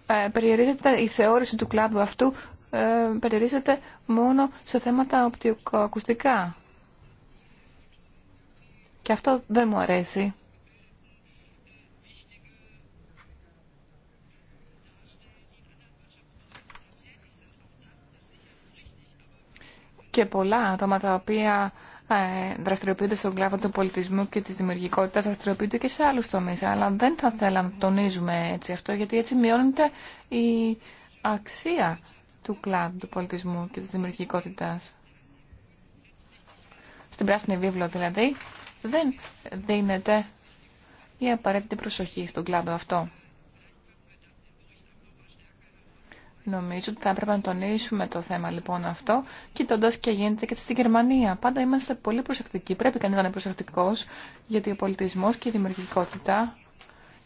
ε, περιορίζεται η θεώρηση του κλάδου αυτού ε, περιορίζεται μόνο σε θέματα οπτικοακουστικά και αυτό δεν μου αρέσει. Και πολλά άτομα τα οποία ε, δραστηριοποιούνται στον κλάδο του πολιτισμού και της δημιουργικότητας, δραστηριοποιούνται και σε άλλους τομείς. Αλλά δεν θα θέλαμε να τονίζουμε έτσι αυτό, γιατί έτσι μειώνεται η αξία του κλάδου του πολιτισμού και της δημιουργικότητας. Στην πράσινη βίβλο δηλαδή, δεν δίνεται η απαραίτητη προσοχή στον κλάδο αυτό. Νομίζω ότι θα έπρεπε να τονίσουμε το θέμα λοιπόν αυτό, κοιτώντα και γίνεται και στην Γερμανία. Πάντα είμαστε πολύ προσεκτικοί. Πρέπει κανεί να είναι προσεκτικό, γιατί ο πολιτισμό και η δημιουργικότητα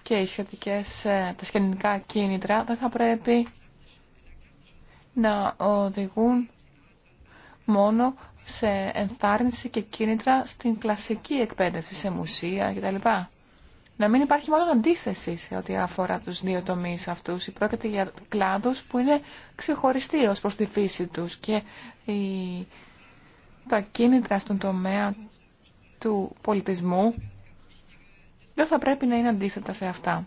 και οι σχετικές, ε, τα σχετικά κίνητρα δεν θα πρέπει να οδηγούν μόνο σε ενθάρρυνση και κίνητρα στην κλασική εκπαίδευση, σε μουσεία κτλ. Να μην υπάρχει μάλλον αντίθεση σε ό,τι αφορά τους δύο τομείς αυτούς. Πρόκειται για κλάδους που είναι ξεχωριστοί ως προς τη φύση τους και η... τα κίνητρα στον τομέα του πολιτισμού δεν θα πρέπει να είναι αντίθετα σε αυτά.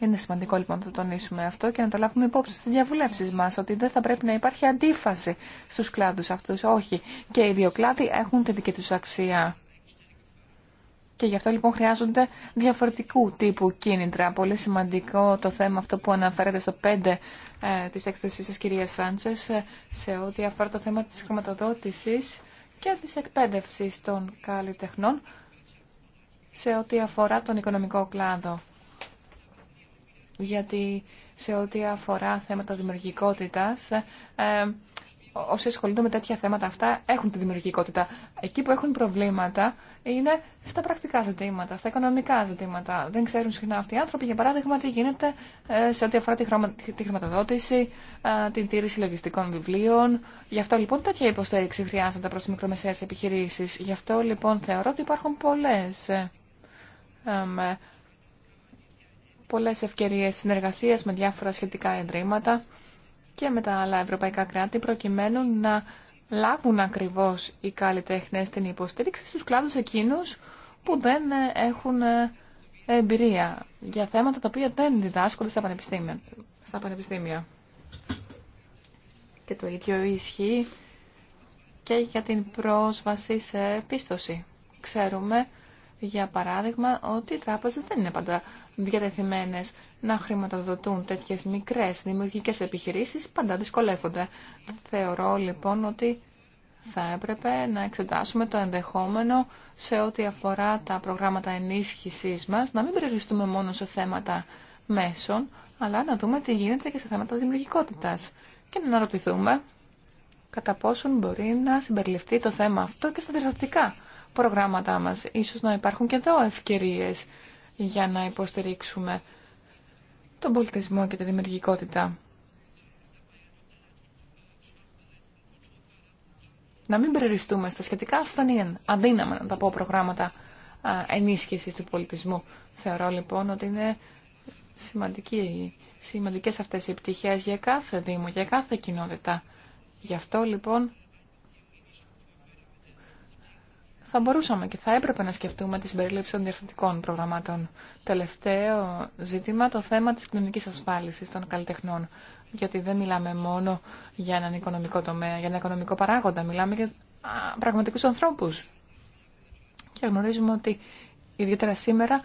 Είναι σημαντικό λοιπόν να το τονίσουμε αυτό και να το λάβουμε υπόψη στι διαβουλεύσεις μας ότι δεν θα πρέπει να υπάρχει αντίφαση στους κλάδους αυτούς. Όχι. Και οι δύο κλάδοι έχουν τη δική του αξία. Και γι' αυτό λοιπόν χρειάζονται διαφορετικού τύπου κίνητρα. Πολύ σημαντικό το θέμα αυτό που αναφέρεται στο 5 ε, της έκθεσης της κυρίας Σάντσες ε, σε ό,τι αφορά το θέμα της χρηματοδότησης και της εκπαίδευσης των καλλιτεχνών σε ό,τι αφορά τον οικονομικό κλάδο γιατί σε ό,τι αφορά θέματα δημιουργικότητας, ε, όσοι ασχολούνται με τέτοια θέματα αυτά έχουν τη δημιουργικότητα. Εκεί που έχουν προβλήματα είναι στα πρακτικά ζητήματα, στα οικονομικά ζητήματα. Δεν ξέρουν συχνά αυτοί οι άνθρωποι, για παράδειγμα, τι γίνεται ε, σε ό,τι αφορά τη χρηματοδότηση, ε, την τήρηση λογιστικών βιβλίων. Γι' αυτό λοιπόν τέτοια υποστήριξη χρειάζεται προ τι μικρομεσαίες επιχειρήσεις. Γι' αυτό λοιπόν θεωρώ ότι υπάρχουν πολλέ πολλές ευκαιρίες συνεργασίας με διάφορα σχετικά εντρήματα και με τα άλλα ευρωπαϊκά κράτη προκειμένου να λάβουν ακριβώς οι καλλιτέχνες την υποστήριξη στους κλάδους εκείνους που δεν έχουν εμπειρία για θέματα τα οποία δεν διδάσκονται στα πανεπιστήμια. Στα πανεπιστήμια. Και το ίδιο ισχύει και για την πρόσβαση σε πίστοση. Ξέρουμε για παράδειγμα, ότι οι τράπεζες δεν είναι πάντα διατεθειμένες να χρηματοδοτούν τέτοιες μικρές δημιουργικές επιχειρήσεις, πάντα δυσκολεύονται. Θεωρώ λοιπόν ότι θα έπρεπε να εξετάσουμε το ενδεχόμενο σε ό,τι αφορά τα προγράμματα ενίσχυσής μας, να μην περιοριστούμε μόνο σε θέματα μέσων, αλλά να δούμε τι γίνεται και σε θέματα δημιουργικότητας και να αναρωτηθούμε κατά πόσον μπορεί να συμπεριληφθεί το θέμα αυτό και στα διευθυντικά προγράμματά μας. Ίσως να υπάρχουν και εδώ ευκαιρίες για να υποστηρίξουμε τον πολιτισμό και τη δημιουργικότητα. Να μην περιοριστούμε στα σχετικά ασθενή, Αντίναμα να τα πω προγράμματα ενίσχυσης του πολιτισμού. Θεωρώ λοιπόν ότι είναι σημαντική, σημαντικές αυτές οι επιτυχίες για κάθε Δήμο, για κάθε κοινότητα. Γι' αυτό λοιπόν θα μπορούσαμε και θα έπρεπε να σκεφτούμε τη συμπερίληψη των διευθυντικών προγραμμάτων. Τελευταίο ζήτημα, το θέμα της κοινωνικής ασφάλισης των καλλιτεχνών. Γιατί δεν μιλάμε μόνο για έναν οικονομικό τομέα, για έναν οικονομικό παράγοντα. Μιλάμε για πραγματικούς ανθρώπους. Και γνωρίζουμε ότι ιδιαίτερα σήμερα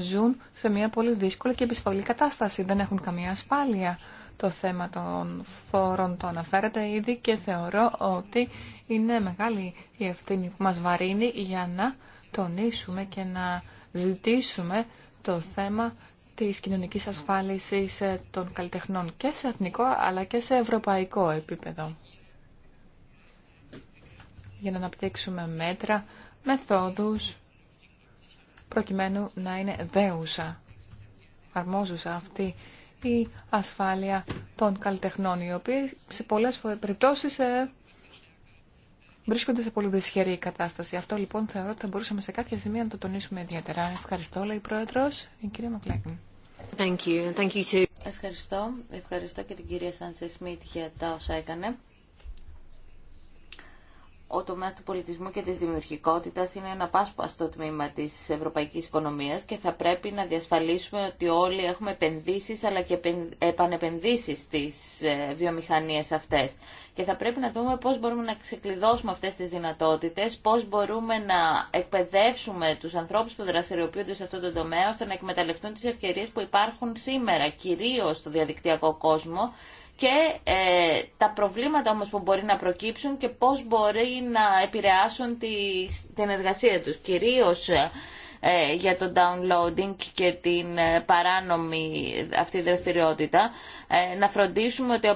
ζουν σε μια πολύ δύσκολη και επισφαλή κατάσταση. Δεν έχουν καμία ασφάλεια το θέμα των φόρων το αναφέρεται ήδη και θεωρώ ότι είναι μεγάλη η ευθύνη που μας βαρύνει για να τονίσουμε και να ζητήσουμε το θέμα της κοινωνικής ασφάλισης ε, των καλλιτεχνών και σε εθνικό αλλά και σε ευρωπαϊκό επίπεδο. Για να αναπτύξουμε μέτρα, μεθόδους, προκειμένου να είναι δέουσα, αρμόζουσα αυτή η ασφάλεια των καλλιτεχνών, οι οποίοι σε πολλές περιπτώσεις ε, βρίσκονται σε πολύ δυσχερή κατάσταση. Αυτό λοιπόν θεωρώ ότι θα μπορούσαμε σε κάποια σημεία να το τονίσουμε ιδιαίτερα. Ευχαριστώ, λέει η Πρόεδρος, η κυρία Μακλέκνη. Thank you. Thank you too. Ευχαριστώ. Ευχαριστώ και την κυρία Σάνσε Σμιτ για τα όσα έκανε ο τομέας του πολιτισμού και της δημιουργικότητας είναι ένα πάσπαστο τμήμα της ευρωπαϊκής οικονομίας και θα πρέπει να διασφαλίσουμε ότι όλοι έχουμε επενδύσεις αλλά και επανεπενδύσεις στις ε, βιομηχανίες αυτές. Και θα πρέπει να δούμε πώς μπορούμε να ξεκλειδώσουμε αυτές τις δυνατότητες, πώς μπορούμε να εκπαιδεύσουμε τους ανθρώπους που δραστηριοποιούνται σε αυτό το τομέα ώστε να εκμεταλλευτούν τις ευκαιρίες που υπάρχουν σήμερα, κυρίως στο διαδικτυακό κόσμο, και ε, τα προβλήματα όμως που μπορεί να προκύψουν και πώς μπορεί να επηρεάσουν τη, την εργασία τους. Κυρίως ε, ε, για το downloading και την παράνομη αυτή δραστηριότητα, να φροντίσουμε ότι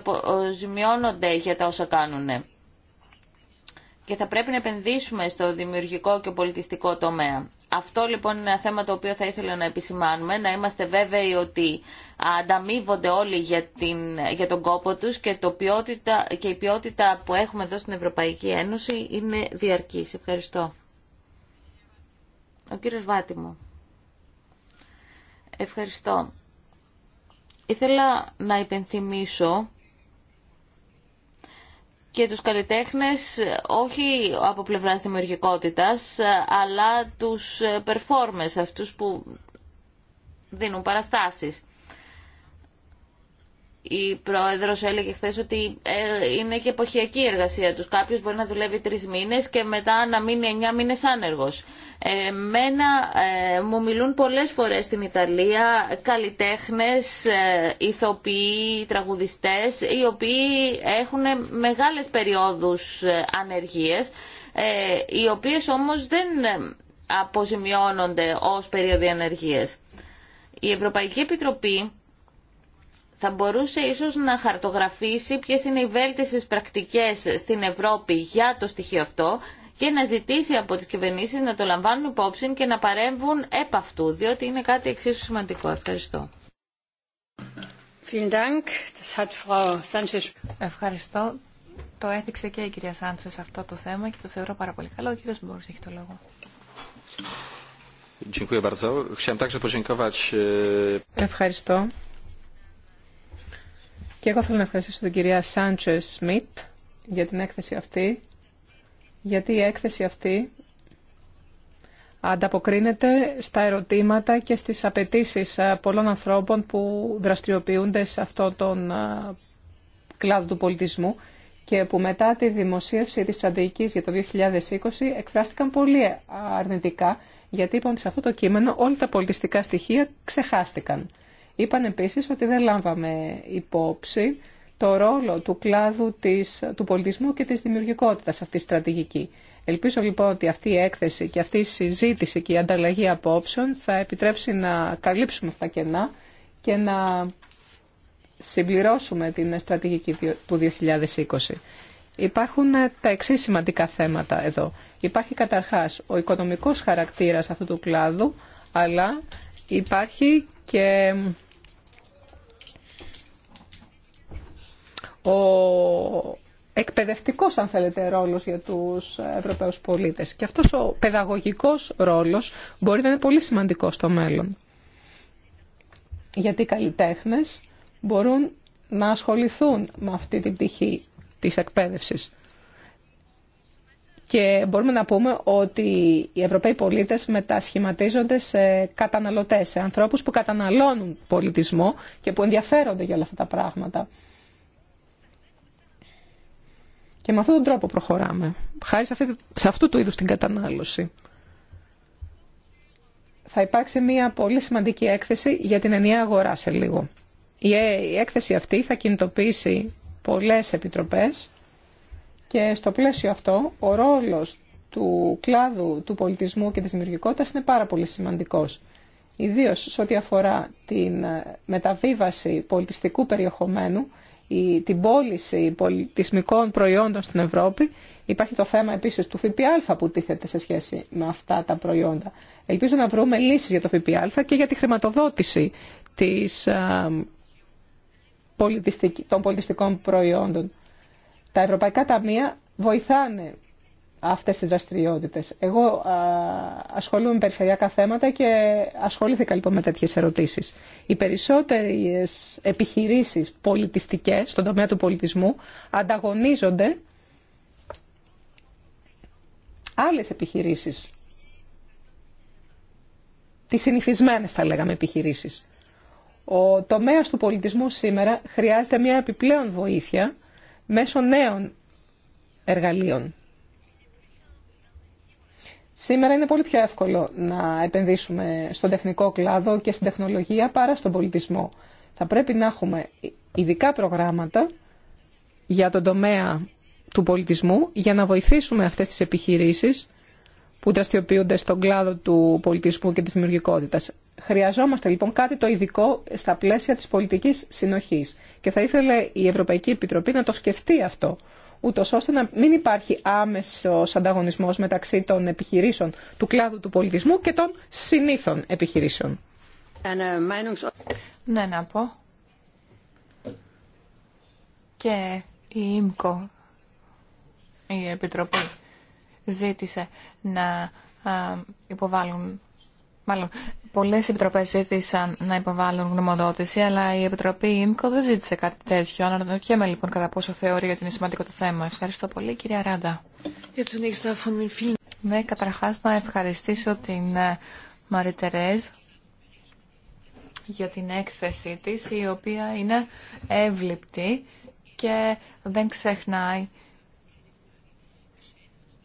ζημιώνονται για τα όσα κάνουν. Και θα πρέπει να επενδύσουμε στο δημιουργικό και πολιτιστικό τομέα. Αυτό λοιπόν είναι ένα θέμα το οποίο θα ήθελα να επισημάνουμε, να είμαστε βέβαιοι ότι ανταμείβονται όλοι για, την, για τον κόπο τους και, το ποιότητα, και η ποιότητα που έχουμε εδώ στην Ευρωπαϊκή Ένωση είναι διαρκής. Ευχαριστώ. Ο κύριος Βάτιμο. Ευχαριστώ. Ήθελα να υπενθυμίσω και τους καλλιτέχνες όχι από πλευράς δημιουργικότητας, αλλά τους ε, performers, αυτούς που δίνουν παραστάσεις η πρόεδρος έλεγε χθε ότι ε, είναι και εποχιακή η εργασία τους. Κάποιος μπορεί να δουλεύει τρεις μήνες και μετά να μείνει εννιά μήνες άνεργος. μένα ε, μου μιλούν πολλές φορές στην Ιταλία καλλιτέχνες, ε, ηθοποιοί, τραγουδιστές οι οποίοι έχουν μεγάλες περιόδους ε, ανεργίες οι οποίες όμως δεν αποζημιώνονται ως περίοδοι ανεργίες. Η Ευρωπαϊκή Επιτροπή θα μπορούσε ίσως να χαρτογραφήσει ποιες είναι οι βέλτιστες πρακτικές στην Ευρώπη για το στοιχείο αυτό και να ζητήσει από τις κυβερνήσεις να το λαμβάνουν υπόψη και να παρέμβουν επ' αυτού, διότι είναι κάτι εξίσου σημαντικό. Ευχαριστώ. Ευχαριστώ. Το έθιξε και η κυρία σε αυτό το θέμα και το θεωρώ πάρα πολύ καλό. Ο κύριος Μπόρους έχει το λόγο. Ε, Ευχαριστώ. Και εγώ θέλω να ευχαριστήσω την κυρία Σάντσε Σμιτ για την έκθεση αυτή, γιατί η έκθεση αυτή ανταποκρίνεται στα ερωτήματα και στις απαιτήσει ε, πολλών ανθρώπων που δραστηριοποιούνται σε αυτόν τον ε, κλάδο του πολιτισμού και που μετά τη δημοσίευση της στρατηγικής για το 2020 εκφράστηκαν πολύ αρνητικά γιατί είπαν σε αυτό το κείμενο όλα τα πολιτιστικά στοιχεία ξεχάστηκαν. Είπαν επίσης ότι δεν λάμβαμε υπόψη το ρόλο του κλάδου της, του πολιτισμού και της δημιουργικότητας αυτή τη στρατηγική. Ελπίζω λοιπόν ότι αυτή η έκθεση και αυτή η συζήτηση και η ανταλλαγή απόψεων θα επιτρέψει να καλύψουμε αυτά κενά και να συμπληρώσουμε την στρατηγική του 2020. Υπάρχουν τα εξή σημαντικά θέματα εδώ. Υπάρχει καταρχάς ο οικονομικός χαρακτήρας αυτού του κλάδου, αλλά Υπάρχει και ο εκπαιδευτικός, αν θέλετε, ρόλος για τους Ευρωπαίους πολίτες. Και αυτός ο παιδαγωγικός ρόλος μπορεί να είναι πολύ σημαντικό στο μέλλον. Γιατί οι καλλιτέχνες μπορούν να ασχοληθούν με αυτή την πτυχή της εκπαίδευσης και μπορούμε να πούμε ότι οι Ευρωπαίοι πολίτες μετασχηματίζονται σε καταναλωτές, σε ανθρώπους που καταναλώνουν πολιτισμό και που ενδιαφέρονται για όλα αυτά τα πράγματα. Και με αυτόν τον τρόπο προχωράμε, χάρη σε, αυτού του είδους την κατανάλωση. Θα υπάρξει μια πολύ σημαντική έκθεση για την ενιαία αγορά σε λίγο. Η έκθεση αυτή θα κινητοποιήσει πολλές επιτροπές και στο πλαίσιο αυτό, ο ρόλος του κλάδου του πολιτισμού και της δημιουργικότητας είναι πάρα πολύ σημαντικός. Ιδίως σε ό,τι αφορά την ε, μεταβίβαση πολιτιστικού περιεχομένου, η, την πώληση πολιτισμικών προϊόντων στην Ευρώπη. Υπάρχει το θέμα επίσης του ΦΠΑ που τίθεται σε σχέση με αυτά τα προϊόντα. Ελπίζω να βρούμε λύσεις για το ΦΠΑ και για τη χρηματοδότηση της, ε, των πολιτιστικών προϊόντων. Τα ευρωπαϊκά ταμεία βοηθάνε αυτές τις δραστηριότητες. Εγώ ασχολούμαι με περιφερειακά θέματα και ασχολήθηκα λοιπόν με τέτοιες ερωτήσεις. Οι περισσότερες επιχειρήσεις πολιτιστικές στον τομέα του πολιτισμού ανταγωνίζονται άλλες επιχειρήσεις. Τις συνηθισμένες θα λέγαμε επιχειρήσεις. Ο τομέας του πολιτισμού σήμερα χρειάζεται μια επιπλέον βοήθεια μέσω νέων εργαλείων. Σήμερα είναι πολύ πιο εύκολο να επενδύσουμε στον τεχνικό κλάδο και στην τεχνολογία παρά στον πολιτισμό. Θα πρέπει να έχουμε ειδικά προγράμματα για τον τομέα του πολιτισμού για να βοηθήσουμε αυτές τις επιχειρήσεις που δραστηριοποιούνται στον κλάδο του πολιτισμού και της δημιουργικότητας. Χρειαζόμαστε λοιπόν κάτι το ειδικό στα πλαίσια της πολιτικής συνοχής και θα ήθελε η Ευρωπαϊκή Επιτροπή να το σκεφτεί αυτό ούτως ώστε να μην υπάρχει άμεσος ανταγωνισμός μεταξύ των επιχειρήσεων του κλάδου του πολιτισμού και των συνήθων επιχειρήσεων. Ναι, να πω. Και η ΙΜΚΟ, η Επιτροπή ζήτησε να υποβάλουν Μάλλον, πολλέ επιτροπέ ζήτησαν να υποβάλουν γνωμοδότηση, αλλά η Επιτροπή ΙΜΚΟ δεν ζήτησε κάτι τέτοιο. Αναρωτιέμαι λοιπόν κατά πόσο θεωρεί ότι είναι σημαντικό το θέμα. Ευχαριστώ πολύ, κυρία Ράντα. Ναι, καταρχά να ευχαριστήσω την ε, Μαρή Τερέζ για την έκθεσή της, η οποία είναι εύληπτη και δεν ξεχνάει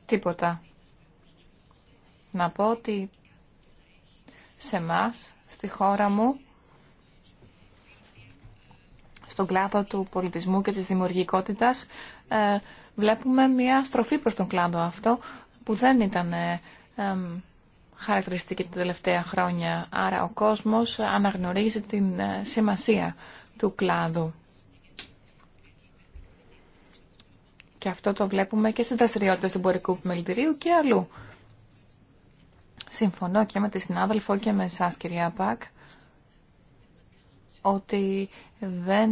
Τίποτα. Να πω ότι σε εμά, στη χώρα μου, στον κλάδο του πολιτισμού και της δημιουργικότητας, ε, βλέπουμε μια στροφή προς τον κλάδο αυτό που δεν ήταν ε, χαρακτηριστική τα τελευταία χρόνια. Άρα ο κόσμος αναγνωρίζει την ε, σημασία του κλάδου. Και αυτό το βλέπουμε και στι δραστηριότητε του εμπορικού Μελητηρίου και αλλού. Συμφωνώ και με τη συνάδελφο και με εσά, κυρία Πακ, ότι δεν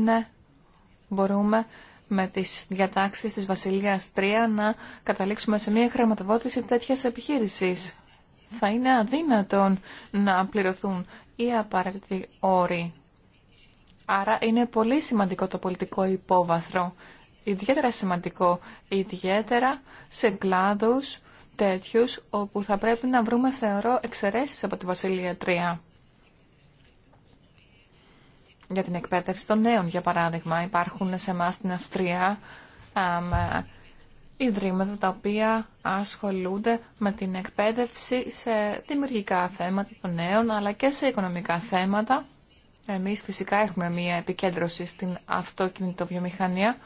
μπορούμε με τις διατάξεις της Βασιλείας 3 να καταλήξουμε σε μια χρηματοδότηση τέτοιας επιχείρησης. Θα είναι αδύνατον να πληρωθούν οι απαραίτητοι όροι. Άρα είναι πολύ σημαντικό το πολιτικό υπόβαθρο ιδιαίτερα σημαντικό, ιδιαίτερα σε κλάδους τέτοιους όπου θα πρέπει να βρούμε, θεωρώ, εξαιρέσεις από τη Βασιλεία 3. Για την εκπαίδευση των νέων, για παράδειγμα, υπάρχουν σε εμά στην Αυστρία ιδρύματα τα οποία ασχολούνται με την εκπαίδευση σε δημιουργικά θέματα των νέων αλλά και σε οικονομικά θέματα. Εμείς φυσικά έχουμε μία επικέντρωση στην αυτοκινητοβιομηχανία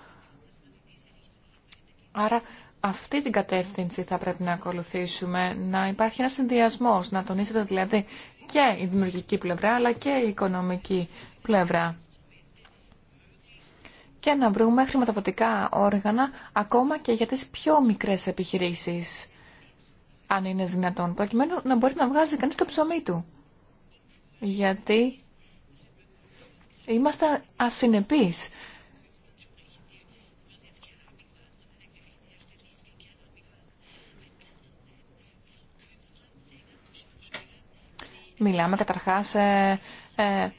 Άρα αυτή την κατεύθυνση θα πρέπει να ακολουθήσουμε, να υπάρχει ένα συνδυασμό, να τονίσετε δηλαδή και η δημιουργική πλευρά αλλά και η οικονομική πλευρά και να βρούμε χρηματοδοτικά όργανα ακόμα και για τις πιο μικρές επιχειρήσεις, αν είναι δυνατόν, προκειμένου να μπορεί να βγάζει κανείς το ψωμί του. Γιατί είμαστε ασυνεπείς Μιλάμε καταρχάς ε, ε,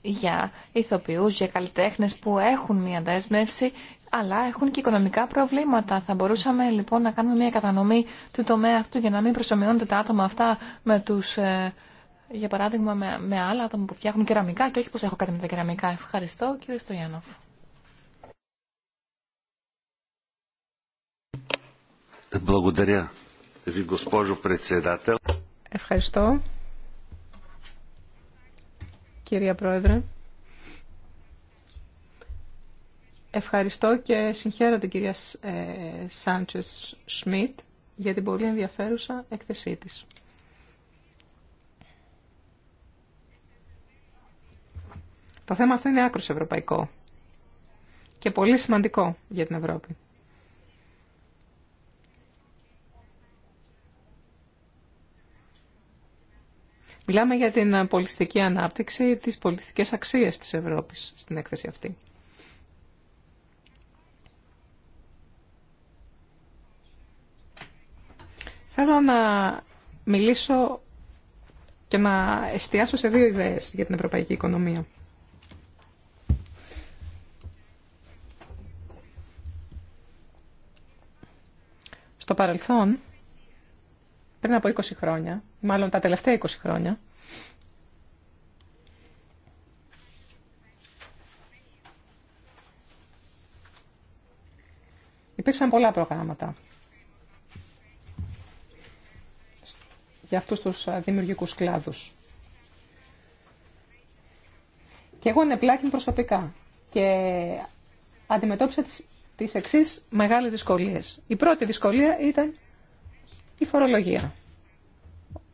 για ηθοποιούς, για καλλιτέχνες που έχουν μια δέσμευση, αλλά έχουν και οικονομικά προβλήματα. Θα μπορούσαμε λοιπόν να κάνουμε μια κατανομή του τομέα αυτού για να μην προσωμιώνονται τα άτομα αυτά με τους... Ε, για παράδειγμα, με, άλλα άτομα που φτιάχνουν κεραμικά και όχι πως έχω κάτι με τα κεραμικά. Ευχαριστώ, κύριε Στοιάνοφ. Ευχαριστώ κυρία Πρόεδρε. Ευχαριστώ και συγχαίρω την κυρία ε, Σάντσες Σμιτ για την πολύ ενδιαφέρουσα εκθεσή της. Το θέμα αυτό είναι άκρος ευρωπαϊκό και πολύ σημαντικό για την Ευρώπη. Μιλάμε για την ε, πολιτιστική ανάπτυξη, τις πολιτιστικές αξίες της Ευρώπης στην έκθεση αυτή. Θέλω να μιλήσω και να εστιάσω σε δύο ιδέες για την ευρωπαϊκή οικονομία. Στο παρελθόν, πριν από 20 χρόνια, μάλλον τα τελευταία 20 χρόνια, υπήρξαν πολλά προγράμματα για αυτούς τους δημιουργικούς κλάδους. Και εγώ ανεπλάκην προσωπικά και αντιμετώπισα τις εξής μεγάλες δυσκολίες. Η πρώτη δυσκολία ήταν η φορολογία.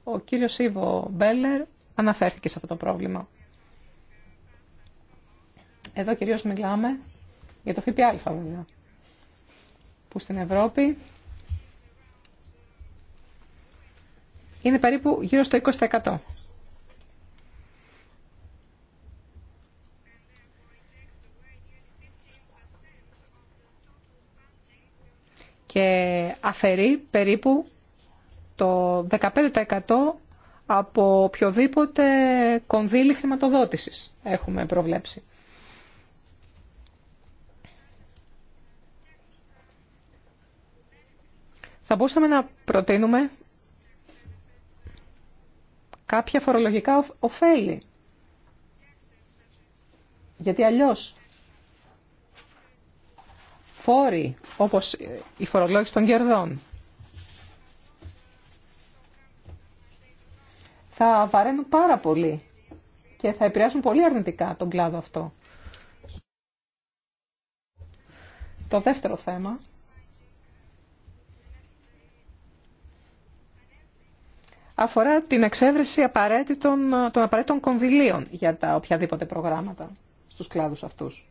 Ο κύριος Σίβο Μπέλερ αναφέρθηκε σε αυτό το πρόβλημα. Εδώ κυρίως μιλάμε για το ΦΠΑ βέβαια, που στην Ευρώπη είναι περίπου γύρω στο 20%. και αφαιρεί περίπου το 15% από οποιοδήποτε κονδύλι χρηματοδότησης έχουμε προβλέψει. Θα μπορούσαμε να προτείνουμε κάποια φορολογικά ωφέλη. Γιατί αλλιώς φόροι όπως η φορολόγηση των κερδών, θα βαραίνουν πάρα πολύ και θα επηρεάσουν πολύ αρνητικά τον κλάδο αυτό. Το δεύτερο θέμα αφορά την εξέβρεση απαραίτητων, των απαραίτητων κονδυλίων για τα οποιαδήποτε προγράμματα στους κλάδους αυτούς.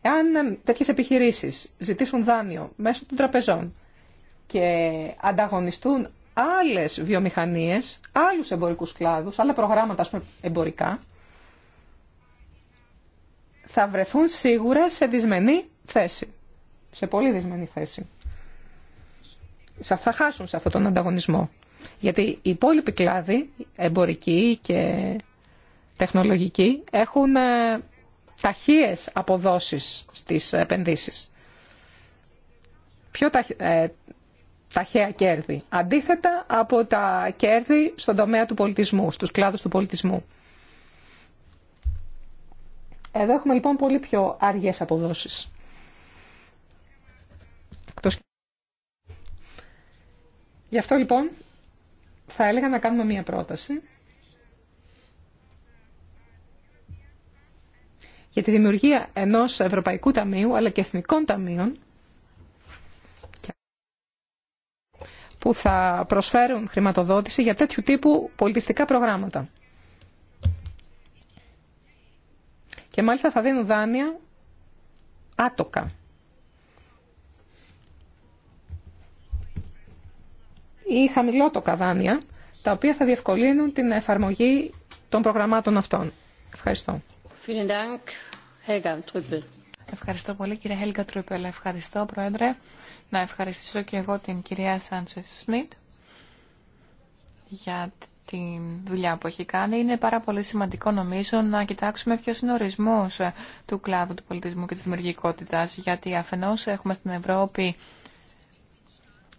Εάν τέτοιες επιχειρήσεις ζητήσουν δάνειο μέσω των τραπεζών και ανταγωνιστούν άλλες βιομηχανίες, άλλους εμπορικούς κλάδους, άλλα προγράμματα εμπορικά, θα βρεθούν σίγουρα σε δυσμενή θέση. Σε πολύ δυσμενή θέση. Θα χάσουν σε αυτόν τον ανταγωνισμό. Γιατί οι υπόλοιποι κλάδοι, εμπορικοί και τεχνολογικοί, έχουν ε, ταχείες αποδόσεις στις επενδύσεις. Πιο ε, ταχαία κέρδη. Αντίθετα από τα κέρδη στον τομέα του πολιτισμού, στους κλάδους του πολιτισμού. Εδώ έχουμε λοιπόν πολύ πιο αργές αποδόσεις. Γι' αυτό λοιπόν θα έλεγα να κάνουμε μία πρόταση για τη δημιουργία ενός Ευρωπαϊκού Ταμείου αλλά και Εθνικών Ταμείων που θα προσφέρουν χρηματοδότηση για τέτοιου τύπου πολιτιστικά προγράμματα. Και μάλιστα θα δίνουν δάνεια άτοκα. ή χαμηλότοκα δάνεια, τα οποία θα διευκολύνουν την εφαρμογή των προγραμμάτων αυτών. Ευχαριστώ. Ευχαριστώ πολύ κύριε Χέλικα Τρούπελ. Ευχαριστώ Πρόεδρε. Να ευχαριστήσω και εγώ την κυρία Σάντσε Σμιτ για τη δουλειά που έχει κάνει. Είναι πάρα πολύ σημαντικό νομίζω να κοιτάξουμε ποιο είναι ο ορισμό του κλάδου του πολιτισμού και τη δημιουργικότητα. Γιατί αφενός έχουμε στην Ευρώπη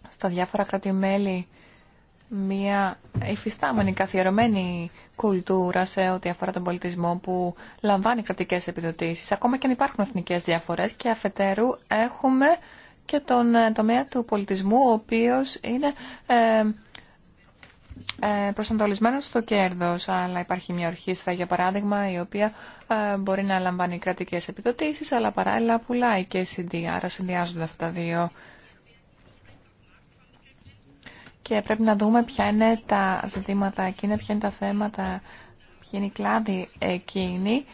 στα διάφορα κράτη-μέλη μια υφιστάμενη καθιερωμένη κουλτούρα σε ό,τι αφορά τον πολιτισμό που λαμβάνει κρατικές επιδοτήσεις. Ακόμα και αν υπάρχουν εθνικές διαφορές και αφετέρου έχουμε και τον ε, τομέα του πολιτισμού ο οποίος είναι ε, ε, προσανατολισμένος στο κέρδος. Αλλά υπάρχει μια ορχήστρα για παράδειγμα η οποία ε, μπορεί να λαμβάνει κρατικές επιδοτήσεις αλλά παράλληλα πουλάει και CD. Άρα συνδυάζονται αυτά τα δύο και πρέπει να δούμε ποια είναι τα ζητήματα εκείνα, ποια είναι τα θέματα, ποια είναι η κλάδη εκείνη.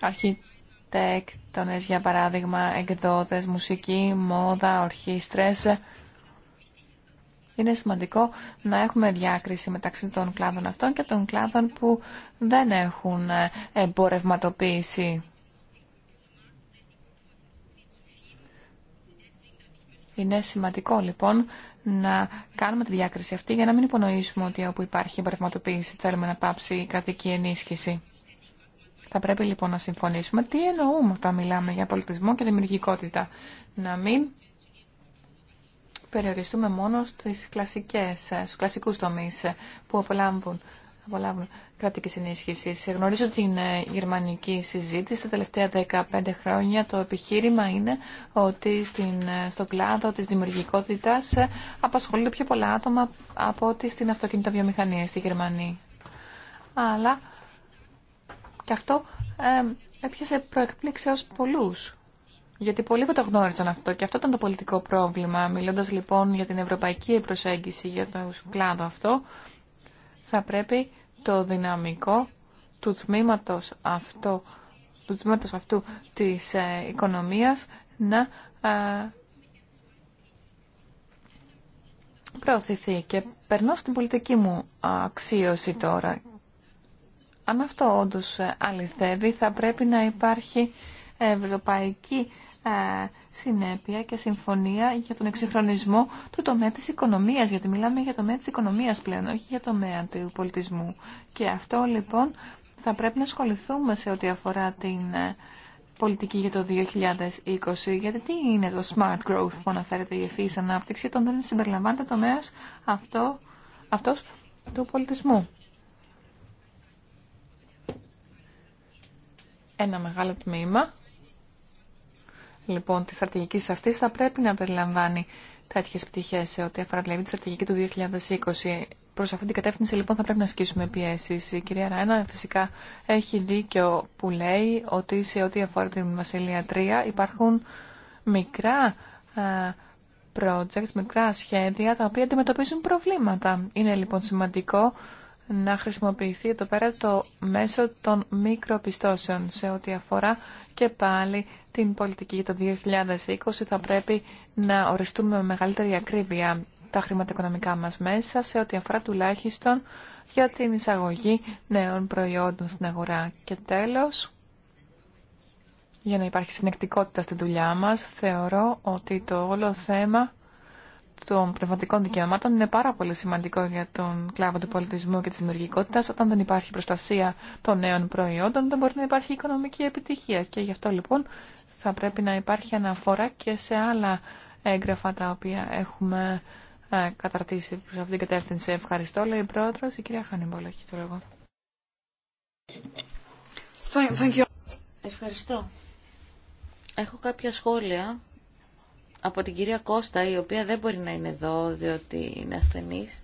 Αρχιτέκτονες, για παράδειγμα, εκδότες, μουσική, μόδα, ορχήστρες. Είναι σημαντικό να έχουμε διάκριση μεταξύ των κλάδων αυτών και των κλάδων που δεν έχουν εμπορευματοποίηση Είναι σημαντικό λοιπόν να κάνουμε τη διάκριση αυτή για να μην υπονοήσουμε ότι όπου υπάρχει εμπορευματοποίηση θέλουμε να πάψει η κρατική ενίσχυση. Θα πρέπει λοιπόν να συμφωνήσουμε τι εννοούμε όταν μιλάμε για πολιτισμό και δημιουργικότητα. Να μην περιοριστούμε μόνο στις κλασικές, στους κλασικούς τομείς που απολάμβουν απολαύουν κρατική ενίσχυση. Γνωρίζω την ε, γερμανική συζήτηση. Τα τελευταία 15 χρόνια το επιχείρημα είναι ότι στην, ε, στο κλάδο τη δημιουργικότητα ε, απασχολούν πιο πολλά άτομα από ότι στην αυτοκινητοβιομηχανία στη Γερμανία. Αλλά και αυτό ε, έπιασε προεκπλήξεω πολλού. πολλούς. Γιατί πολλοί δεν το γνώριζαν αυτό και αυτό ήταν το πολιτικό πρόβλημα. Μιλώντα λοιπόν για την ευρωπαϊκή προσέγγιση για το κλάδο αυτό, θα πρέπει το δυναμικό του τμήματος, αυτό, του τμήματος αυτού της ε, οικονομίας να ε, προωθηθεί. Και περνώ στην πολιτική μου αξίωση τώρα. Αν αυτό όντως ε, αληθεύει, θα πρέπει να υπάρχει ευρωπαϊκή συνέπεια και συμφωνία για τον εξυγχρονισμό του τομέα της οικονομίας, γιατί μιλάμε για τομέα της οικονομίας πλέον, όχι για τομέα του πολιτισμού. Και αυτό λοιπόν θα πρέπει να ασχοληθούμε σε ό,τι αφορά την ε, πολιτική για το 2020, γιατί τι είναι το smart growth που αναφέρεται η ευθύης ανάπτυξη, όταν δεν συμπεριλαμβάνεται το τομέας αυτό, αυτός του πολιτισμού. Ένα μεγάλο τμήμα λοιπόν τη στρατηγική αυτή θα πρέπει να περιλαμβάνει τέτοιε πτυχέ σε ό,τι αφορά δηλαδή, τη στρατηγική του 2020. Προ αυτήν την κατεύθυνση λοιπόν θα πρέπει να ασκήσουμε πιέσει. Η κυρία Ράινα φυσικά έχει δίκιο που λέει ότι σε ό,τι αφορά την Βασιλεία 3 υπάρχουν μικρά ε, project, μικρά σχέδια τα οποία αντιμετωπίζουν προβλήματα. Είναι λοιπόν σημαντικό να χρησιμοποιηθεί εδώ πέρα το μέσο των μικροπιστώσεων σε ό,τι αφορά και πάλι την πολιτική για το 2020 θα πρέπει να οριστούμε με μεγαλύτερη ακρίβεια τα χρηματοοικονομικά μας μέσα σε ό,τι αφορά τουλάχιστον για την εισαγωγή νέων προϊόντων στην αγορά. Και τέλος, για να υπάρχει συνεκτικότητα στη δουλειά μας, θεωρώ ότι το όλο θέμα των πνευματικών δικαιωμάτων είναι πάρα πολύ σημαντικό για τον κλάδο του πολιτισμού και της δημιουργικότητα. Όταν δεν υπάρχει προστασία των νέων προϊόντων δεν μπορεί να υπάρχει οικονομική επιτυχία και γι' αυτό λοιπόν θα πρέπει να υπάρχει αναφορά και σε άλλα έγγραφα τα οποία έχουμε ε, καταρτήσει προ αυτήν την κατεύθυνση. Ευχαριστώ, λέει η πρόεδρο, Η κυρία Χανιμπόλα έχει το λόγο. Ευχαριστώ. Έχω κάποια σχόλια από την κυρία Κώστα, η οποία δεν μπορεί να είναι εδώ διότι είναι ασθενής.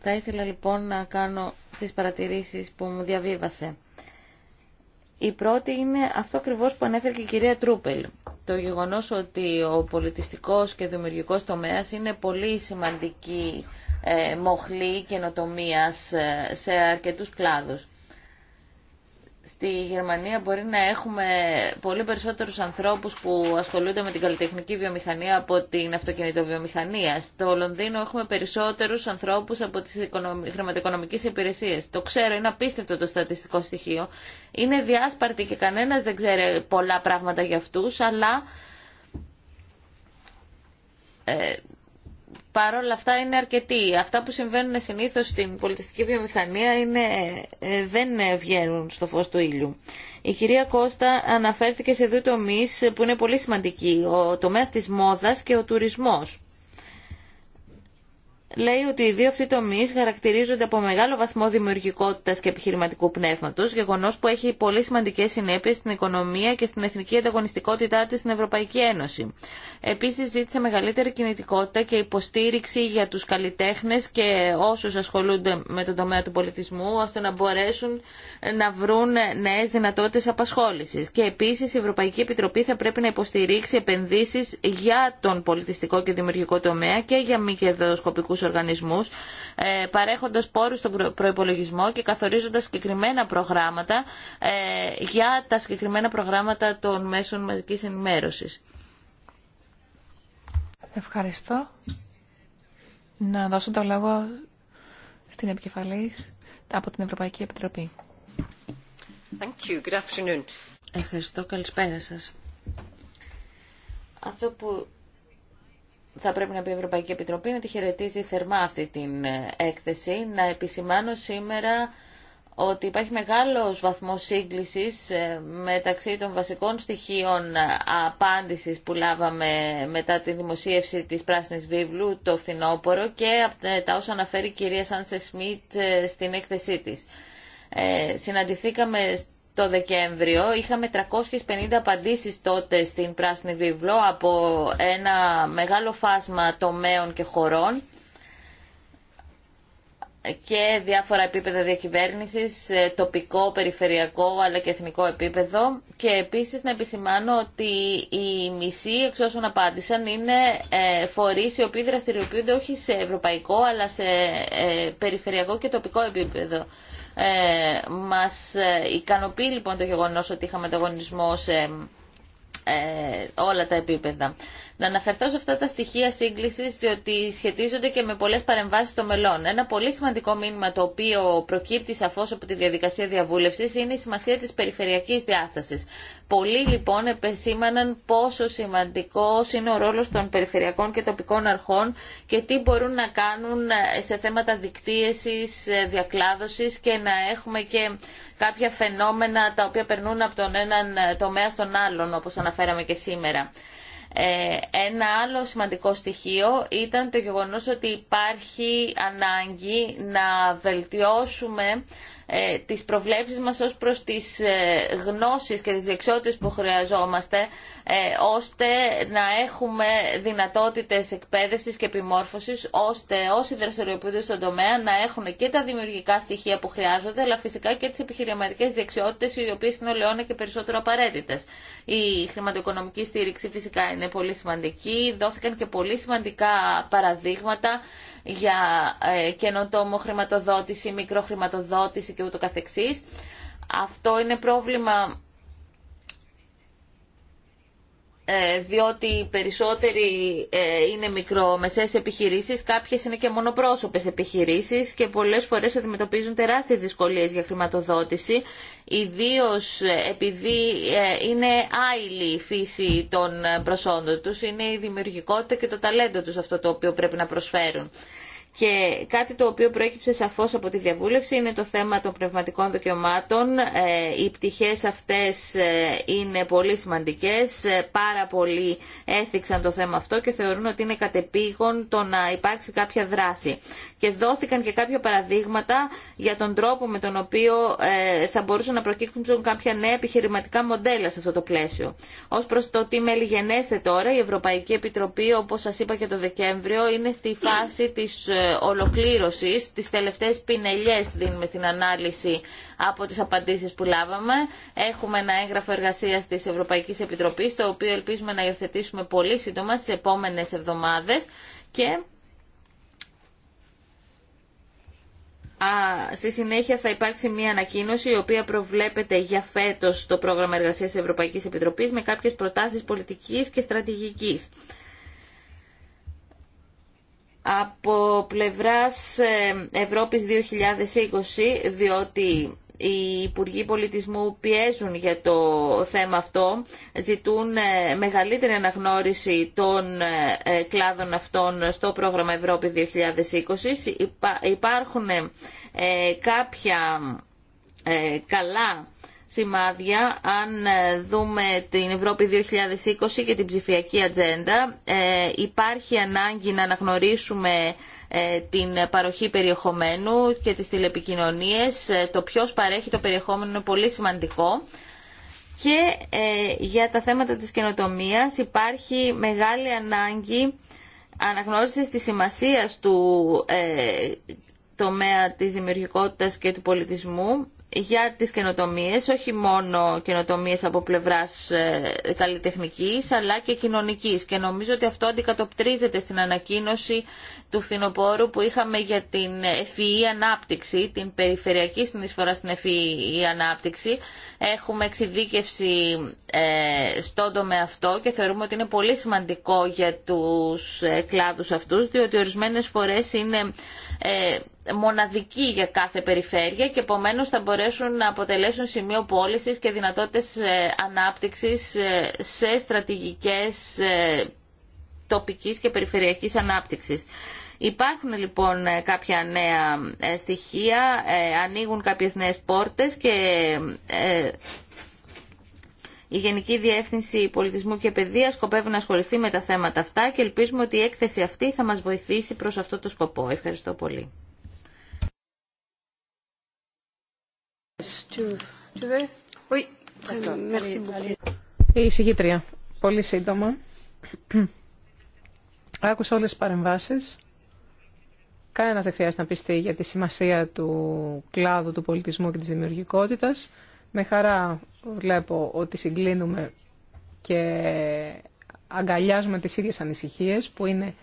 Θα ήθελα λοιπόν να κάνω τις παρατηρήσεις που μου διαβίβασε. Η πρώτη είναι αυτό ακριβώ που ανέφερε και η κυρία Τρούπελ. Το γεγονός ότι ο πολιτιστικός και δημιουργικός τομέας είναι πολύ σημαντική ε, μοχλή καινοτομίας ε, σε αρκετούς κλάδους στη Γερμανία μπορεί να έχουμε πολύ περισσότερους ανθρώπους που ασχολούνται με την καλλιτεχνική βιομηχανία από την αυτοκινητοβιομηχανία. Στο Λονδίνο έχουμε περισσότερους ανθρώπους από τις χρηματοοικονομικές υπηρεσίες. Το ξέρω, είναι απίστευτο το στατιστικό στοιχείο. Είναι διάσπαρτη και κανένας δεν ξέρει πολλά πράγματα για αυτούς, αλλά... Ε, Παρ' όλα αυτά είναι αρκετοί. Αυτά που συμβαίνουν συνήθω στην πολιτιστική βιομηχανία είναι, ε, δεν βγαίνουν στο φως του ήλιου. Η κυρία Κώστα αναφέρθηκε σε δύο τομεί που είναι πολύ σημαντικοί. Ο τομέα της μόδας και ο τουρισμός λέει ότι οι δύο αυτοί τομεί χαρακτηρίζονται από μεγάλο βαθμό δημιουργικότητα και επιχειρηματικού πνεύματο, γεγονό που έχει πολύ σημαντικέ συνέπειε στην οικονομία και στην εθνική ανταγωνιστικότητά τη στην Ευρωπαϊκή Ένωση. Επίση, ζήτησε μεγαλύτερη κινητικότητα και υποστήριξη για του καλλιτέχνε και όσου ασχολούνται με τον τομέα του πολιτισμού, ώστε να μπορέσουν να βρουν νέε δυνατότητε απασχόληση. Και επίση, η Ευρωπαϊκή Επιτροπή θα πρέπει να υποστηρίξει επενδύσει για τον πολιτιστικό και δημιουργικό τομέα και για μη κερδοσκοπικού οργανισμού, οργανισμούς, ε, παρέχοντας πόρους στον προπολογισμό και καθορίζοντα συγκεκριμένα προγράμματα ε, για τα συγκεκριμένα προγράμματα των μέσων μαζικής ενημέρωσης. Ευχαριστώ. Να δώσω το λόγο στην επικεφαλή από την Ευρωπαϊκή Επιτροπή. Thank you. Good Ευχαριστώ. Καλησπέρα σας. Αυτό που θα πρέπει να πει η Ευρωπαϊκή Επιτροπή να τη χαιρετίζει θερμά αυτή την ε, έκθεση. Να επισημάνω σήμερα ότι υπάρχει μεγάλος βαθμός σύγκλησης ε, μεταξύ των βασικών στοιχείων ε, απάντησης που λάβαμε μετά τη δημοσίευση της Πράσινης Βίβλου το φθινόπωρο και τα όσα αναφέρει η κυρία Σάνσε Σμιτ στην έκθεσή της. Ε, συναντηθήκαμε το Δεκέμβριο. Είχαμε 350 απαντήσεις τότε στην Πράσινη Βίβλο από ένα μεγάλο φάσμα τομέων και χωρών και διάφορα επίπεδα διακυβέρνησης, ε, τοπικό, περιφερειακό αλλά και εθνικό επίπεδο και επίσης να επισημάνω ότι οι μισοί εξ όσων απάντησαν είναι ε, φορείς οι οποίοι δραστηριοποιούνται όχι σε ευρωπαϊκό αλλά σε ε, περιφερειακό και τοπικό επίπεδο. Ε, μας ε, ικανοποιεί λοιπόν το γεγονός ότι είχαμε ανταγωνισμό σε ε, όλα τα επίπεδα. Να αναφερθώ σε αυτά τα στοιχεία σύγκληση, διότι σχετίζονται και με πολλέ παρεμβάσει των μελών. Ένα πολύ σημαντικό μήνυμα το οποίο προκύπτει σαφώ από τη διαδικασία διαβούλευση είναι η σημασία τη περιφερειακή διάσταση. Πολλοί λοιπόν επεσήμαναν πόσο σημαντικό είναι ο ρόλο των περιφερειακών και τοπικών αρχών και τι μπορούν να κάνουν σε θέματα δικτύεση, διακλάδωση και να έχουμε και κάποια φαινόμενα τα οποία περνούν από τον έναν τομέα στον άλλον, όπω αναφέραμε και σήμερα. Ε, ένα άλλο σημαντικό στοιχείο ήταν το γεγονός ότι υπάρχει ανάγκη να βελτιώσουμε ε, τις προβλέψεις μας ως προς τις ε, γνώσεις και τις δεξιότητες που χρειαζόμαστε ε, ώστε να έχουμε δυνατότητες εκπαίδευσης και επιμόρφωσης ώστε όσοι δραστηριοποιούνται στον τομέα να έχουν και τα δημιουργικά στοιχεία που χρειάζονται αλλά φυσικά και τις επιχειρηματικές δεξιότητες οι οποίες είναι ολαιόνα και περισσότερο απαραίτητες. Η χρηματοοικονομική στήριξη φυσικά είναι πολύ σημαντική. Δόθηκαν και πολύ σημαντικά παραδείγματα για ε, καινοτόμο χρηματοδότηση, μικροχρηματοδότηση και ούτω καθεξής. Αυτό είναι πρόβλημα ε, διότι οι περισσότεροι ε, είναι μικρομεσαίες επιχειρήσεις, κάποιες είναι και μονοπρόσωπες επιχειρήσεις και πολλές φορές αντιμετωπίζουν τεράστιες δυσκολίες για χρηματοδότηση, ιδίως ε, επειδή είναι άειλη η φύση των προσόντων τους, είναι η δημιουργικότητα και το ταλέντο τους αυτό το οποίο πρέπει να προσφέρουν. Και κάτι το οποίο προέκυψε σαφώς από τη διαβούλευση είναι το θέμα των πνευματικών δικαιωμάτων. Ε, οι πτυχές αυτές ε, είναι πολύ σημαντικές, ε, πάρα πολλοί έθιξαν το θέμα αυτό και θεωρούν ότι είναι κατεπήγον το να υπάρξει κάποια δράση. Και δόθηκαν και κάποια παραδείγματα για τον τρόπο με τον οποίο θα μπορούσαν να προκύψουν κάποια νέα επιχειρηματικά μοντέλα σε αυτό το πλαίσιο. Ως προς το τι μελιγενέστε τώρα, η Ευρωπαϊκή Επιτροπή, όπως σας είπα και το Δεκέμβριο, είναι στη φάση της ολοκλήρωσης. Τις τελευταίες πινελιές δίνουμε στην ανάλυση από τις απαντήσεις που λάβαμε. Έχουμε ένα έγγραφο εργασίας της Ευρωπαϊκής Επιτροπής, το οποίο ελπίζουμε να υιοθετήσουμε πολύ σύντομα στις επόμενες εβδομάδες και Στη συνέχεια θα υπάρξει μια ανακοίνωση η οποία προβλέπεται για φέτος το πρόγραμμα εργασίας της Ευρωπαϊκής Επιτροπής με κάποιες προτάσεις πολιτικής και στρατηγικής από πλευράς ε, Ευρώπης 2020, διότι οι Υπουργοί Πολιτισμού πιέζουν για το θέμα αυτό, ζητούν ε, μεγαλύτερη αναγνώριση των ε, κλάδων αυτών στο πρόγραμμα Ευρώπη 2020. Υπάρχουν κάποια καλά σημάδια αν ε, δούμε την Ευρώπη 2020 και την ψηφιακή ατζέντα. Ε, υπάρχει ανάγκη να αναγνωρίσουμε ε, την παροχή περιεχομένου και τις τηλεπικοινωνίες. Το ποιος παρέχει το περιεχόμενο είναι πολύ σημαντικό. Και για τα θέματα της καινοτομίας υπάρχει μεγάλη ανάγκη αναγνώρισης της σημασίας του τομέα της δημιουργικότητας και του πολιτισμού για τις καινοτομίες, όχι μόνο καινοτομίες από πλευράς ε, καλλιτεχνικής, αλλά και κοινωνικής. Και νομίζω ότι αυτό αντικατοπτρίζεται στην ανακοίνωση του φθινοπόρου που είχαμε για την εφή e e ανάπτυξη, την περιφερειακή συνεισφορά στην FEE e ανάπτυξη. Έχουμε εξειδίκευση ε, στον τομέα αυτό και θεωρούμε ότι είναι πολύ σημαντικό για τους ε, κλάδους αυτούς, διότι ορισμένες φορές είναι ε, μοναδική για κάθε περιφέρεια και επομένω θα μπορέσουν να αποτελέσουν σημείο πώληση και δυνατότητες ε, ανάπτυξης ε, σε στρατηγικές τοπικής και περιφερειακή ανάπτυξη. Υπάρχουν λοιπόν κάποια νέα στοιχεία, ανοίγουν κάποιες νέες πόρτες και η Γενική Διεύθυνση Πολιτισμού και Παιδεία σκοπεύει να ασχοληθεί με τα θέματα αυτά και ελπίζουμε ότι η έκθεση αυτή θα μας βοηθήσει προς αυτό το σκοπό. Ευχαριστώ πολύ. Η εισηγήτρια, πολύ σύντομα. Άκουσα όλες τις παρεμβάσεις. Κανένας δεν χρειάζεται να πιστεί για τη σημασία του κλάδου του πολιτισμού και της δημιουργικότητας. Με χαρά βλέπω ότι συγκλίνουμε και αγκαλιάζουμε τις ίδιες ανησυχίες που είναι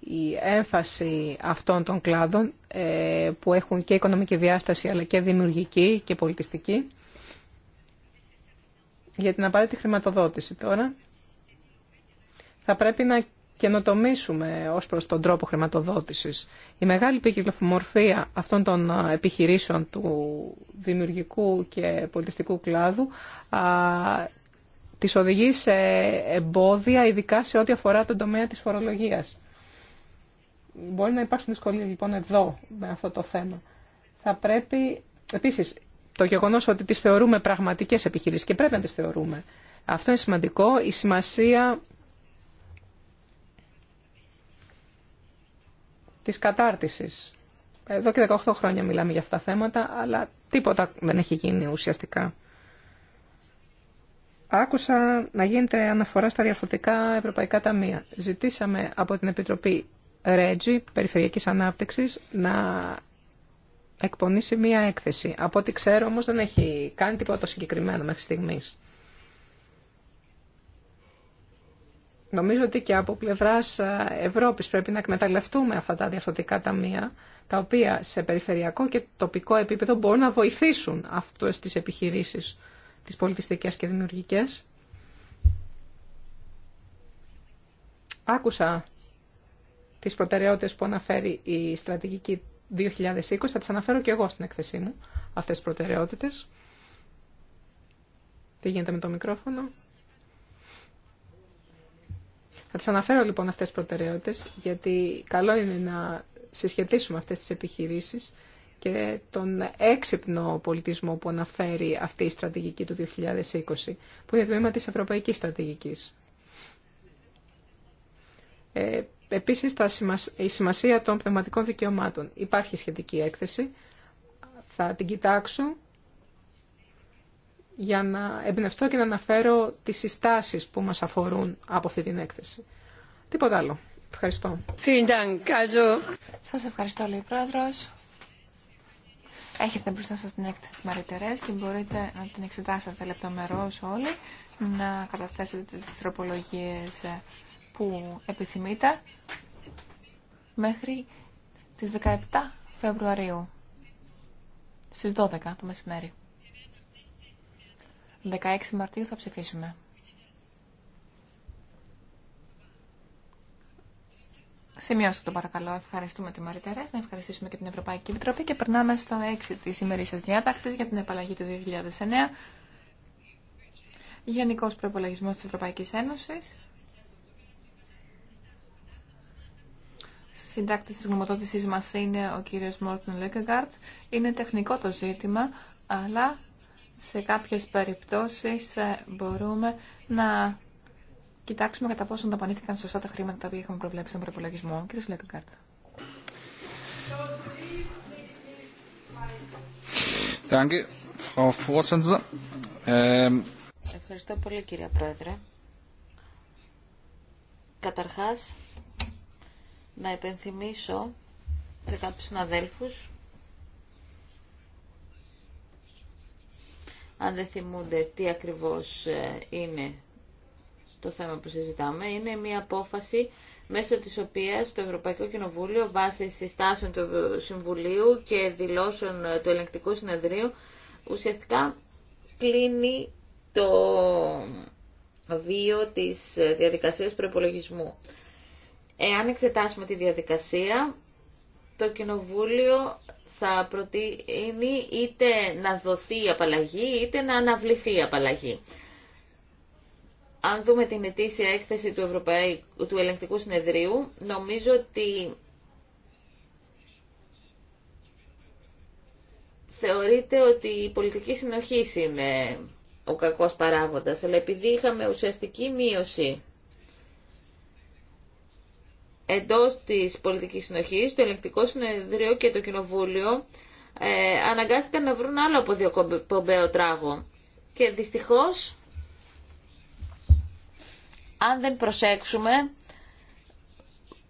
η έμφαση αυτών των κλάδων ε, που έχουν και οικονομική διάσταση αλλά και δημιουργική και πολιτιστική για την απαραίτητη χρηματοδότηση τώρα θα πρέπει να καινοτομήσουμε ως προς τον τρόπο χρηματοδότησης. Η μεγάλη ποικιλομορφία αυτών των επιχειρήσεων του δημιουργικού και πολιτιστικού κλάδου α, τις οδηγεί σε εμπόδια, ειδικά σε ό,τι αφορά τον τομέα της φορολογίας. Μπορεί να υπάρξουν δυσκολίες λοιπόν εδώ με αυτό το θέμα. Θα πρέπει, επίσης, το γεγονός ότι τις θεωρούμε πραγματικές επιχειρήσεις και πρέπει να τις θεωρούμε. Αυτό είναι σημαντικό. Η σημασία της κατάρτισης. Εδώ και 18 χρόνια μιλάμε για αυτά τα θέματα, αλλά τίποτα δεν έχει γίνει ουσιαστικά. Άκουσα να γίνεται αναφορά στα διαφορετικά ευρωπαϊκά ταμεία. Ζητήσαμε από την Επιτροπή Ρέτζι, Περιφερειακής Ανάπτυξης, να εκπονήσει μία έκθεση. Από ό,τι ξέρω όμως δεν έχει κάνει τίποτα συγκεκριμένο μέχρι στιγμής. Νομίζω ότι και από πλευράς ε, Ευρώπης πρέπει να εκμεταλλευτούμε αυτά τα διαφορετικά ταμεία, τα οποία σε περιφερειακό και τοπικό επίπεδο μπορούν να βοηθήσουν αυτέ τις επιχειρήσεις, τις πολιτιστικέ και δημιουργικές. Άκουσα τις προτεραιότητες που αναφέρει η στρατηγική 2020, θα τις αναφέρω και εγώ στην εκθεσή μου, αυτές τις προτεραιότητες. Τι γίνεται με το μικρόφωνο. Θα τις αναφέρω λοιπόν αυτές τις προτεραιότητες, γιατί καλό είναι να συσχετίσουμε αυτές τις επιχειρήσεις και τον έξυπνο πολιτισμό που αναφέρει αυτή η στρατηγική του 2020, που είναι τμήμα της Ευρωπαϊκής Στρατηγικής. Ε, επίσης, η σημασία των πνευματικών δικαιωμάτων. Υπάρχει σχετική έκθεση. Θα την κοιτάξω για να εμπνευστώ και να αναφέρω τις συστάσεις που μας αφορούν από αυτή την έκθεση. Τίποτα άλλο. Ευχαριστώ. Σας ευχαριστώ, λέει Πρόεδρος. Έχετε μπροστά σας την έκθεση Μαριτερές και μπορείτε να την εξετάσετε λεπτομερώς όλοι, να καταθέσετε τις τροπολογίες που επιθυμείτε μέχρι τις 17 Φεβρουαρίου στις 12 το μεσημέρι. 16 Μαρτίου θα ψηφίσουμε. Σημειώστε το παρακαλώ. Ευχαριστούμε τη Μαρή Τερές, να ευχαριστήσουμε και την Ευρωπαϊκή Επιτροπή και περνάμε στο 6 της ημερήσιας διάταξης για την επαλλαγή του 2009. Γενικός προπολογισμό της Ευρωπαϊκής Ένωσης. Συντάκτη τη γνωμοτότησής μα είναι ο κύριο Μόρτον Λέκεγκαρτ. Είναι τεχνικό το ζήτημα, αλλά σε κάποιες περιπτώσεις ε, μπορούμε να κοιτάξουμε κατά πόσο δαπανήθηκαν σωστά τα χρήματα τα οποία είχαμε προβλέψει στον προπολογισμό. Κύριε Σιλακακάρτα. Ähm, Ευχαριστώ πολύ κύριε Πρόεδρε. Καταρχάς, να επενθυμίσω σε κάποιους συναδέλφους αν δεν θυμούνται τι ακριβώς ε, είναι το θέμα που συζητάμε, είναι μια απόφαση μέσω της οποίας το Ευρωπαϊκό Κοινοβούλιο βάσει συστάσεων του Συμβουλίου και δηλώσεων ε, του Ελεγκτικού Συνεδρίου ουσιαστικά κλείνει το βίο της ε, διαδικασίας προπολογισμού. Εάν εξετάσουμε τη διαδικασία, το Κοινοβούλιο θα προτείνει είτε να δοθεί η απαλλαγή είτε να αναβληθεί η απαλλαγή. Αν δούμε την ετήσια έκθεση του, Ευρωπαϊκού του Ελεγκτικού Συνεδρίου, νομίζω ότι θεωρείται ότι η πολιτική συνοχή είναι ο κακός παράγοντας, αλλά επειδή είχαμε ουσιαστική μείωση Εντό τη πολιτική συνοχή, το ελεγκτικό συνεδρίο και το κοινοβούλιο ε, αναγκάστηκαν να βρουν άλλο αποδιοπομπαίο τράγο. Και δυστυχώς, αν δεν προσέξουμε,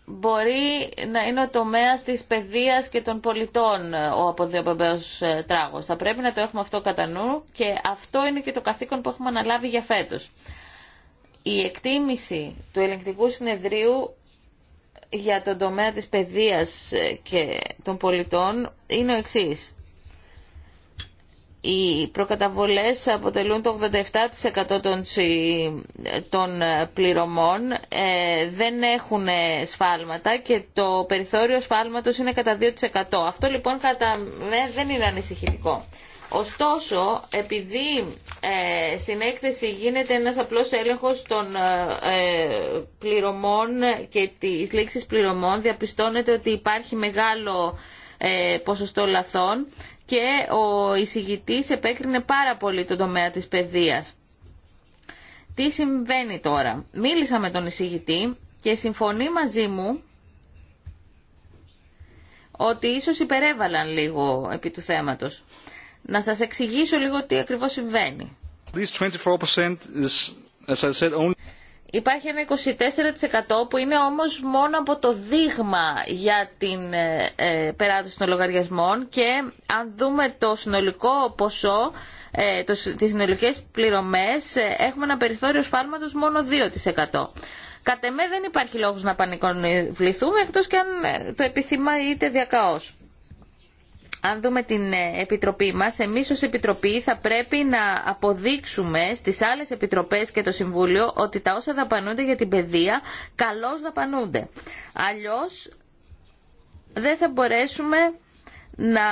μπορεί να είναι ο τομέας της παιδεία και των πολιτών ε, ο αποδιοπομπαίος ε, τράγος. Θα πρέπει να το έχουμε αυτό κατά νου και αυτό είναι και το καθήκον που έχουμε αναλάβει για φέτο. Η εκτίμηση του ελεγκτικού συνεδρίου για τον τομέα της παιδείας και των πολιτών είναι ο εξής. Οι προκαταβολές αποτελούν το 87% των, των ε, πληρωμών, ε, δεν έχουν ε, σφάλματα και το περιθώριο σφάλματος είναι κατά 2%. Αυτό λοιπόν κατά, δεν είναι ανησυχητικό. Ωστόσο, επειδή ε, στην έκθεση γίνεται ένας απλός έλεγχος των ε, ε, πληρωμών και της λήξης πληρωμών, διαπιστώνεται ότι υπάρχει μεγάλο ε, ποσοστό λαθών και ο εισηγητής επέκρινε πάρα πολύ τον τομέα της παιδείας. Τι συμβαίνει τώρα. Μίλησα με τον εισηγητή και συμφωνεί μαζί μου ότι ίσως υπερέβαλαν λίγο επί του θέματος να σας εξηγήσω λίγο τι ακριβώς συμβαίνει. Υπάρχει ένα 24% που είναι όμως μόνο από το δείγμα για την ε, ε περάτωση των λογαριασμών και αν δούμε το συνολικό ποσό, ε, το, τις συνολικές πληρωμές, ε, έχουμε ένα περιθώριο σφάλματος μόνο 2%. Κατ' εμέ δεν υπάρχει λόγος να πανικοβληθούμε εκτός και αν ε, το επιθυμείτε διακαώς αν δούμε την ε, Επιτροπή μας, εμείς ως Επιτροπή θα πρέπει να αποδείξουμε στις άλλες Επιτροπές και το Συμβούλιο ότι τα όσα δαπανούνται για την παιδεία καλώς δαπανούνται. Αλλιώς δεν θα μπορέσουμε να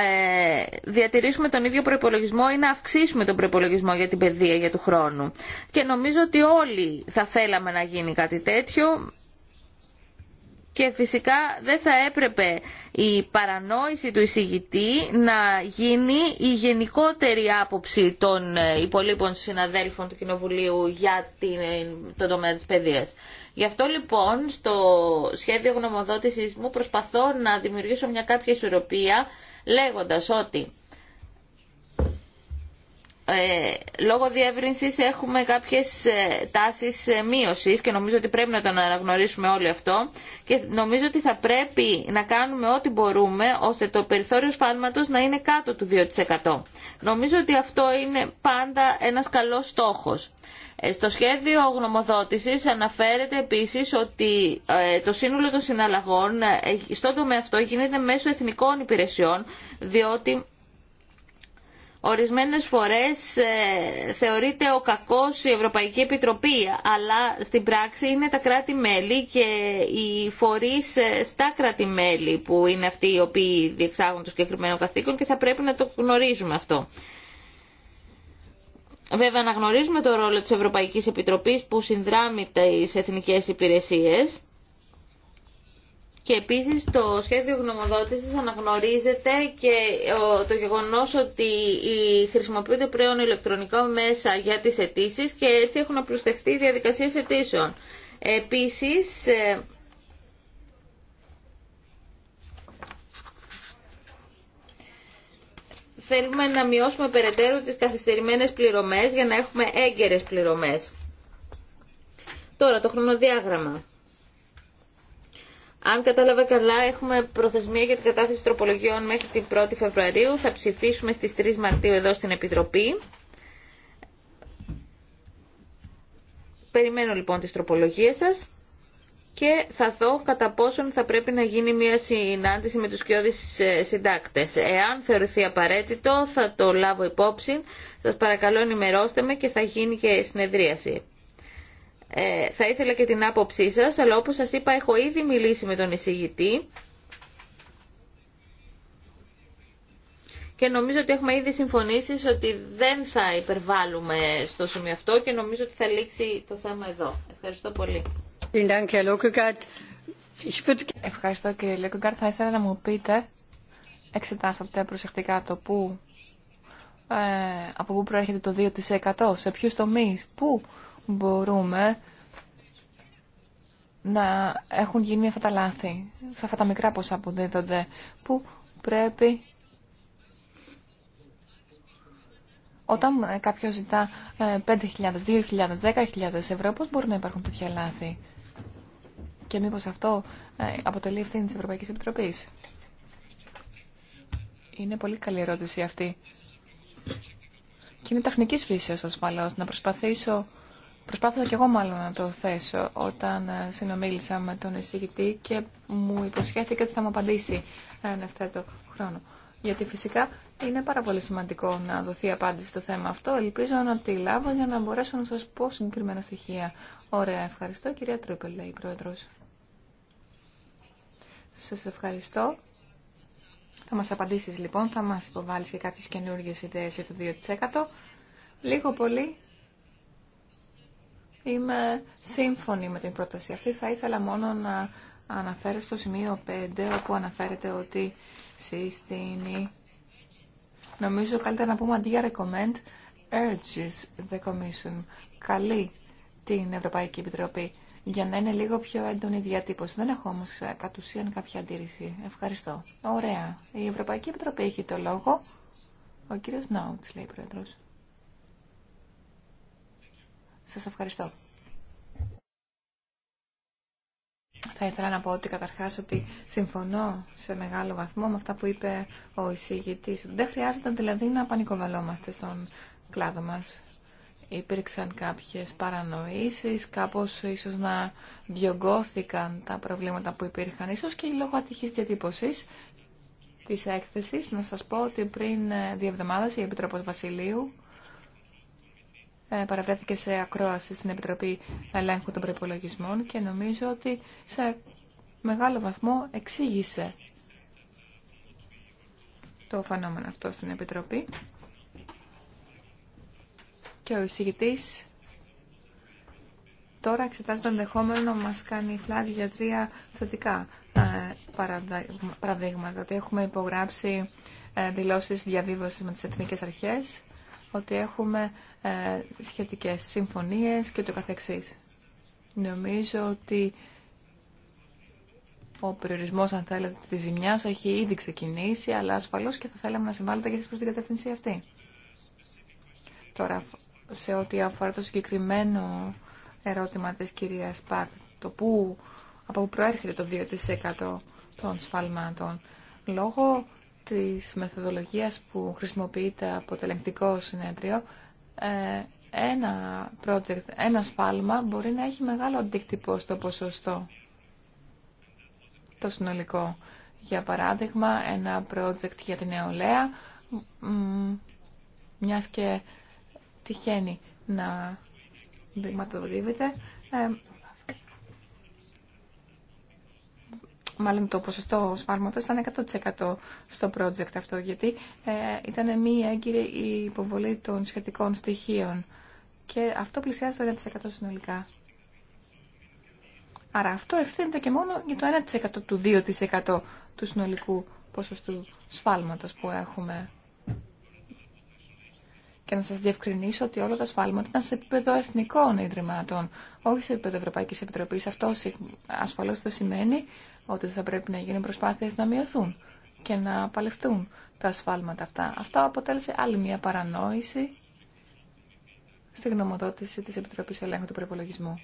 ε, διατηρήσουμε τον ίδιο προπολογισμό ή να αυξήσουμε τον προπολογισμό για την παιδεία για του χρόνου. Και νομίζω ότι όλοι θα θέλαμε να γίνει κάτι τέτοιο και φυσικά δεν θα έπρεπε η παρανόηση του εισηγητή να γίνει η γενικότερη άποψη των ε, υπολείπων συναδέλφων του Κοινοβουλίου για την, ε, τον τομέα της παιδείας. Γι' αυτό λοιπόν στο σχέδιο γνωμοδότησης μου προσπαθώ να δημιουργήσω μια κάποια ισορροπία λέγοντας ότι ε, λόγω διεύρυνσης έχουμε κάποιες ε, τάσεις ε, μείωσης και νομίζω ότι πρέπει να το αναγνωρίσουμε όλοι αυτό και νομίζω ότι θα πρέπει να κάνουμε ό,τι μπορούμε ώστε το περιθώριο σφάλματος να είναι κάτω του 2%. Νομίζω ότι αυτό είναι πάντα ένας καλός στόχος. Στο σχέδιο γνωμοδότησης αναφέρεται επίσης ότι το σύνολο των συναλλαγών στον τομέα αυτό γίνεται μέσω εθνικών υπηρεσιών διότι Ορισμένες φορές ε, θεωρείται ο κακός η Ευρωπαϊκή Επιτροπή, αλλά στην πράξη είναι τα κράτη-μέλη και οι φορείς ε, στα κράτη-μέλη που είναι αυτοί οι οποίοι διεξάγουν το συγκεκριμένο καθήκον και θα πρέπει να το γνωρίζουμε αυτό. Βέβαια, να γνωρίζουμε το ρόλο της Ευρωπαϊκής Επιτροπής που συνδράμει τις εθνικές υπηρεσίες και επίσης το σχέδιο γνωμοδότησης αναγνωρίζεται και ε, το γεγονό ότι χρησιμοποιούνται πλέον ηλεκτρονικά μέσα για τις αιτήσει και έτσι έχουν απλουστευτεί οι διαδικασίε αιτήσεων. Επίσης, ε, θέλουμε να μειώσουμε περαιτέρω τις καθυστερημένες πληρωμές για να έχουμε έγκαιρες πληρωμές. Τώρα το χρονοδιάγραμμα. Αν κατάλαβα καλά, έχουμε προθεσμία για την κατάθεση τροπολογιών μέχρι την 1η Φεβρουαρίου. Θα ψηφίσουμε στις 3 Μαρτίου εδώ στην Επιτροπή. Περιμένω λοιπόν τις τροπολογίες σας και θα δω κατά πόσον θα πρέπει να γίνει μια συνάντηση με τους κοιόδης ε, συντάκτες. Εάν θεωρηθεί απαραίτητο θα το λάβω υπόψη. Σας παρακαλώ ενημερώστε με και θα γίνει και συνεδρίαση. Ε, θα ήθελα και την άποψή σας, αλλά όπως σας είπα έχω ήδη μιλήσει με τον εισηγητή και νομίζω ότι έχουμε ήδη συμφωνήσει ότι δεν θα υπερβάλλουμε στο σημείο αυτό και νομίζω ότι θα λήξει το θέμα εδώ. Ευχαριστώ πολύ. Ευχαριστώ κύριε Λόκεγκαρτ. Θα ήθελα να μου πείτε, εξετάσατε προσεκτικά το πού, ε, από πού προέρχεται το 2% σε ποιους τομείς, πού μπορούμε να έχουν γίνει αυτά τα λάθη, σε αυτά τα μικρά ποσά που δίδονται, που πρέπει όταν ε, κάποιο ζητά 5.000, 2.000, 10.000 ευρώ, πώς μπορούν να υπάρχουν τέτοια λάθη. Και μήπως αυτό ε, αποτελεί ευθύνη της Ευρωπαϊκής Επιτροπής. Είναι πολύ καλή ερώτηση αυτή. Και είναι τεχνικής φύσεως ασφαλώς να προσπαθήσω Προσπάθησα και εγώ μάλλον να το θέσω όταν ε, συνομίλησα με τον εισηγητή και μου υποσχέθηκε ότι θα μου απαντήσει εν ευθέτο χρόνο. Γιατί φυσικά είναι πάρα πολύ σημαντικό να δοθεί απάντηση στο θέμα αυτό. Ελπίζω να τη λάβω για να μπορέσω να σας πω συγκεκριμένα στοιχεία. Ωραία, ευχαριστώ. Κυρία Τρούπελ, λέει η Πρόεδρος. Σας ευχαριστώ. Θα μας απαντήσεις λοιπόν, θα μας υποβάλεις και κάποιες καινούργιες ιδέες για το 2%. Λίγο πολύ Είμαι σύμφωνη με την πρόταση αυτή. Θα ήθελα μόνο να αναφέρω στο σημείο 5 όπου αναφέρεται ότι συστήνει νομίζω καλύτερα να πούμε αντί για recommend urges the Commission Καλή την Ευρωπαϊκή Επιτροπή για να είναι λίγο πιο έντονη διατύπωση. Δεν έχω όμως ε, κατ' ουσίαν κάποια αντίρρηση. Ευχαριστώ. Ωραία. Η Ευρωπαϊκή Επιτροπή έχει το λόγο. Ο κύριος Νάουτς λέει πρόεδρος. Σας ευχαριστώ. Θα ήθελα να πω ότι καταρχάς ότι συμφωνώ σε μεγάλο βαθμό με αυτά που είπε ο εισηγητής. Δεν χρειάζεται δηλαδή να πανικοβαλόμαστε στον κλάδο μας. Υπήρξαν κάποιες παρανοήσεις, κάπως ίσως να διωγγώθηκαν τα προβλήματα που υπήρχαν, ίσως και λόγω ατυχής διατύπωσης της έκθεσης. Να σας πω ότι πριν ε, δύο εβδομάδες η Επιτροπή Βασιλείου ε, παραβρέθηκε σε ακρόαση στην Επιτροπή Ελέγχου των Προπολογισμών και νομίζω ότι σε μεγάλο βαθμό εξήγησε το φαινόμενο αυτό στην Επιτροπή και ο εισηγητής τώρα εξετάζει το ενδεχόμενο μας κάνει φλάγκ για τρία θετικά ε, παραδείγματα ότι έχουμε υπογράψει ε, δηλώσεις διαβίβασης με τις εθνικές αρχές ότι έχουμε ε, σχετικές συμφωνίες και το καθεξής. Νομίζω ότι ο περιορισμός, αν θέλετε, της ζημιάς έχει ήδη ξεκινήσει, αλλά ασφαλώς και θα θέλαμε να συμβάλλετε και εσείς προς την κατεύθυνση αυτή. Τώρα, σε ό,τι αφορά το συγκεκριμένο ερώτημα της κυρίας Πακ, το που, από που προέρχεται το 2% των σφαλμάτων, λόγω της μεθοδολογίας που χρησιμοποιείται από το ελεγκτικό συνέδριο, ε, ένα project, ένα σπάλμα μπορεί να έχει μεγάλο αντίκτυπο στο ποσοστό, το συνολικό. Για παράδειγμα, ένα project για την νεολαία, μιας και τυχαίνει να δειγματοδοτήβεται, ε, μάλλον το ποσοστό σφάλματο ήταν 100% στο project αυτό, γιατί ε, ήταν μία έγκυρη η υποβολή των σχετικών στοιχείων και αυτό πλησιάζει το 1% συνολικά. Άρα αυτό ευθύνεται και μόνο για το 1% του 2% του συνολικού ποσοστού σφάλματος που έχουμε. Και να σας διευκρινίσω ότι όλα τα σφάλματα ήταν σε επίπεδο εθνικών ιδρυμάτων, όχι σε επίπεδο Ευρωπαϊκής Επιτροπής. Αυτό ασφαλώς το σημαίνει ότι θα πρέπει να γίνουν προσπάθειες να μειωθούν και να παλευτούν τα ασφάλματα αυτά. Αυτό αποτέλεσε άλλη μια παρανόηση στη γνωμοδότηση της Επιτροπής Ελέγχου του Προπολογισμού.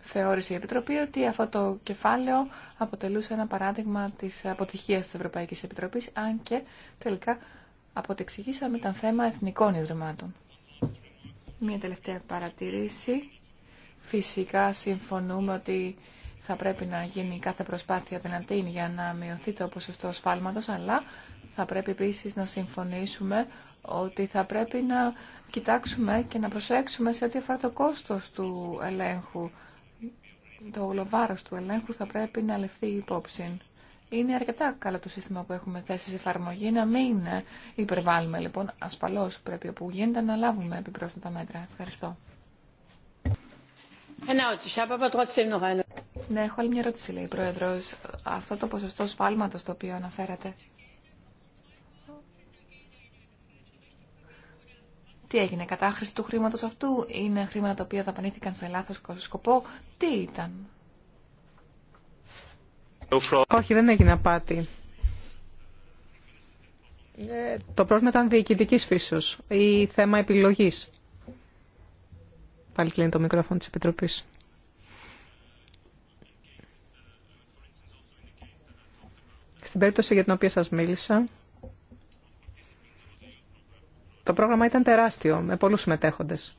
Θεώρησε η Επιτροπή ότι αυτό το κεφάλαιο αποτελούσε ένα παράδειγμα της αποτυχίας της Ευρωπαϊκής Επιτροπής, αν και τελικά από ό,τι εξηγήσαμε ήταν θέμα εθνικών ιδρυμάτων. Μία τελευταία παρατηρήση Φυσικά συμφωνούμε ότι θα πρέπει να γίνει κάθε προσπάθεια δυνατή για να μειωθεί το ποσοστό σφάλματος, αλλά θα πρέπει επίσης να συμφωνήσουμε ότι θα πρέπει να κοιτάξουμε και να προσέξουμε σε ό,τι αφορά το κόστος του ελέγχου. Το ολοβάρος του ελέγχου θα πρέπει να λεφθεί υπόψη. Είναι αρκετά καλό το σύστημα που έχουμε θέσει σε εφαρμογή να μην υπερβάλλουμε. Λοιπόν, ασφαλώς πρέπει όπου γίνεται να λάβουμε επιπρόσθετα μέτρα. Ευχαριστώ. Ναι, έχω άλλη μια ερώτηση, λέει η Αυτό το ποσοστό σφάλματος το οποίο αναφέρατε. Τι έγινε, κατάχρηση του χρήματο αυτού, είναι χρήματα τα οποία δαπανήθηκαν σε λάθο σκοπό. Τι ήταν. Όχι, δεν έγινε απάτη. Ε, το πρόβλημα ήταν διοικητική φύσεω ή θέμα επιλογή. Πάλι κλείνει το μικρόφωνο της Επιτροπής. Στην περίπτωση για την οποία σας μίλησα, το πρόγραμμα ήταν τεράστιο, με πολλούς συμμετέχοντες.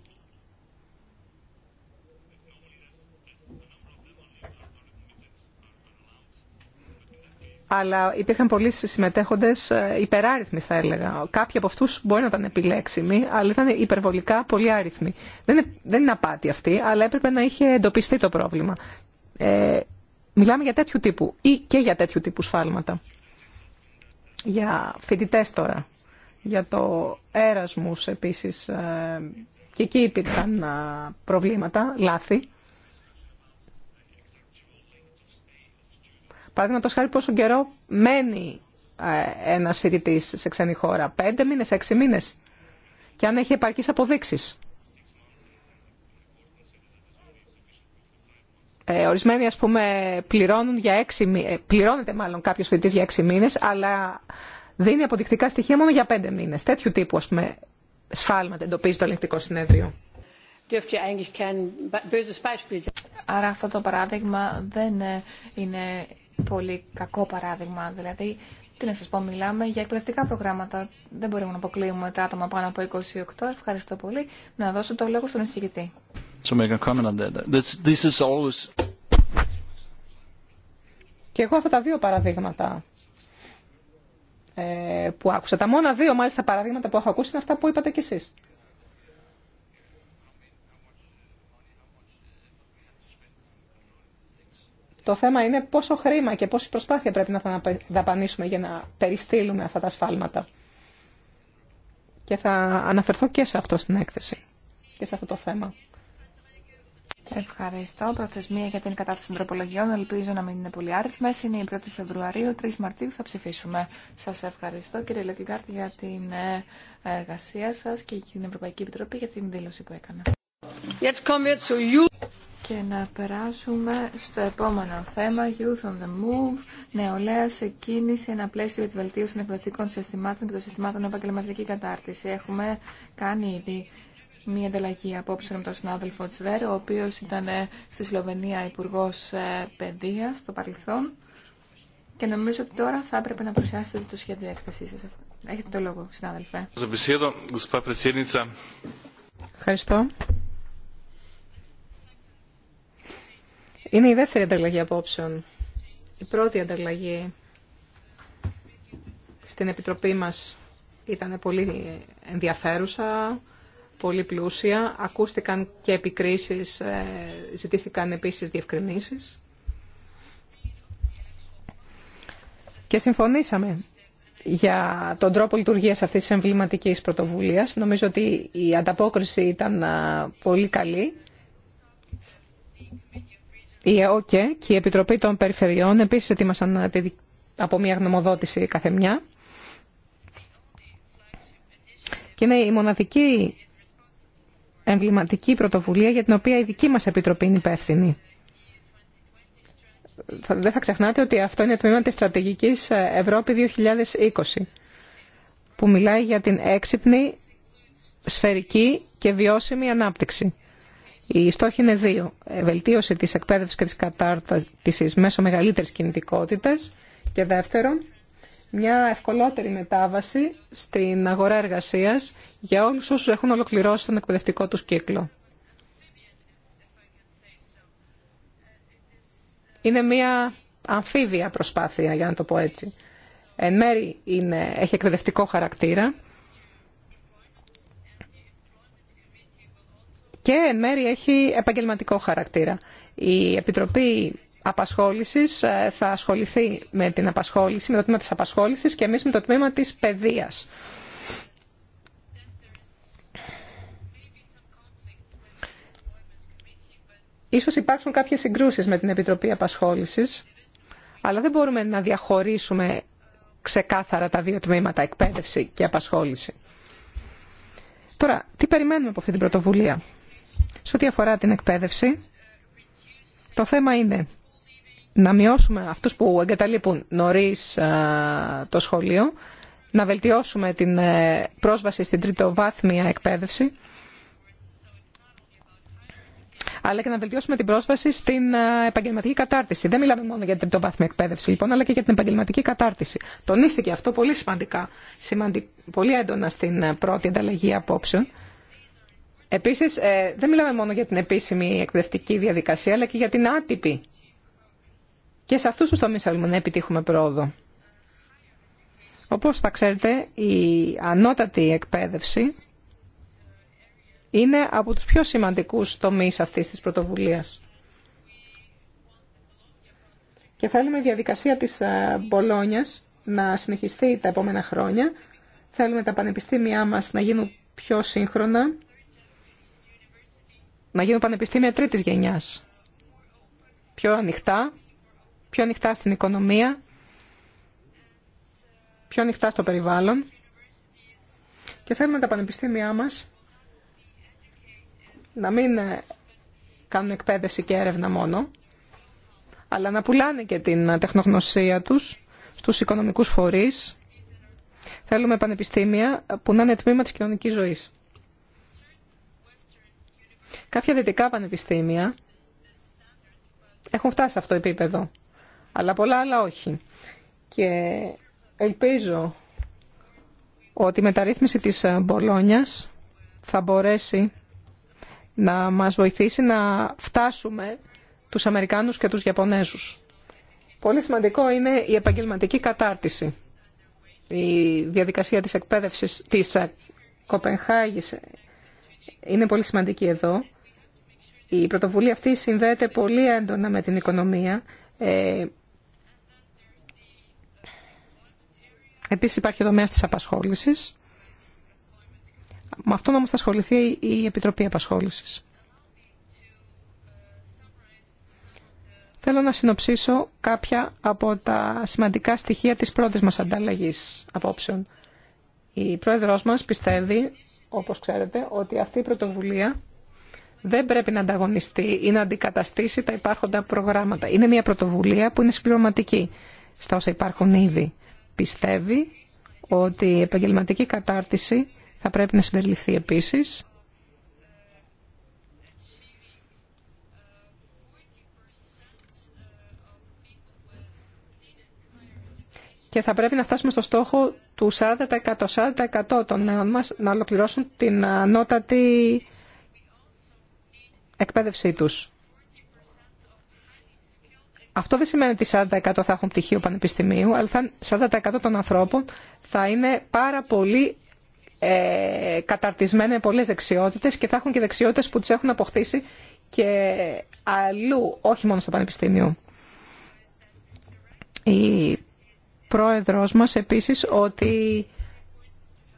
αλλά υπήρχαν πολλοί συμμετέχοντε, ε, υπεράριθμοι θα έλεγα. Κάποιοι από αυτούς μπορεί να ήταν επιλέξιμοι, αλλά ήταν υπερβολικά πολύ άριθμοι. Δεν είναι, δεν είναι απάτη αυτή, αλλά έπρεπε να είχε εντοπιστεί το πρόβλημα. Ε, μιλάμε για τέτοιου τύπου ή και για τέτοιου τύπου σφάλματα. Για φοιτητέ τώρα, για το έρασμους επίσης, ε, και εκεί υπήρχαν ε, προβλήματα, λάθη. Παραδείγματο χάρη πόσο καιρό μένει ε, ένας φοιτητή σε ξένη χώρα, πέντε μήνες, έξι μήνες, και αν έχει επαρκείς αποδείξεις. Ε, ορισμένοι, ας πούμε, πληρώνουν για έξι, ε, πληρώνεται μάλλον κάποιος φοιτητής για έξι μήνες, αλλά δίνει αποδεικτικά στοιχεία μόνο για πέντε μήνες. Τέτοιου τύπου, ας πούμε, σφάλματα εντοπίζει το ελεγκτικό συνέδριο. Άρα αυτό το παράδειγμα δεν είναι πολύ κακό παράδειγμα. Δηλαδή, τι να σας πω, μιλάμε για εκπαιδευτικά προγράμματα. Δεν μπορούμε να αποκλείουμε τα άτομα πάνω από 28. Ευχαριστώ πολύ. Να δώσω το λόγο στον εισηγητή. Και εγώ αυτά τα δύο παραδείγματα ε, που άκουσα. Τα μόνα δύο μάλιστα παραδείγματα που έχω ακούσει είναι αυτά που είπατε κι εσείς. Το θέμα είναι πόσο χρήμα και πόση προσπάθεια πρέπει να δαπανίσουμε για να περιστύλουμε αυτά τα σφάλματα. Και θα αναφερθώ και σε αυτό στην έκθεση και σε αυτό το θέμα. Ευχαριστώ. Προθεσμία για την κατάθεση των τροπολογιών. Ελπίζω να μην είναι πολύ άριθμε. Είναι η 1η Φεβρουαρίου, 3 Μαρτίου θα ψηφίσουμε. Σα ευχαριστώ κύριε Λοκιγκάρτ για την ε, εργασία σα και την Ευρωπαϊκή Επιτροπή για την δήλωση που έκανα. Και να περάσουμε στο επόμενο θέμα, Youth on the Move, νεολαία σε κίνηση, ένα πλαίσιο για τη βελτίωση των εκπαιδευτικών συστημάτων και των συστημάτων επαγγελματική κατάρτιση. Έχουμε κάνει ήδη μία ανταλλαγή απόψε με τον συνάδελφο Τσβέρ, ο οποίο ήταν στη Σλοβενία υπουργό ε, παιδεία στο παρελθόν. Και νομίζω ότι τώρα θα έπρεπε να παρουσιάσετε το σχέδιο έκθεσή σα. Έχετε το λόγο, συνάδελφε. Ευχαριστώ. Είναι η δεύτερη ανταλλαγή απόψεων. Η πρώτη ανταλλαγή στην Επιτροπή μας ήταν πολύ ενδιαφέρουσα, πολύ πλούσια. Ακούστηκαν και επικρίσεις, ε, ζητήθηκαν επίσης διευκρινήσεις. Και συμφωνήσαμε για τον τρόπο λειτουργίας αυτής της εμβληματική πρωτοβουλίας. Νομίζω ότι η ανταπόκριση ήταν ε, πολύ καλή. Η ΕΟΚΕ και η Επιτροπή των Περιφερειών επίσης ετοίμασαν από μια γνωμοδότηση καθεμιά. Και είναι η μοναδική εμβληματική πρωτοβουλία για την οποία η δική μας Επιτροπή είναι υπεύθυνη. Δεν θα ξεχνάτε ότι αυτό είναι το τμήμα της στρατηγικής Ευρώπη 2020 που μιλάει για την έξυπνη, σφαιρική και βιώσιμη ανάπτυξη. Οι στόχοι είναι δύο. Βελτίωση της εκπαίδευσης και της κατάρτισης μέσω μεγαλύτερης κινητικότητας και δεύτερον, μια ευκολότερη μετάβαση στην αγορά εργασίας για όλους όσους έχουν ολοκληρώσει τον εκπαιδευτικό τους κύκλο. Είναι μια αμφίβια προσπάθεια, για να το πω έτσι. Εν μέρη είναι, έχει εκπαιδευτικό χαρακτήρα, και εν μέρει έχει επαγγελματικό χαρακτήρα. Η Επιτροπή Απασχόλησης ε, θα ασχοληθεί με την απασχόληση, με το τμήμα της απασχόλησης και εμείς με το τμήμα της παιδείας. Ίσως υπάρξουν κάποιες συγκρούσεις με την Επιτροπή Απασχόλησης, αλλά δεν μπορούμε να διαχωρίσουμε ξεκάθαρα τα δύο τμήματα, εκπαίδευση και απασχόληση. Τώρα, τι περιμένουμε από αυτή την πρωτοβουλία. Σε ό,τι αφορά την εκπαίδευση, το θέμα είναι να μειώσουμε αυτούς που εγκαταλείπουν νωρίς το σχολείο, να βελτιώσουμε την ε, πρόσβαση στην τριτοβάθμια εκπαίδευση, αλλά και να βελτιώσουμε την πρόσβαση στην ε, επαγγελματική κατάρτιση. Δεν μιλάμε μόνο για την τριτοβάθμια εκπαίδευση, λοιπόν, αλλά και για την επαγγελματική κατάρτιση. Τονίστηκε αυτό πολύ σημαντικά, πολύ έντονα στην ε, πρώτη ανταλλαγή απόψεων. Επίσης, ε, δεν μιλάμε μόνο για την επίσημη εκπαιδευτική διαδικασία, αλλά και για την άτυπη. Και σε αυτούς τους τομείς θέλουμε να επιτύχουμε πρόοδο. Όπως θα ξέρετε, η ανώτατη εκπαίδευση είναι από τους πιο σημαντικούς τομείς αυτής της πρωτοβουλίας. Και θέλουμε η διαδικασία της ε, Μπολόνιας να συνεχιστεί τα επόμενα χρόνια. Θέλουμε τα πανεπιστήμια μας να γίνουν πιο σύγχρονα να γίνουν πανεπιστήμια τρίτης γενιάς. Πιο ανοιχτά, πιο ανοιχτά στην οικονομία, πιο ανοιχτά στο περιβάλλον. Και θέλουμε τα πανεπιστήμια μας να μην ε, κάνουν εκπαίδευση και έρευνα μόνο, αλλά να πουλάνε και την τεχνογνωσία τους στους οικονομικούς φορείς. Θέλουμε πανεπιστήμια που να είναι τμήμα της κοινωνικής ζωής. Κάποια δυτικά πανεπιστήμια έχουν φτάσει σε αυτό το επίπεδο, αλλά πολλά άλλα όχι. Και ελπίζω ότι η μεταρρύθμιση της Μπολόνιας θα μπορέσει να μας βοηθήσει να φτάσουμε τους Αμερικάνους και τους Ιαπωνέζους. Πολύ σημαντικό είναι η επαγγελματική κατάρτιση. Η διαδικασία της εκπαίδευσης της Κοπενχάγης είναι πολύ σημαντική εδώ. Η πρωτοβουλία αυτή συνδέεται πολύ έντονα με την οικονομία. Ε, επίσης υπάρχει ο δομέας της απασχόλησης. Με αυτόν όμως θα ασχοληθεί η Επιτροπή Απασχόλησης. Θέλω να συνοψίσω κάποια από τα σημαντικά στοιχεία της πρώτης μας ανταλλαγής απόψεων. Η πρόεδρος μας πιστεύει όπως ξέρετε, ότι αυτή η πρωτοβουλία δεν πρέπει να ανταγωνιστεί ή να αντικαταστήσει τα υπάρχοντα προγράμματα. Είναι μια πρωτοβουλία που είναι συμπληρωματική στα όσα υπάρχουν ήδη. Πιστεύει ότι η επαγγελματική κατάρτιση θα πρέπει να συμπεριληφθεί επίσης και θα πρέπει να φτάσουμε στο στόχο του 40%, 40% των νέων μας να ολοκληρώσουν την ανώτατη εκπαίδευσή τους. Αυτό δεν σημαίνει ότι 40% θα έχουν πτυχίο πανεπιστημίου, αλλά 40% των ανθρώπων θα είναι πάρα πολύ ε, καταρτισμένοι με πολλές δεξιότητες και θα έχουν και δεξιότητες που τις έχουν αποκτήσει και αλλού, όχι μόνο στο πανεπιστήμιο πρόεδρος μας επίσης ότι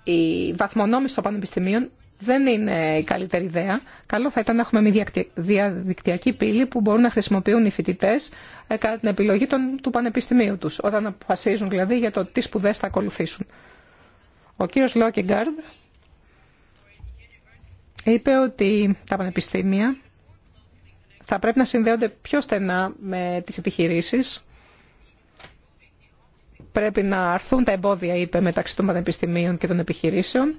η βαθμονόμηση των πανεπιστημίων δεν είναι η καλύτερη ιδέα. Καλό θα ήταν να έχουμε μια διαδικτυακή πύλη που μπορούν να χρησιμοποιούν οι φοιτητέ ε, κατά την επιλογή των, του πανεπιστημίου τους, όταν αποφασίζουν δηλαδή για το τι σπουδές θα ακολουθήσουν. Ο κύριος Λόκεγκαρντ είπε ότι τα πανεπιστήμια θα πρέπει να συνδέονται πιο στενά με τις επιχειρήσεις πρέπει να αρθούν τα εμπόδια, είπε, μεταξύ των πανεπιστημίων και των επιχειρήσεων.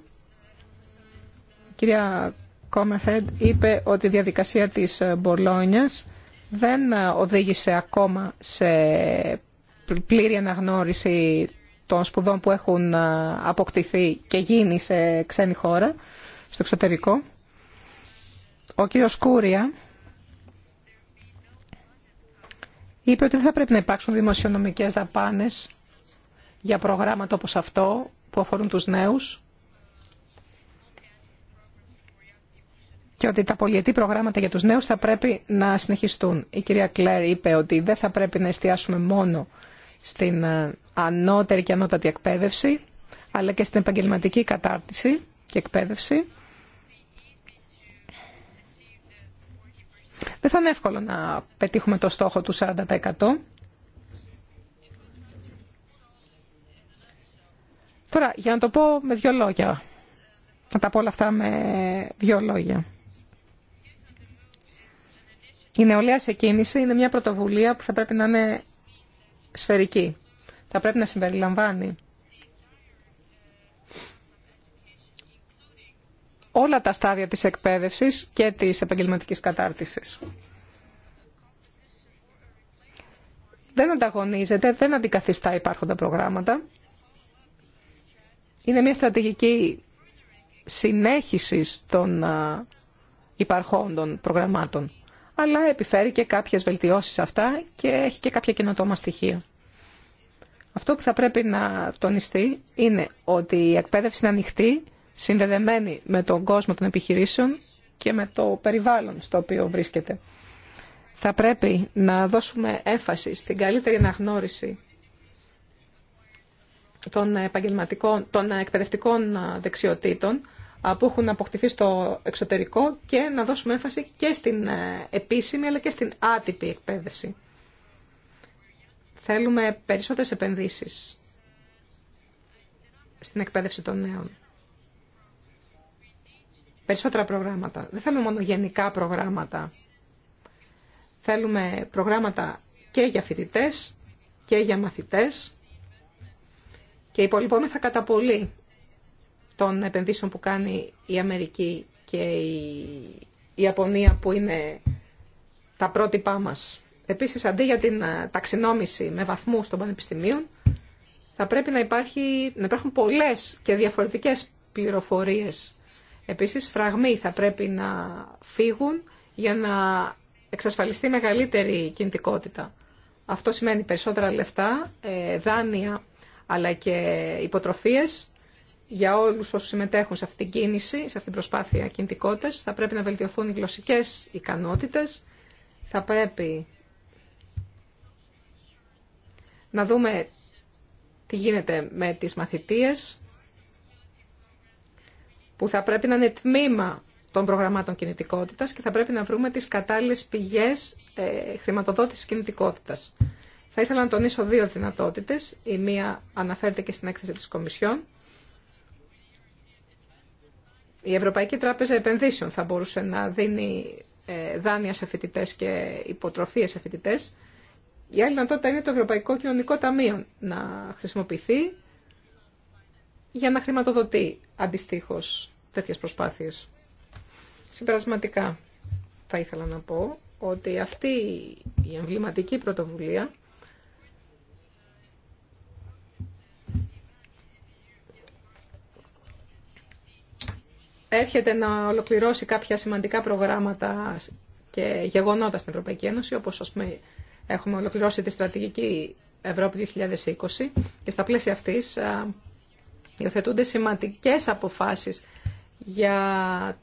Η κυρία Κόμερχερντ είπε ότι η διαδικασία της ε, Μπολόνιας δεν ε, οδήγησε ακόμα σε πλήρη αναγνώριση των σπουδών που έχουν ε, αποκτηθεί και γίνει σε ξένη χώρα, στο εξωτερικό. Ο κύριος Κούρια είπε ότι δεν θα πρέπει να υπάρξουν δημοσιονομικές δαπάνες για προγράμματα όπως αυτό που αφορούν τους νέους και ότι τα πολιετή προγράμματα για τους νέους θα πρέπει να συνεχιστούν. Η κυρία Κλέρ είπε ότι δεν θα πρέπει να εστιάσουμε μόνο στην ε, ανώτερη και ανώτατη εκπαίδευση, αλλά και στην επαγγελματική κατάρτιση και εκπαίδευση. Δεν θα είναι εύκολο να πετύχουμε το στόχο του 40%. Τώρα, για να το πω με δύο λόγια. Να τα πω όλα αυτά με δύο λόγια. Η νεολαία σε κίνηση είναι μια πρωτοβουλία που θα πρέπει να είναι σφαιρική. Θα πρέπει να συμπεριλαμβάνει όλα τα στάδια της εκπαίδευσης και της επαγγελματικής κατάρτισης. Δεν ανταγωνίζεται, δεν αντικαθιστά υπάρχοντα προγράμματα είναι μια στρατηγική συνέχισης των υπαρχόντων προγραμμάτων, αλλά επιφέρει και κάποιες βελτιώσεις αυτά και έχει και κάποια καινοτόμα στοιχεία. Αυτό που θα πρέπει να τονιστεί είναι ότι η εκπαίδευση είναι ανοιχτή, συνδεδεμένη με τον κόσμο των επιχειρήσεων και με το περιβάλλον στο οποίο βρίσκεται. Θα πρέπει να δώσουμε έμφαση στην καλύτερη αναγνώριση των, επαγγελματικών, των εκπαιδευτικών δεξιοτήτων που έχουν αποκτηθεί στο εξωτερικό και να δώσουμε έμφαση και στην ε, επίσημη αλλά και στην άτυπη εκπαίδευση. Θέλουμε περισσότερες επενδύσεις στην εκπαίδευση των νέων. Περισσότερα προγράμματα. Δεν θέλουμε μόνο γενικά προγράμματα. Θέλουμε προγράμματα και για φοιτητές και για μαθητές και υπολοιπόμεθα κατά πολύ των επενδύσεων που κάνει η Αμερική και η Ιαπωνία που είναι τα πρότυπά μας. Επίσης, αντί για την ε, ταξινόμηση με βαθμούς των πανεπιστημίων, θα πρέπει να, υπάρχει, να υπάρχουν πολλές και διαφορετικές πληροφορίες. Επίσης, φραγμοί θα πρέπει να φύγουν για να εξασφαλιστεί μεγαλύτερη κινητικότητα. Αυτό σημαίνει περισσότερα λεφτά, ε, δάνεια αλλά και υποτροφίες για όλους όσους συμμετέχουν σε αυτήν την κίνηση, σε αυτήν την προσπάθεια κινητικότητας. Θα πρέπει να βελτιωθούν οι γλωσσικές ικανότητες. Θα πρέπει να δούμε τι γίνεται με τις μαθητείες που θα πρέπει να είναι τμήμα των προγραμμάτων κινητικότητας και θα πρέπει να βρούμε τις κατάλληλες πηγές ε, χρηματοδότησης κινητικότητας. Θα ήθελα να τονίσω δύο δυνατότητες. Η μία αναφέρεται και στην έκθεση της Κομισιόν. Η Ευρωπαϊκή Τράπεζα Επενδύσεων θα μπορούσε να δίνει ε, δάνεια σε φοιτητέ και υποτροφίες σε φοιτητέ. Η άλλη δυνατότητα είναι το Ευρωπαϊκό Κοινωνικό Ταμείο να χρησιμοποιηθεί για να χρηματοδοτεί αντιστοίχω τέτοιες προσπάθειες. Συμπερασματικά θα ήθελα να πω ότι αυτή η εμβληματική πρωτοβουλία έρχεται να ολοκληρώσει κάποια σημαντικά προγράμματα και γεγονότα στην Ευρωπαϊκή Ένωση, όπως ας πούμε, έχουμε ολοκληρώσει τη στρατηγική Ευρώπη 2020 και στα πλαίσια αυτής υιοθετούνται σημαντικές αποφάσεις για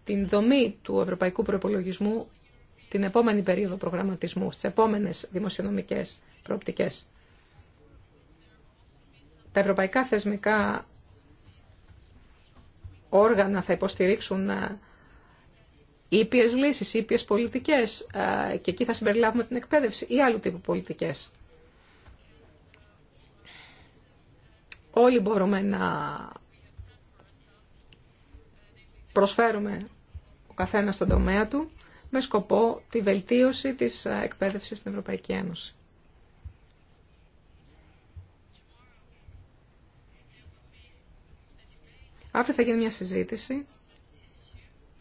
την δομή του ευρωπαϊκού προπολογισμού την επόμενη περίοδο προγραμματισμού, στις επόμενες δημοσιονομικές προοπτικές. Τα ευρωπαϊκά θεσμικά όργανα θα υποστηρίξουν ε, ήπιες λύσεις, ήπιες πολιτικές ε, και εκεί θα συμπεριλάβουμε την εκπαίδευση ή άλλου τύπου πολιτικές. Όλοι μπορούμε να προσφέρουμε ο καθένας τον τομέα του με σκοπό τη βελτίωση της ε, εκπαίδευσης στην Ευρωπαϊκή Ένωση. Αύριο θα γίνει μια συζήτηση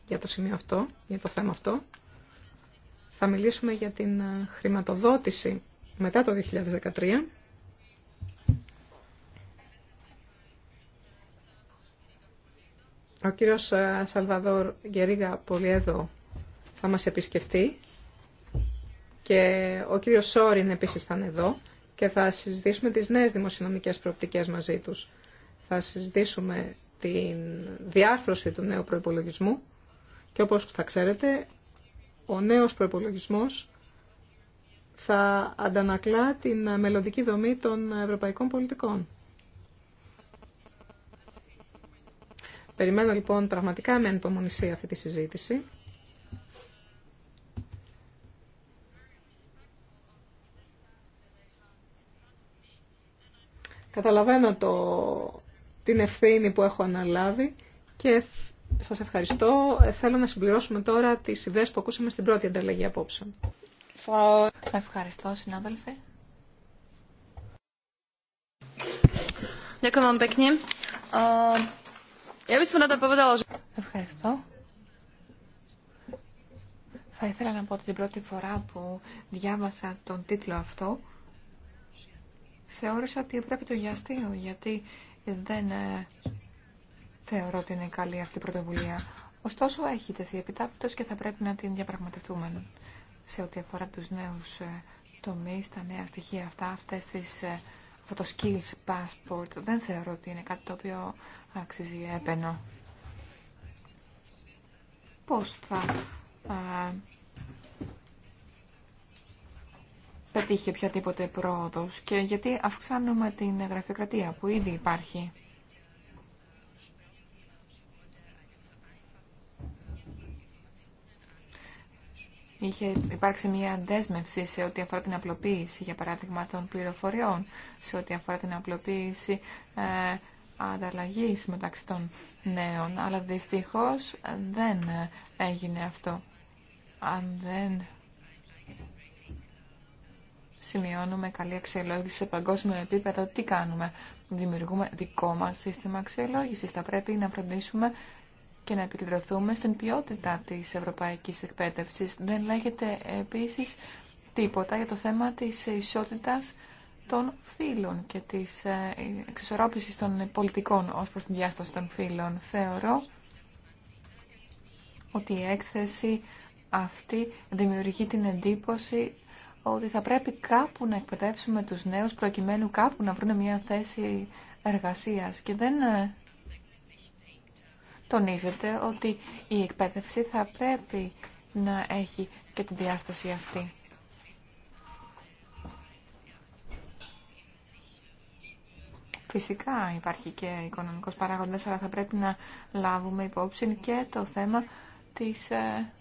για το σημείο αυτό, για το θέμα αυτό. Θα μιλήσουμε για την ε, χρηματοδότηση μετά το 2013. Ο κύριος ε, Σαλβαδόρ Γερίγα Πολιέδο θα μας επισκεφτεί και ο κύριος Σόριν επίσης θα είναι εδώ και θα συζητήσουμε τις νέες δημοσιονομικές προοπτικές μαζί τους. Θα συζητήσουμε την διάρθρωση του νέου προϋπολογισμού και όπως θα ξέρετε, ο νέος προϋπολογισμός θα αντανακλά την μελλοντική δομή των ευρωπαϊκών πολιτικών. Περιμένω λοιπόν πραγματικά με ανυπομονησία αυτή τη συζήτηση. Καταλαβαίνω το την ευθύνη που έχω αναλάβει και σας ευχαριστώ. Θέλω να συμπληρώσουμε τώρα τις ιδέες που ακούσαμε στην πρώτη ανταλλαγή απόψε. Ευχαριστώ, συνάδελφε. Ευχαριστώ. Θα ήθελα να πω ότι την πρώτη φορά που διάβασα τον τίτλο αυτό, θεώρησα ότι πρέπει το γιαστείο, γιατί δεν ε, θεωρώ ότι είναι καλή αυτή η πρωτοβουλία. Ωστόσο, έχει τεθεί επιτάπητος και θα πρέπει να την διαπραγματευτούμε σε ό,τι αφορά τους νέους ε, τομείς, τα νέα στοιχεία αυτά, αυτές τις, ε, αυτό το skills passport. Δεν θεωρώ ότι είναι κάτι το οποίο αξίζει έπαινο. Πώς θα πετύχει οποιαδήποτε πρόοδο και γιατί αυξάνουμε την γραφειοκρατία που ήδη υπάρχει. Είχε υπάρξει μια δέσμευση σε ό,τι αφορά την απλοποίηση, για παράδειγμα, των πληροφοριών, σε ό,τι αφορά την απλοποίηση ε, ανταλλαγής μεταξύ των νέων, αλλά δυστυχώς δεν έγινε αυτό. Αν δεν σημειώνουμε καλή αξιολόγηση σε παγκόσμιο επίπεδο. Τι κάνουμε, δημιουργούμε δικό μας σύστημα αξιολόγησης. Θα πρέπει να φροντίσουμε και να επικεντρωθούμε στην ποιότητα της ευρωπαϊκής εκπαίδευσης. Δεν λέγεται επίσης τίποτα για το θέμα της ισότητας των φύλων και της ε, εξισορρόπησης των πολιτικών ως προς την διάσταση των φύλων. Θεωρώ ότι η έκθεση αυτή δημιουργεί την εντύπωση ότι θα πρέπει κάπου να εκπαιδεύσουμε τους νέους προκειμένου κάπου να βρουν μια θέση εργασίας και δεν ε, τονίζεται ότι η εκπαίδευση θα πρέπει να έχει και τη διάσταση αυτή. Φυσικά υπάρχει και οικονομικός παράγοντας, αλλά θα πρέπει να λάβουμε υπόψη και το θέμα της ε,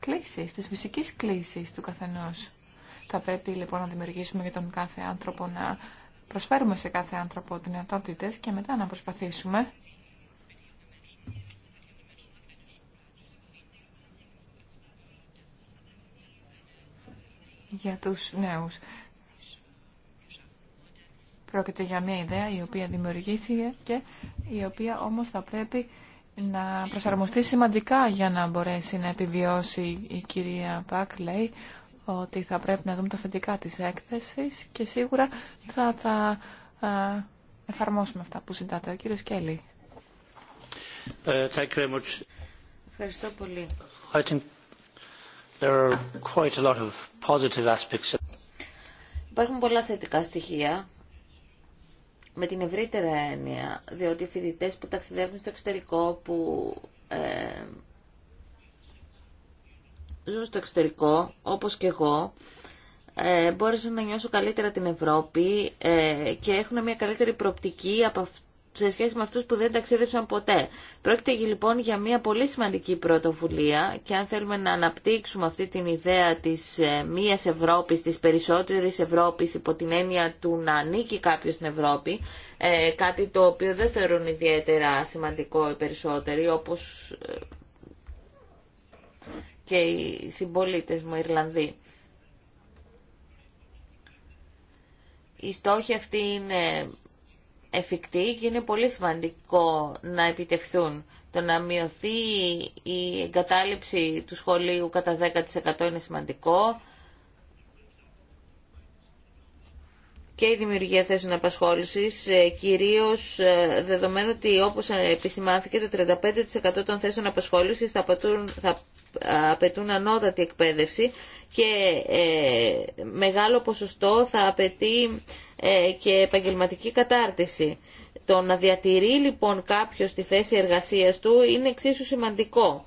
κλίσης, της φυσικής κλίσης του καθενός. Θα πρέπει λοιπόν να δημιουργήσουμε για τον κάθε άνθρωπο να προσφέρουμε σε κάθε άνθρωπο δυνατότητε και μετά να προσπαθήσουμε για τους νέους. Πρόκειται για μια ιδέα η οποία δημιουργήθηκε και η οποία όμως θα πρέπει να προσαρμοστεί σημαντικά για να μπορέσει να επιβιώσει η κυρία Πακ λέει ότι θα πρέπει να δούμε τα θετικά της έκθεσης και σίγουρα θα τα ε, εφαρμόσουμε αυτά που συντάτε. Ο κύριος Κέλλη. Ε, Ευχαριστώ πολύ. there are quite a lot of positive aspects. Υπάρχουν πολλά θετικά στοιχεία με την ευρύτερα έννοια, διότι οι φοιτητέ που ταξιδεύουν στο εξωτερικό, που ε, ζουν στο εξωτερικό, όπως και εγώ, ε, μπόρεσα να νιώσω καλύτερα την Ευρώπη ε, και έχουν μια καλύτερη προοπτική από σε σχέση με αυτούς που δεν ταξίδεψαν ποτέ. Πρόκειται λοιπόν για μια πολύ σημαντική πρωτοβουλία και αν θέλουμε να αναπτύξουμε αυτή την ιδέα της ε, μίας Ευρώπης, της περισσότερης Ευρώπης υπό την έννοια του να ανήκει κάποιος στην Ευρώπη, ε, κάτι το οποίο δεν θεωρούν ιδιαίτερα σημαντικό οι περισσότεροι, όπως και οι συμπολίτες μου Ιρλανδοί. Η στόχη αυτή είναι εφικτή και είναι πολύ σημαντικό να επιτευχθούν. Το να μειωθεί η εγκατάλειψη του σχολείου κατά 10% είναι σημαντικό. και η δημιουργία θέσεων απασχόλησης, ε, κυρίως ε, δεδομένου ότι όπω επισημάνθηκε το 35% των θέσεων απασχόλησης θα απαιτούν, θα απαιτούν ανώτατη εκπαίδευση και ε, μεγάλο ποσοστό θα απαιτεί και επαγγελματική κατάρτιση. Το να διατηρεί λοιπόν κάποιο τη θέση εργασίας του είναι εξίσου σημαντικό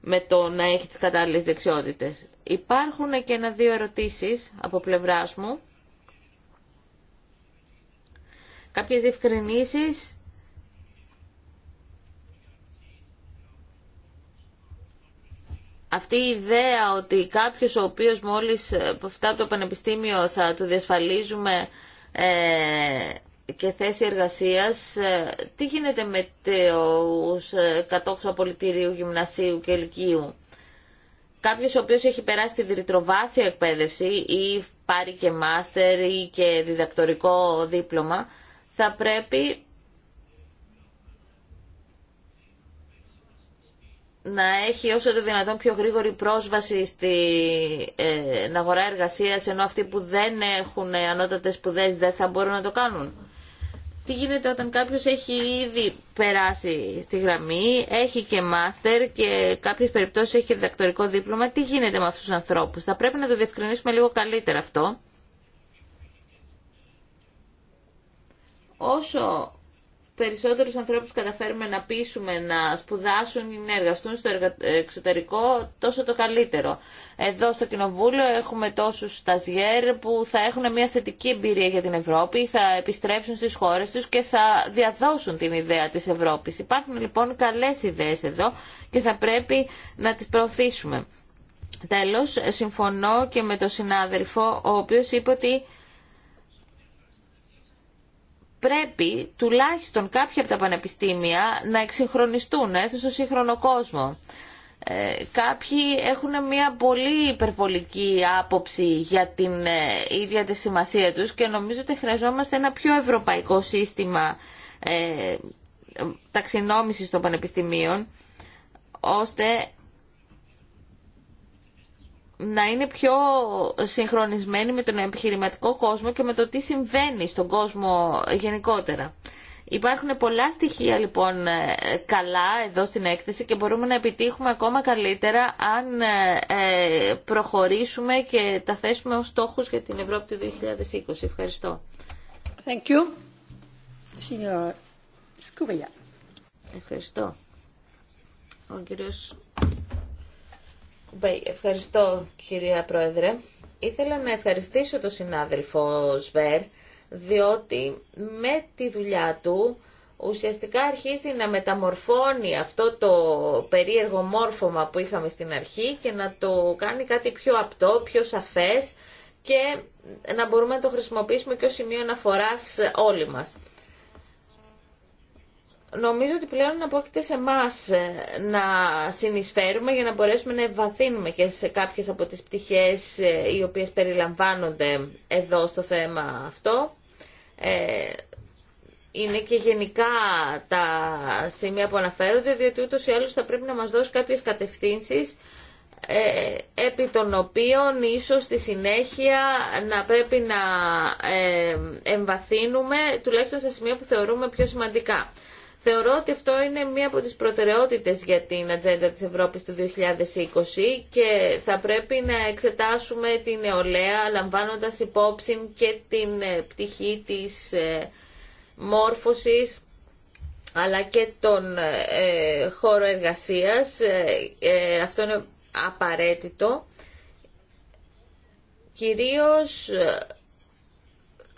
με το να έχει τι κατάλληλε δεξιότητες. Υπάρχουν και ένα-δύο ερωτήσει από πλευρά μου κάποιες διευκρινήσεις αυτή η ιδέα ότι κάποιος ο οποίος μόλις ε, αυτά από το πανεπιστήμιο θα του διασφαλίζουμε ε, και θέση εργασίας, ε, τι γίνεται με τους κατόχους απολυτηρίου, γυμνασίου και ηλικίου. Κάποιος ο οποίος έχει περάσει τη διρυτροβάθεια εκπαίδευση ή πάρει και μάστερ ή και διδακτορικό δίπλωμα, θα πρέπει να έχει όσο το δυνατόν πιο γρήγορη πρόσβαση ε, στην αγορά εργασίας, ενώ αυτοί που δεν έχουν ανώτατες σπουδέ δεν θα μπορούν να το κάνουν. Τι γίνεται όταν κάποιος έχει ήδη περάσει στη γραμμή, έχει και μάστερ και κάποιες περιπτώσεις έχει και διδακτορικό δίπλωμα. Τι γίνεται με αυτούς τους ανθρώπους. Θα πρέπει να το διευκρινίσουμε λίγο καλύτερα αυτό. όσο περισσότερου ανθρώπου καταφέρουμε να πείσουμε να σπουδάσουν ή να εργαστούν στο εξωτερικό, τόσο το καλύτερο. Εδώ στο Κοινοβούλιο έχουμε τόσους σταζιέρ που θα έχουν μια θετική εμπειρία για την Ευρώπη, θα επιστρέψουν στις χώρε τους και θα διαδώσουν την ιδέα της Ευρώπης. Υπάρχουν λοιπόν καλές ιδέες εδώ και θα πρέπει να τι προωθήσουμε. Τέλος, συμφωνώ και με τον συνάδελφο, ο οποίος είπε ότι πρέπει τουλάχιστον κάποια από τα πανεπιστήμια να εξυγχρονιστούν, να έρθουν στο σύγχρονο κόσμο. Ε, κάποιοι έχουν μια πολύ υπερβολική άποψη για την ε, ίδια τη σημασία τους και νομίζω ότι χρειαζόμαστε ένα πιο ευρωπαϊκό σύστημα ε, ταξινόμησης των πανεπιστημίων ώστε να είναι πιο συγχρονισμένη με τον επιχειρηματικό κόσμο και με το τι συμβαίνει στον κόσμο γενικότερα. Υπάρχουν πολλά στοιχεία λοιπόν ε, καλά εδώ στην έκθεση και μπορούμε να επιτύχουμε ακόμα καλύτερα αν ε, ε, προχωρήσουμε και τα θέσουμε ως στόχους για την Ευρώπη του 2020. Ευχαριστώ. Thank you. Ευχαριστώ. Ο κύριος Ευχαριστώ κυρία Πρόεδρε. Ήθελα να ευχαριστήσω τον συνάδελφο Σβέρ, διότι με τη δουλειά του ουσιαστικά αρχίζει να μεταμορφώνει αυτό το περίεργο μόρφωμα που είχαμε στην αρχή και να το κάνει κάτι πιο απτό, πιο σαφές και να μπορούμε να το χρησιμοποιήσουμε και ως σημείο αναφοράς όλοι μας νομίζω ότι πλέον απόκειται σε εμά ε, να συνεισφέρουμε για να μπορέσουμε να εμβαθύνουμε και σε κάποιες από τις πτυχές ε, οι οποίες περιλαμβάνονται εδώ στο θέμα αυτό. Ε, είναι και γενικά τα σημεία που αναφέρονται, διότι ούτως ή άλλως θα πρέπει να μας δώσει κάποιες κατευθύνσεις επί των οποίων ίσως στη συνέχεια να πρέπει να εμβαθύνουμε τουλάχιστον σε σημεία που θεωρούμε πιο σημαντικά. Θεωρώ ότι αυτό είναι μία από τις προτεραιότητες για την ατζέντα της Ευρώπης του 2020 και θα πρέπει να εξετάσουμε την νεολαία λαμβάνοντας υπόψη και την ε, πτυχή της ε, μόρφωσης αλλά και τον ε, χώρο εργασίας. αυτό είναι απαραίτητο. Κυρίως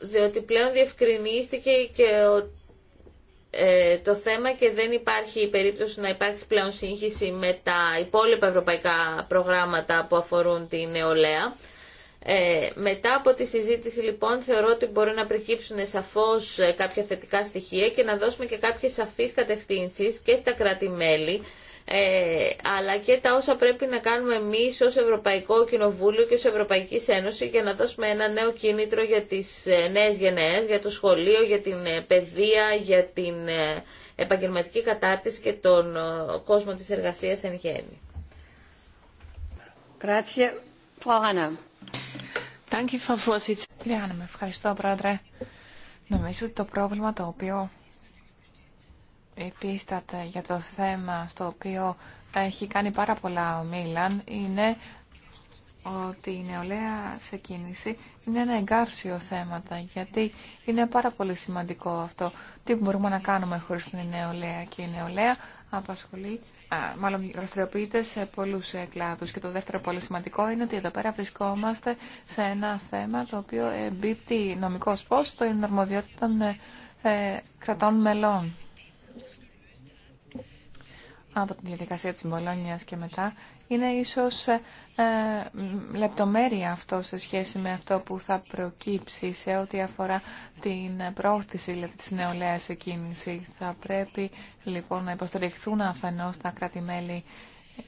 διότι πλέον διευκρινίστηκε και ότι ε, το θέμα και δεν υπάρχει περίπτωση να υπάρξει πλέον σύγχυση με τα υπόλοιπα ευρωπαϊκά προγράμματα που αφορούν τη νεολαία. Ε, μετά από τη συζήτηση λοιπόν θεωρώ ότι μπορεί να προκύψουν σαφώς ε, κάποια θετικά στοιχεία και να δώσουμε και κάποιες σαφείς κατευθύνσεις και στα κράτη-μέλη ε, αλλά και τα όσα πρέπει να κάνουμε εμείς ως Ευρωπαϊκό Κοινοβούλιο και ως Ευρωπαϊκή Ένωση για να δώσουμε ένα νέο κίνητρο για τις ε, νέες γενναίες, για το σχολείο, για την ε, παιδεία, για την επαγγελματική κατάρτιση και τον κόσμο της εργασίας εν γέννη. Κύριε ευχαριστώ πρόεδρε. Νομίζω ότι το πρόβλημα το οποίο επίσταται για το θέμα στο οποίο έχει κάνει πάρα πολλά ο Μίλαν είναι ότι η νεολαία σε κίνηση είναι ένα εγκάρσιο θέματα γιατί είναι πάρα πολύ σημαντικό αυτό. Τι μπορούμε να κάνουμε χωρίς την νεολαία και η νεολαία απασχολεί, μάλλον δραστηριοποιείται σε πολλούς κλάδους και το δεύτερο πολύ σημαντικό είναι ότι εδώ πέρα βρισκόμαστε σε ένα θέμα το οποίο εμπίπτει νομικός πώς το αρμοδιότητα των ε, ε κρατών μελών από τη διαδικασία της Μπολόνιας και μετά είναι ίσως ε, λεπτομέρεια αυτό σε σχέση με αυτό που θα προκύψει σε ό,τι αφορά την πρόθεση δηλαδή, της νεολαίας Θα πρέπει λοιπόν να υποστηριχθούν αφενός τα κρατη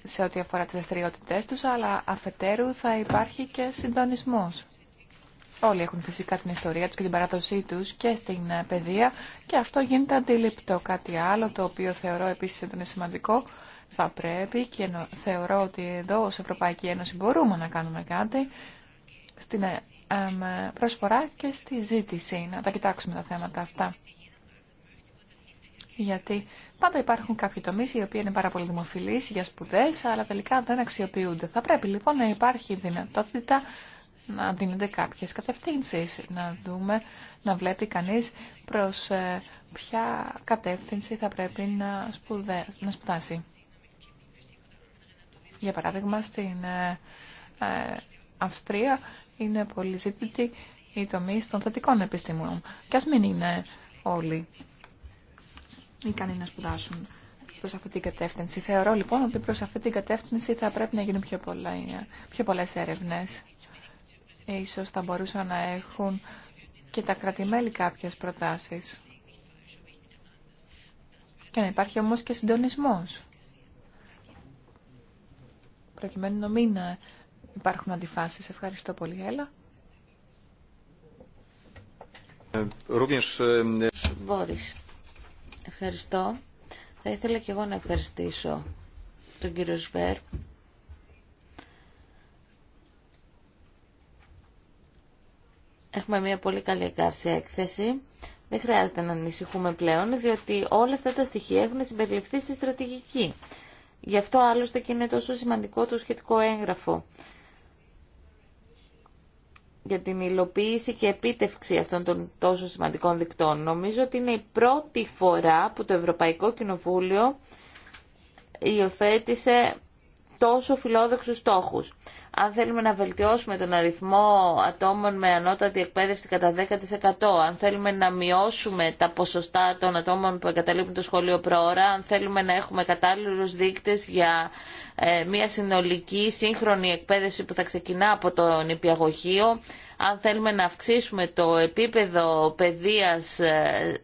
σε ό,τι αφορά τις δραστηριότητε τους, αλλά αφετέρου θα υπάρχει και συντονισμός. Όλοι έχουν φυσικά την ιστορία τους και την παράδοσή τους και στην ε, παιδεία και αυτό γίνεται αντιληπτό. Κάτι άλλο το οποίο θεωρώ επίσης ότι είναι σημαντικό θα πρέπει και θεωρώ ότι εδώ ως Ευρωπαϊκή Ένωση μπορούμε να κάνουμε κάτι στην ε, προσφορά και στη ζήτηση, να τα κοιτάξουμε τα θέματα αυτά. Γιατί πάντα υπάρχουν κάποιοι τομεί οι οποίοι είναι πάρα πολύ δημοφιλεί για σπουδέ, αλλά τελικά δεν αξιοποιούνται. Θα πρέπει λοιπόν να υπάρχει δυνατότητα να δίνονται κάποιες κατευθύνσεις, να δούμε, να βλέπει κανείς προς ε, ποια κατεύθυνση θα πρέπει να, σπουδε, σπουδάσει. Για παράδειγμα, στην ε, ε, Αυστρία είναι πολύ ζήτητη η τομή των θετικών επιστήμων. Κι ας μην είναι όλοι ικανοί να σπουδάσουν προς αυτή την κατεύθυνση. Θεωρώ λοιπόν ότι προς αυτή την κατεύθυνση θα πρέπει να γίνουν πιο, πιο πολλές έρευνες. Ίσως θα μπορούσαν να έχουν και τα κρατημέλη κάποιες προτάσεις. Και να υπάρχει όμως και συντονισμός. Προκειμένου να μην ε, υπάρχουν αντιφάσεις. Ευχαριστώ πολύ, Έλα. Ε, Μπόρις, ευχαριστώ. Θα ήθελα και εγώ να ευχαριστήσω τον κύριο Σβέρ Έχουμε μια πολύ καλή εγκάρσια έκθεση. Δεν χρειάζεται να ανησυχούμε πλέον, διότι όλα αυτά τα στοιχεία έχουν συμπεριληφθεί στη στρατηγική. Γι' αυτό άλλωστε και είναι τόσο σημαντικό το σχετικό έγγραφο για την υλοποίηση και επίτευξη αυτών των τόσο σημαντικών δικτών. Νομίζω ότι είναι η πρώτη φορά που το Ευρωπαϊκό Κοινοβούλιο υιοθέτησε τόσο φιλόδοξους στόχους αν θέλουμε να βελτιώσουμε τον αριθμό ατόμων με ανώτατη εκπαίδευση κατά 10%, αν θέλουμε να μειώσουμε τα ποσοστά των ατόμων που εγκαταλείπουν το σχολείο προώρα, αν θέλουμε να έχουμε κατάλληλους δείκτες για ε, μια συνολική σύγχρονη εκπαίδευση που θα ξεκινά από το νηπιαγωγείο, αν θέλουμε να αυξήσουμε το επίπεδο παιδείας ε,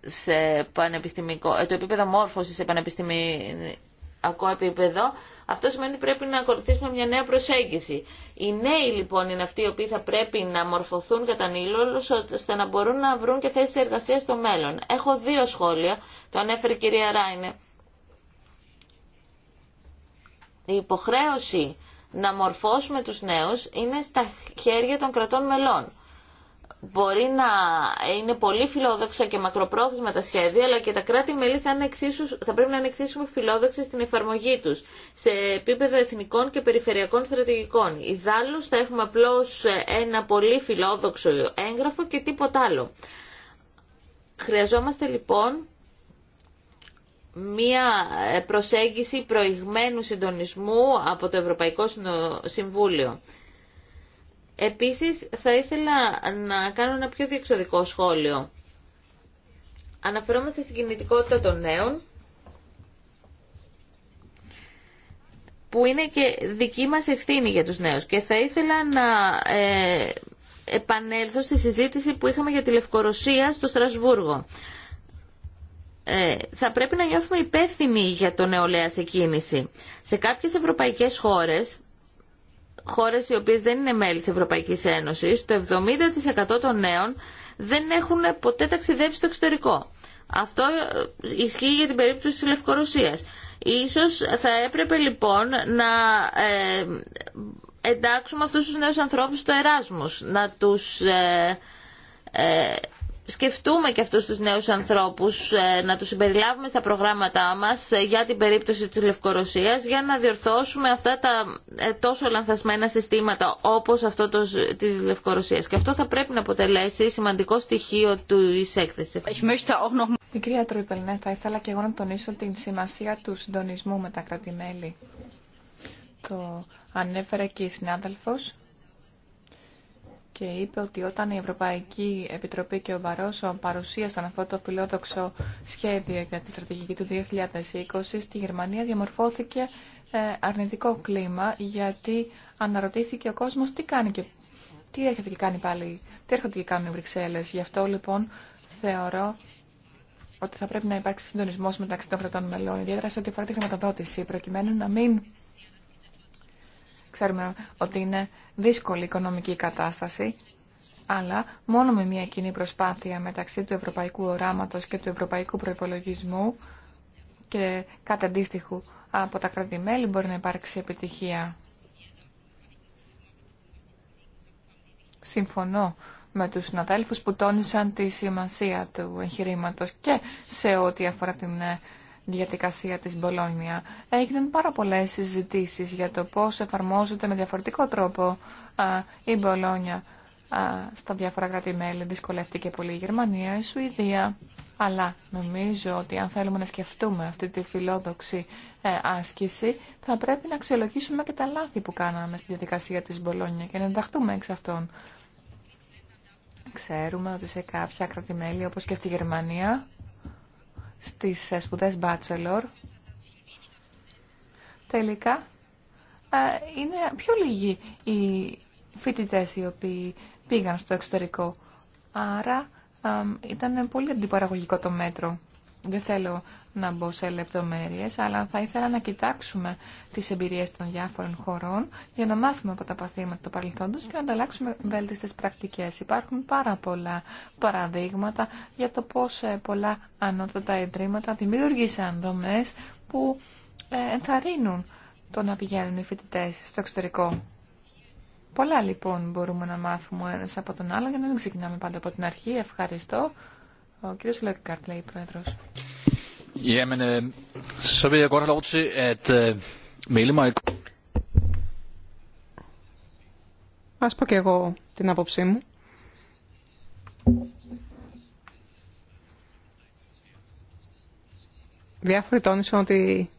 σε ε, το επίπεδο μόρφωσης σε πανεπιστημιακό επίπεδο, αυτό σημαίνει ότι πρέπει να ακολουθήσουμε μια νέα προσέγγιση. Οι νέοι λοιπόν είναι αυτοί οι οποίοι θα πρέπει να μορφωθούν κατά νύλος, ώστε να μπορούν να βρουν και θέσεις εργασία στο μέλλον. Έχω δύο σχόλια, το ανέφερε η κυρία Ράινε. Η υποχρέωση να μορφώσουμε τους νέους είναι στα χέρια των κρατών μελών μπορεί να είναι πολύ φιλόδοξα και μακροπρόθεσμα τα σχέδια, αλλά και τα κράτη-μέλη θα, θα πρέπει να είναι εξίσου φιλόδοξα στην εφαρμογή τους, σε επίπεδο εθνικών και περιφερειακών στρατηγικών. Ιδάλω θα έχουμε απλώς ένα πολύ φιλόδοξο έγγραφο και τίποτα άλλο. Χρειαζόμαστε λοιπόν μία προσέγγιση προηγμένου συντονισμού από το Ευρωπαϊκό Συμβούλιο. Επίσης, θα ήθελα να κάνω ένα πιο διεξοδικό σχόλιο. Αναφερόμαστε στην κινητικότητα των νέων, που είναι και δική μας ευθύνη για τους νέους. Και θα ήθελα να ε, επανέλθω στη συζήτηση που είχαμε για τη Λευκορωσία στο Στρασβούργο. Ε, θα πρέπει να νιώθουμε υπεύθυνοι για το νεολαία σε κίνηση. Σε κάποιες ευρωπαϊκές χώρες χώρες οι οποίες δεν είναι μέλη της Ευρωπαϊκής Ένωσης, το 70% των νέων δεν έχουν ποτέ ταξιδέψει στο εξωτερικό. Αυτό ε, ισχύει για την περίπτωση της Λευκορωσίας. Ίσως θα έπρεπε λοιπόν να ε, εντάξουμε αυτούς τους νέους ανθρώπους στο Εράσμους, να τους... Ε, σκεφτούμε και αυτούς τους νέους ανθρώπους, ε, να τους συμπεριλάβουμε στα προγράμματά μας ε, για την περίπτωση της Λευκορωσίας, για να διορθώσουμε αυτά τα ε, τόσο λανθασμένα συστήματα όπως αυτό το, της Λευκορωσίας. Και αυτό θα πρέπει να αποτελέσει σημαντικό στοιχείο του έκθεση. Η κυρία Τρούπελ, ναι, θα ήθελα και εγώ να τονίσω την σημασία του συντονισμού με τα κρατημέλη. Το ανέφερε και η συνάδελφος και είπε ότι όταν η Ευρωπαϊκή Επιτροπή και ο Βαρόσο παρουσίασαν αυτό το φιλόδοξο σχέδιο για τη στρατηγική του 2020, στη Γερμανία διαμορφώθηκε ε, αρνητικό κλίμα γιατί αναρωτήθηκε ο κόσμος τι κάνει και τι έρχεται και κάνει πάλι, τι έρχονται και κάνουν οι Βρυξέλλες. Γι' αυτό λοιπόν θεωρώ ότι θα πρέπει να υπάρξει συντονισμό μεταξύ των κρατών μελών, ιδιαίτερα σε ό,τι αφορά τη χρηματοδότηση, προκειμένου να μην ξέρουμε ότι είναι δύσκολη οικονομική κατάσταση, αλλά μόνο με μια κοινή προσπάθεια μεταξύ του ευρωπαϊκού οράματος και του ευρωπαϊκού προϋπολογισμού και κάτι από τα κράτη-μέλη μπορεί να υπάρξει επιτυχία. Συμφωνώ με τους συναδέλφους που τόνισαν τη σημασία του εγχειρήματο και σε ό,τι αφορά την ε, διαδικασία της Μπολόνια. Έγιναν πάρα πολλές συζητήσει για το πώς εφαρμόζεται με διαφορετικό τρόπο η Μπολόνια στα διάφορα κράτη-μέλη. Δυσκολεύτηκε πολύ η Γερμανία, η Σουηδία. Αλλά νομίζω ότι αν θέλουμε να σκεφτούμε αυτή τη φιλόδοξη ε, άσκηση, θα πρέπει να αξιολογήσουμε και τα λάθη που κάναμε στη διαδικασία της Μπολόνια και να ενταχθούμε εξ αυτών. Ξέρουμε ότι σε κάποια κρατημέλη, όπως και στη Γερμανία, στις ε, σπουδές bachelor, τελικά ε, είναι πιο λίγοι οι φοιτητές οι οποίοι πήγαν στο εξωτερικό. Άρα ε, ήταν πολύ αντιπαραγωγικό το μέτρο. Δεν θέλω να μπω σε λεπτομέρειες, αλλά θα ήθελα να κοιτάξουμε τις εμπειρίες των διάφορων χωρών για να μάθουμε από τα παθήματα του παρελθόντος και να ανταλλάξουμε βέλτιστες πρακτικές. Υπάρχουν πάρα πολλά παραδείγματα για το πώς ε, πολλά ανώτατα ιδρύματα δημιουργήσαν δομές που ε, ενθαρρύνουν το να πηγαίνουν οι φοιτητέ στο εξωτερικό. Πολλά λοιπόν μπορούμε να μάθουμε ένα από τον άλλο για να μην ξεκινάμε πάντα από την αρχή. Ευχαριστώ. Ο κύριος Λεκκάρτ, λέει πρόεδρος. Øh, så vil jeg godt have lov til at øh, melde mig. Ας πω και εγώ την άποψή μου. Διάφοροι τόνισαν ότι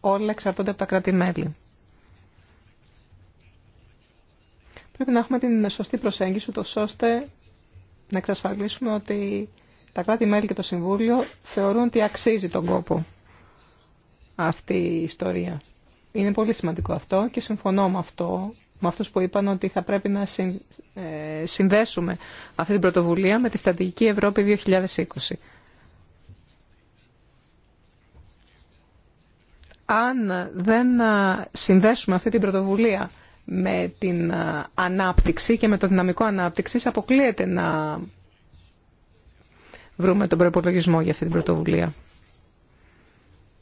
όλα εξαρτώνται από τα κράτη-μέλη. Πρέπει να έχουμε την σωστή προσέγγιση, ούτως ώστε να εξασφαλίσουμε ότι τα κράτη-μέλη και το Συμβούλιο θεωρούν ότι αξίζει τον κόπο αυτή η ιστορία. Είναι πολύ σημαντικό αυτό και συμφωνώ με αυτό, με αυτούς που είπαν ότι θα πρέπει να ε, συνδέσουμε αυτή την πρωτοβουλία με τη Στρατηγική Ευρώπη 2020. Αν δεν ε, συνδέσουμε αυτή την πρωτοβουλία με την ε, ανάπτυξη και με το δυναμικό ανάπτυξης αποκλείεται να βρούμε τον προπολογισμό για αυτή την πρωτοβουλία.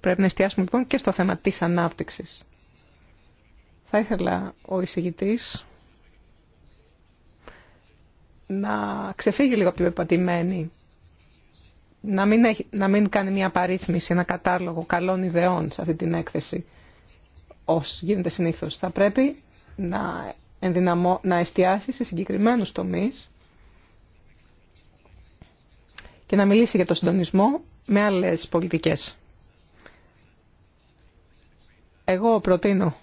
Πρέπει να εστιάσουμε λοιπόν και στο θέμα της ανάπτυξης. Θα ήθελα ο εισηγητής να ξεφύγει λίγο από την πεπατημένη, να μην, να μην κάνει μια παρήθμιση, ένα κατάλογο καλών ιδεών σε αυτή την έκθεση, ως γίνεται συνήθως. Θα πρέπει να, ενδυναμώ, να εστιάσει σε συγκεκριμένους τομείς και να μιλήσει για το συντονισμό με άλλες πολιτικές. Εγώ προτείνω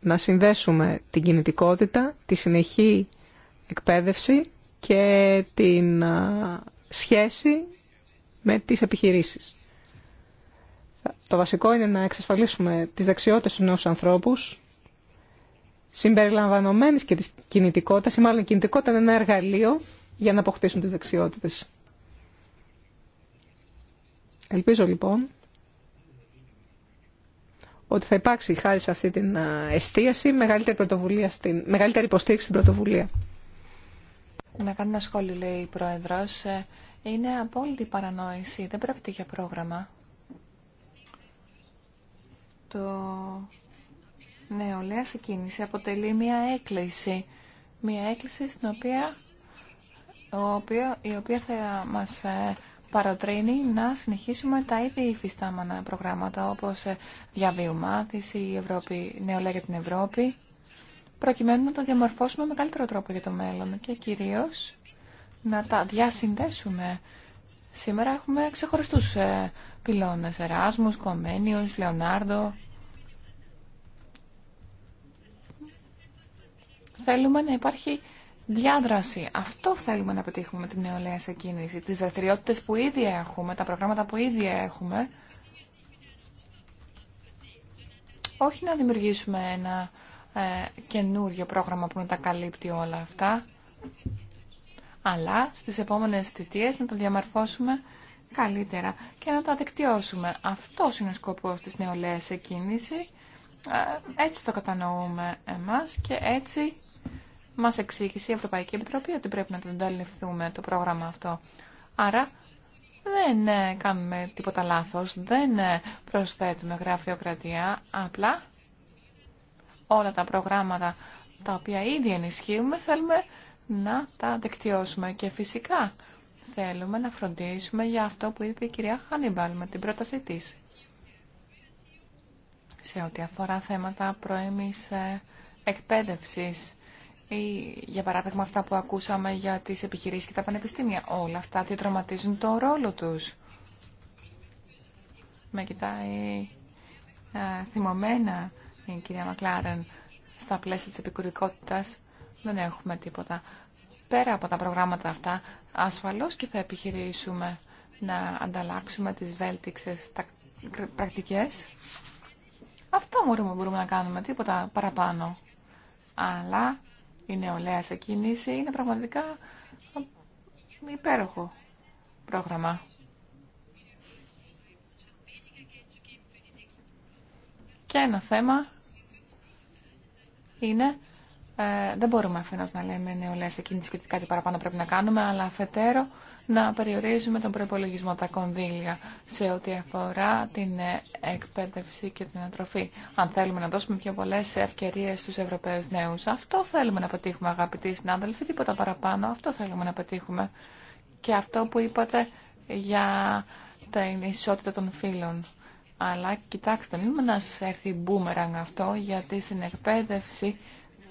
να συνδέσουμε την κινητικότητα, τη συνεχή εκπαίδευση και την σχέση με τις επιχειρήσεις. Το βασικό είναι να εξασφαλίσουμε τις δεξιότητες του νέου ανθρώπους συμπεριλαμβανομένης και της κινητικότητας, ή μάλλον η μαλλον είναι ένα εργαλείο για να αποκτήσουν τις δεξιότητες. Ελπίζω λοιπόν ότι θα υπάρξει χάρη σε αυτή την εστίαση μεγαλύτερη, πρωτοβουλία στην, μεγαλύτερη υποστήριξη στην πρωτοβουλία. Να κάνω ένα σχόλιο, λέει η Πρόεδρος. Ε, είναι απόλυτη παρανόηση. Δεν πρόκειται για πρόγραμμα. Το νεολαία ναι, συγκίνηση αποτελεί μια έκκληση. Μια έκκληση στην οποία, η οποία θα μας ε, παροτρύνει να συνεχίσουμε τα ήδη υφιστάμενα προγράμματα όπως ε, διαβίου μάθηση, η Ευρώπη, νεολαία για την Ευρώπη, προκειμένου να τα διαμορφώσουμε με καλύτερο τρόπο για το μέλλον και κυρίως να τα διασυνδέσουμε. Σήμερα έχουμε ξεχωριστούς ε, πυλώνες, Εράσμους, Κομένιους, Λεωνάρντο Θέλουμε να υπάρχει διάδραση. Αυτό θέλουμε να πετύχουμε με την νεολαία σε κίνηση. Τις δραστηριότητε που ήδη έχουμε, τα προγράμματα που ήδη έχουμε. Όχι να δημιουργήσουμε ένα ε, καινούριο πρόγραμμα που να τα καλύπτει όλα αυτά, αλλά στις επόμενες θητείες να το διαμορφώσουμε καλύτερα και να τα δικτυώσουμε. Αυτός είναι ο σκοπός της νεολαίας εκκίνησης. Ε, έτσι το κατανοούμε εμάς και έτσι μας εξήγησε η Ευρωπαϊκή Επιτροπή ότι πρέπει να το ανταληφθούμε το πρόγραμμα αυτό. Άρα δεν ε, κάνουμε τίποτα λάθος, δεν ε, προσθέτουμε γραφειοκρατία, απλά όλα τα προγράμματα τα οποία ήδη ενισχύουμε θέλουμε να τα δεκτυώσουμε και φυσικά θέλουμε να φροντίσουμε για αυτό που είπε η κυρία Χάνιμπαλ με την πρότασή της σε ό,τι αφορά θέματα πρώιμης ε, εκπαίδευσης ή για παράδειγμα αυτά που ακούσαμε για τις επιχειρήσεις και τα πανεπιστήμια. Όλα αυτά τι τροματίζουν το ρόλο τους. Με κοιτάει ε, θυμωμένα η κυρία Μακλάρεν στα πλαίσια της επικουρικότητας. Δεν έχουμε τίποτα. Πέρα από τα προγράμματα αυτά, ασφαλώς και θα επιχειρήσουμε να ανταλλάξουμε τις βέλτιξες πρακτικές αυτό μπορούμε, να κάνουμε, τίποτα παραπάνω. Αλλά η νεολαία σε κίνηση είναι πραγματικά υπέροχο πρόγραμμα. Και ένα θέμα είναι, ε, δεν μπορούμε αφενός να λέμε νεολαία σε κίνηση και ότι κάτι παραπάνω πρέπει να κάνουμε, αλλά αφετέρου να περιορίζουμε τον προπολογισμό τα κονδύλια σε ό,τι αφορά την εκπαίδευση και την ανατροφή. Αν θέλουμε να δώσουμε πιο πολλέ ευκαιρίε στου Ευρωπαίου νέου, αυτό θέλουμε να πετύχουμε, αγαπητοί συνάδελφοι, τίποτα παραπάνω. Αυτό θέλουμε να πετύχουμε. Και αυτό που είπατε για την ισότητα των φύλων. Αλλά κοιτάξτε, μην μα έρθει μπούμεραν αυτό, γιατί στην εκπαίδευση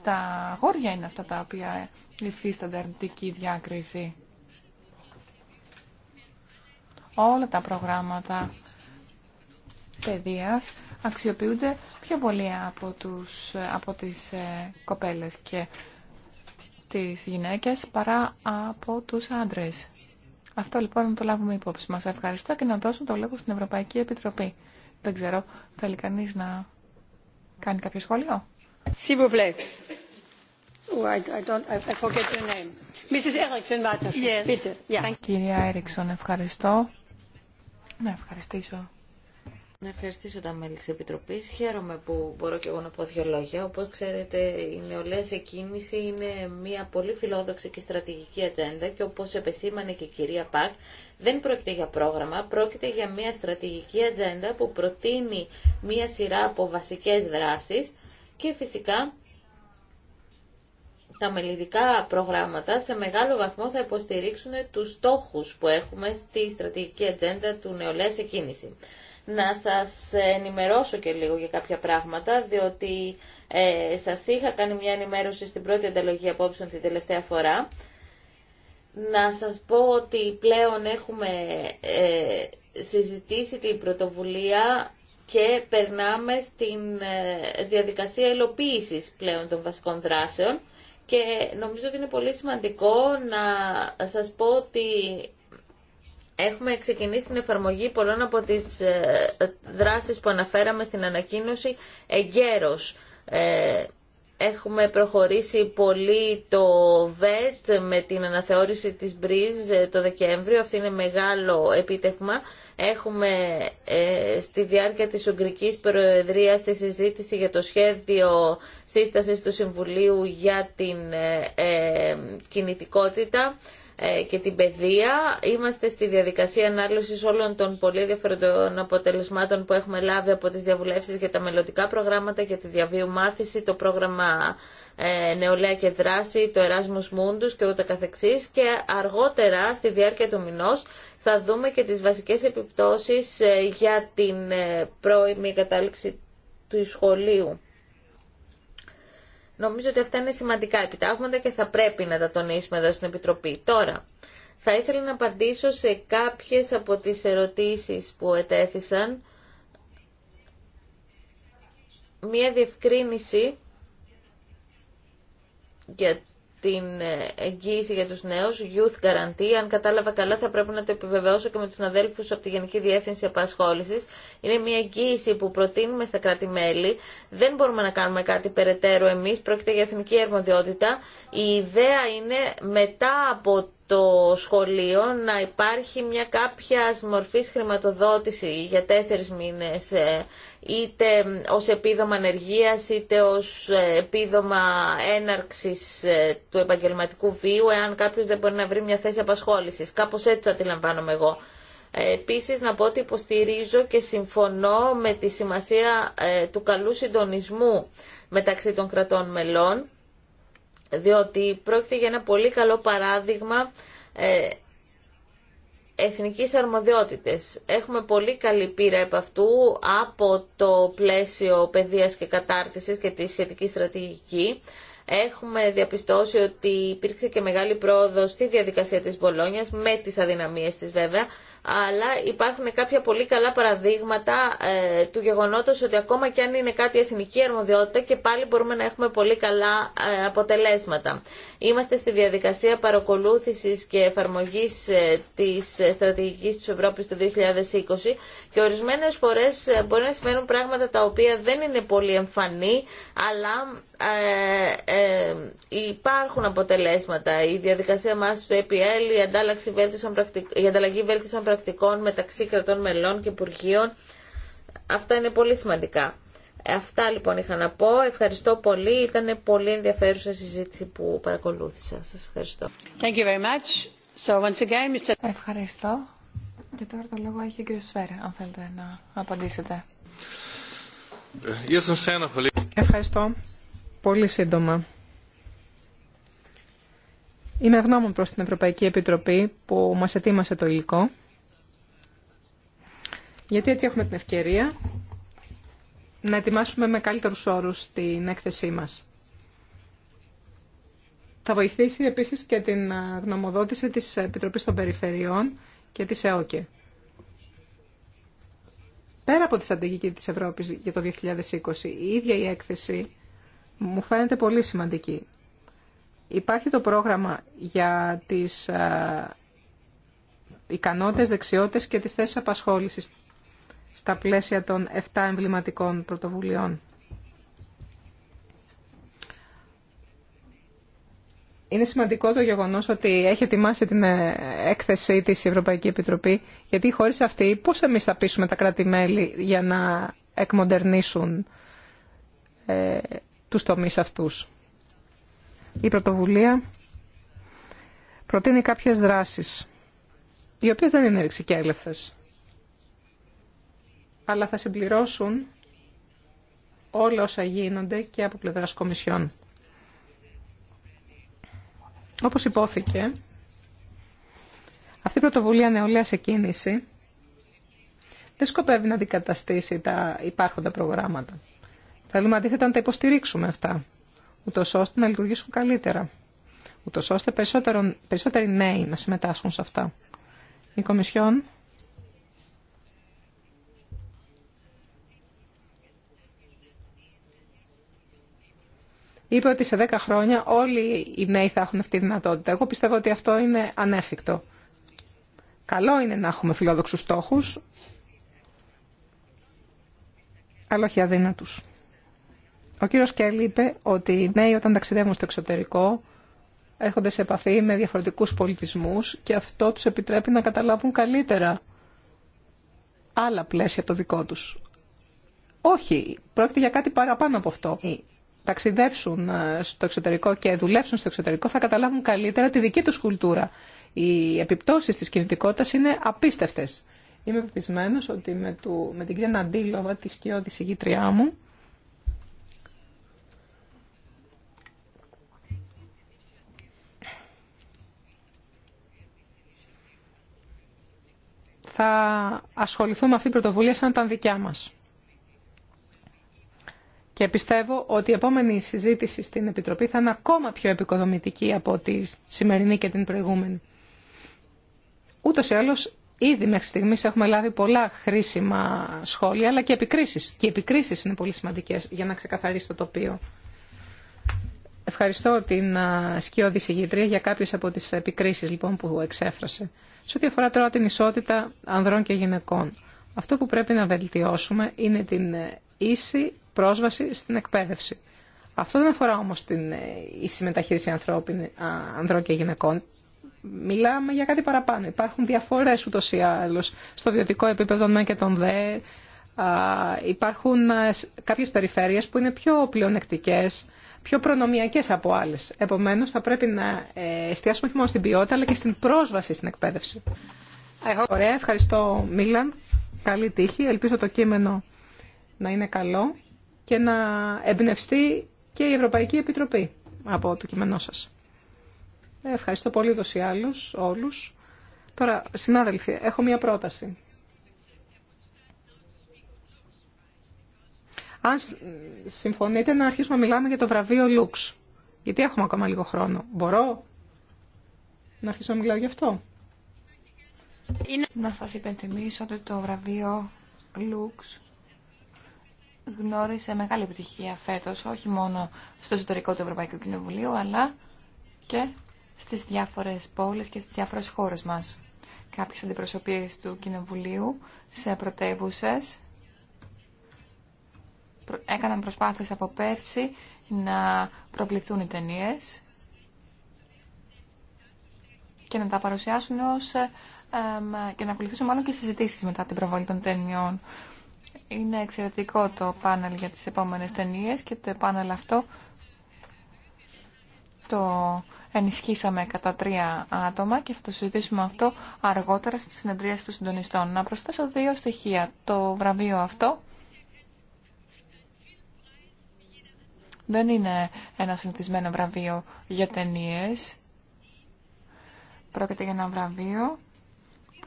τα αγόρια είναι αυτά τα οποία υφίστανται αρνητική διάκριση όλα τα προγράμματα παιδείας αξιοποιούνται πιο πολύ από, τους, από τις ε, κοπέλες και τις γυναίκες παρά από τους άντρες. Αυτό λοιπόν να το λάβουμε υπόψη μας. Ευχαριστώ και να δώσω το λόγο στην Ευρωπαϊκή Επιτροπή. Δεν ξέρω, θέλει κανείς να κάνει κάποιο σχόλιο. Κυρία Έριξον, ευχαριστώ. Να ευχαριστήσω. Να ευχαριστήσω τα μέλη της Επιτροπής. Χαίρομαι που μπορώ και εγώ να πω δύο λόγια. Όπως ξέρετε, η νεολαία σε κίνηση είναι μια πολύ φιλόδοξη και στρατηγική ατζέντα και όπως επεσήμανε και η κυρία Πακ, δεν πρόκειται για πρόγραμμα, πρόκειται για μια στρατηγική ατζέντα που προτείνει μια σειρά από βασικές δράσεις και φυσικά τα μελλοντικά προγράμματα σε μεγάλο βαθμό θα υποστηρίξουν τους στόχους που έχουμε στη στρατηγική ατζέντα του νεολαία σε Να σας ενημερώσω και λίγο για κάποια πράγματα, διότι ε, σας είχα κάνει μια ενημέρωση στην πρώτη ανταλλαγή απόψεων την τελευταία φορά. Να σας πω ότι πλέον έχουμε ε, συζητήσει την πρωτοβουλία και περνάμε στην ε, διαδικασία υλοποίησης πλέον των βασικών δράσεων και νομίζω ότι είναι πολύ σημαντικό να σας πω ότι Έχουμε ξεκινήσει την εφαρμογή πολλών από τις ε, δράσεις που αναφέραμε στην ανακοίνωση εγκαίρως. Ε, έχουμε προχωρήσει πολύ το ΒΕΤ με την αναθεώρηση της Μπρίζ ε, το Δεκέμβριο. Αυτό είναι μεγάλο επίτευγμα Έχουμε ε, στη διάρκεια της Ουγγρικής Προεδρίας τη συζήτηση για το σχέδιο σύστασης του Συμβουλίου για την ε, ε, κινητικότητα και την παιδεία. Είμαστε στη διαδικασία ανάλυσης όλων των πολύ διαφορετικών αποτελεσμάτων που έχουμε λάβει από τις διαβουλεύσεις για τα μελλοντικά προγράμματα, για τη διαβίου το πρόγραμμα νεολαία και δράση, το Erasmus Mundus και ούτε καθεξής και αργότερα στη διάρκεια του μηνός θα δούμε και τις βασικές επιπτώσεις ε, για την ε, πρώιμη κατάληψη του σχολείου. Νομίζω ότι αυτά είναι σημαντικά επιτάγματα και θα πρέπει να τα τονίσουμε εδώ στην Επιτροπή. Τώρα, θα ήθελα να απαντήσω σε κάποιες από τις ερωτήσεις που ετέθησαν. Μία διευκρίνηση για την εγγύηση για τους νέους, Youth Guarantee. Αν κατάλαβα καλά θα πρέπει να το επιβεβαιώσω και με τους αδέλφους από τη Γενική Διεύθυνση Απασχόλησης. Είναι μια εγγύηση που προτείνουμε στα κράτη-μέλη. Δεν μπορούμε να κάνουμε κάτι περαιτέρω εμείς, πρόκειται για εθνική αρμοδιότητα. Η ιδέα είναι μετά από το σχολείο να υπάρχει μια κάποια μορφή χρηματοδότηση για τέσσερις μήνες ε, είτε ως επίδομα ανεργίας είτε ως ε, επίδομα έναρξης ε, του επαγγελματικού βίου εάν κάποιος δεν μπορεί να βρει μια θέση απασχόλησης. Κάπως έτσι το αντιλαμβάνομαι εγώ. Επίσης να πω ότι υποστηρίζω και συμφωνώ με τη σημασία του καλού συντονισμού μεταξύ των κρατών μελών διότι πρόκειται για ένα πολύ καλό παράδειγμα ε, εθνικής αρμοδιότητες. Έχουμε πολύ καλή πείρα επ' αυτού από το πλαίσιο παιδείας και κατάρτισης και τη σχετική στρατηγική. Έχουμε διαπιστώσει ότι υπήρξε και μεγάλη πρόοδος στη διαδικασία της Μπολόνιας, με τις αδυναμίες της βέβαια, αλλά υπάρχουν κάποια πολύ καλά παραδείγματα ε, του γεγονότος ότι ακόμα και αν είναι κάτι εθνική αρμοδιότητα και πάλι μπορούμε να έχουμε πολύ καλά ε, αποτελέσματα. Είμαστε στη διαδικασία παρακολούθησης και εφαρμογής ε, της στρατηγικής της Ευρώπης του 2020 και ορισμένες φορές ε, μπορεί να συμβαίνουν πράγματα τα οποία δεν είναι πολύ εμφανή, αλλά υπάρχουν αποτελέσματα. Η διαδικασία μας στο EPL, η, ανταλλαγή βέλτισαν, η ανταλλαγή πρακτικών μεταξύ κρατών μελών και υπουργείων. Αυτά είναι πολύ σημαντικά. Αυτά λοιπόν είχα να πω. Ευχαριστώ πολύ. Ήταν πολύ ενδιαφέρουσα συζήτηση που παρακολούθησα. Σας ευχαριστώ. Thank you very much. So once again, Mr. Ευχαριστώ. Και τώρα το λόγο έχει ο κύριο Σφαίρα, αν θέλετε να απαντήσετε. Ευχαριστώ. Πολύ σύντομα. Είμαι ευγνώμων προς την Ευρωπαϊκή Επιτροπή που μας ετοίμασε το υλικό γιατί έτσι έχουμε την ευκαιρία να ετοιμάσουμε με καλύτερους όρους την έκθεσή μας. Θα βοηθήσει επίσης και την γνωμοδότηση της Επιτροπής των Περιφερειών και της ΕΟΚΕ. Πέρα από τη στρατηγική της Ευρώπης για το 2020, η ίδια η έκθεση μου φαίνεται πολύ σημαντική. Υπάρχει το πρόγραμμα για τις ικανότητες, δεξιότητες και τις θέσεις απασχόλησης στα πλαίσια των 7 εμβληματικών πρωτοβουλειών. Είναι σημαντικό το γεγονός ότι έχει ετοιμάσει την ε, έκθεση της Ευρωπαϊκή Επιτροπή, γιατί χωρίς αυτή πώς εμείς θα πείσουμε τα κράτη-μέλη για να εκμοντερνήσουν ε, τους τομείς αυτούς. Η πρωτοβουλία προτείνει κάποιες δράσεις, οι οποίες δεν είναι ρηξικέλευθες αλλά θα συμπληρώσουν όλα όσα γίνονται και από πλευράς Κομισιόν. Όπως υπόθηκε, αυτή η πρωτοβουλία νεολαία σε κίνηση δεν σκοπεύει να αντικαταστήσει τα υπάρχοντα προγράμματα. Θέλουμε αντίθετα να τα υποστηρίξουμε αυτά, ούτω ώστε να λειτουργήσουν καλύτερα, ούτω ώστε περισσότεροι νέοι να συμμετάσχουν σε αυτά. Η Κομισιόν είπε ότι σε 10 χρόνια όλοι οι νέοι θα έχουν αυτή τη δυνατότητα. Εγώ πιστεύω ότι αυτό είναι ανέφικτο. Καλό είναι να έχουμε φιλόδοξους στόχους, αλλά όχι αδύνατους. Ο κύριος Κέλλη είπε ότι οι νέοι όταν ταξιδεύουν στο εξωτερικό έρχονται σε επαφή με διαφορετικούς πολιτισμούς και αυτό τους επιτρέπει να καταλάβουν καλύτερα άλλα πλαίσια το δικό τους. Όχι, πρόκειται για κάτι παραπάνω από αυτό ταξιδέψουν ε, στο εξωτερικό και δουλέψουν στο εξωτερικό θα καταλάβουν καλύτερα τη δική τους κουλτούρα. Οι επιπτώσεις της κινητικότητας είναι απίστευτες. Είμαι πεπισμένο ότι με, του, με την κυρία Ναντίλοβα, τη σκιώδη ηγήτριά μου, θα ασχοληθούμε με αυτή την πρωτοβουλία σαν τα δικιά μας. Και πιστεύω ότι η επόμενη συζήτηση στην Επιτροπή θα είναι ακόμα πιο επικοδομητική από τη σημερινή και την προηγούμενη. Ούτω ή άλλω, ήδη μέχρι στιγμή έχουμε λάβει πολλά χρήσιμα σχόλια, αλλά και επικρίσει. Και οι επικρίσει είναι πολύ σημαντικέ για να ξεκαθαρίσει το τοπίο. Ευχαριστώ την σκιώδη συγγήτρια για κάποιε από τι επικρίσεις λοιπόν που εξέφρασε. Σε ό,τι αφορά τώρα την ισότητα ανδρών και γυναικών. Αυτό που πρέπει να βελτιώσουμε είναι την ε, ίση πρόσβαση στην εκπαίδευση. Αυτό δεν αφορά όμως την ίση ε, μεταχείριση ανδρών και γυναικών. Μιλάμε για κάτι παραπάνω. Υπάρχουν διαφορές ούτως ή άλλως στο βιωτικό επίπεδο με και τον ΔΕ. Υπάρχουν ε, κάποιες περιφέρειες που είναι πιο πλεονεκτικές, πιο προνομιακές από άλλες. Επομένως θα πρέπει να ε, εστιάσουμε όχι μόνο στην ποιότητα αλλά και στην πρόσβαση στην εκπαίδευση. Hope... Ωραία, ευχαριστώ Μίλαν. Καλή τύχη. Ελπίζω το κείμενο να είναι καλό και να εμπνευστεί και η Ευρωπαϊκή Επιτροπή από το κείμενό σας. Ευχαριστώ πολύ δοσιάλους, άλλους, όλους. Τώρα, συνάδελφοι, έχω μία πρόταση. Αν συμφωνείτε να αρχίσουμε να μιλάμε για το βραβείο Λουξ. Γιατί έχουμε ακόμα λίγο χρόνο. Μπορώ να αρχίσω να μιλάω γι' αυτό. Να σας υπενθυμίσω ότι το βραβείο Λουξ γνώρισε μεγάλη επιτυχία φέτος, όχι μόνο στο εσωτερικό του Ευρωπαϊκού Κοινοβουλίου, αλλά και στις διάφορες πόλεις και στις διάφορες χώρες μας. Κάποιες αντιπροσωπείες του Κοινοβουλίου σε πρωτεύουσε έκαναν προσπάθειες από πέρσι να προβληθούν οι ταινίε και να τα παρουσιάσουν ως, και να ακολουθήσουν μάλλον και συζητήσεις μετά την προβολή των ταινιών είναι εξαιρετικό το πάνελ για τις επόμενες ταινίε και το πάνελ αυτό το ενισχύσαμε κατά τρία άτομα και θα το συζητήσουμε αυτό αργότερα στη συνεδρίαση των συντονιστών. Να προσθέσω δύο στοιχεία. Το βραβείο αυτό δεν είναι ένα συνηθισμένο βραβείο για ταινίε. Πρόκειται για ένα βραβείο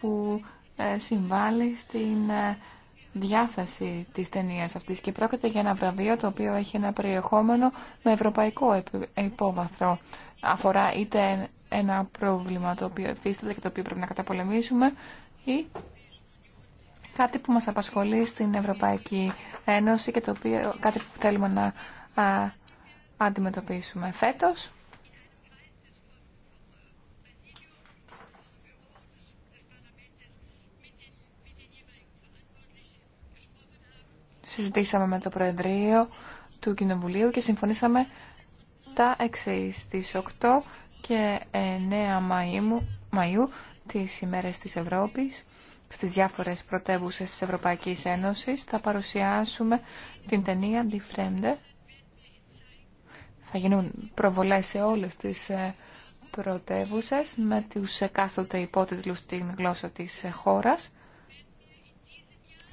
που ε, συμβάλλει στην ε, διάθεση της ταινία αυτής και πρόκειται για ένα βραβείο το οποίο έχει ένα περιεχόμενο με ευρωπαϊκό υπόβαθρο. Αφορά είτε ένα πρόβλημα το οποίο εφίσταται και το οποίο πρέπει να καταπολεμήσουμε ή κάτι που μας απασχολεί στην Ευρωπαϊκή Ένωση και το οποίο, κάτι που θέλουμε να αντιμετωπίσουμε. Φέτος συζητήσαμε με το Προεδρείο του Κοινοβουλίου και συμφωνήσαμε τα εξή στις 8 και 9 Μαΐου, Μαΐου τις ημέρες της Ευρώπης στις διάφορες πρωτεύουσες της Ευρωπαϊκής Ένωσης θα παρουσιάσουμε την ταινία Fremde». Θα γίνουν προβολές σε όλες τις ε, πρωτεύουσες με τους εκάστοτε υπότιτλους στην γλώσσα της ε, χώρας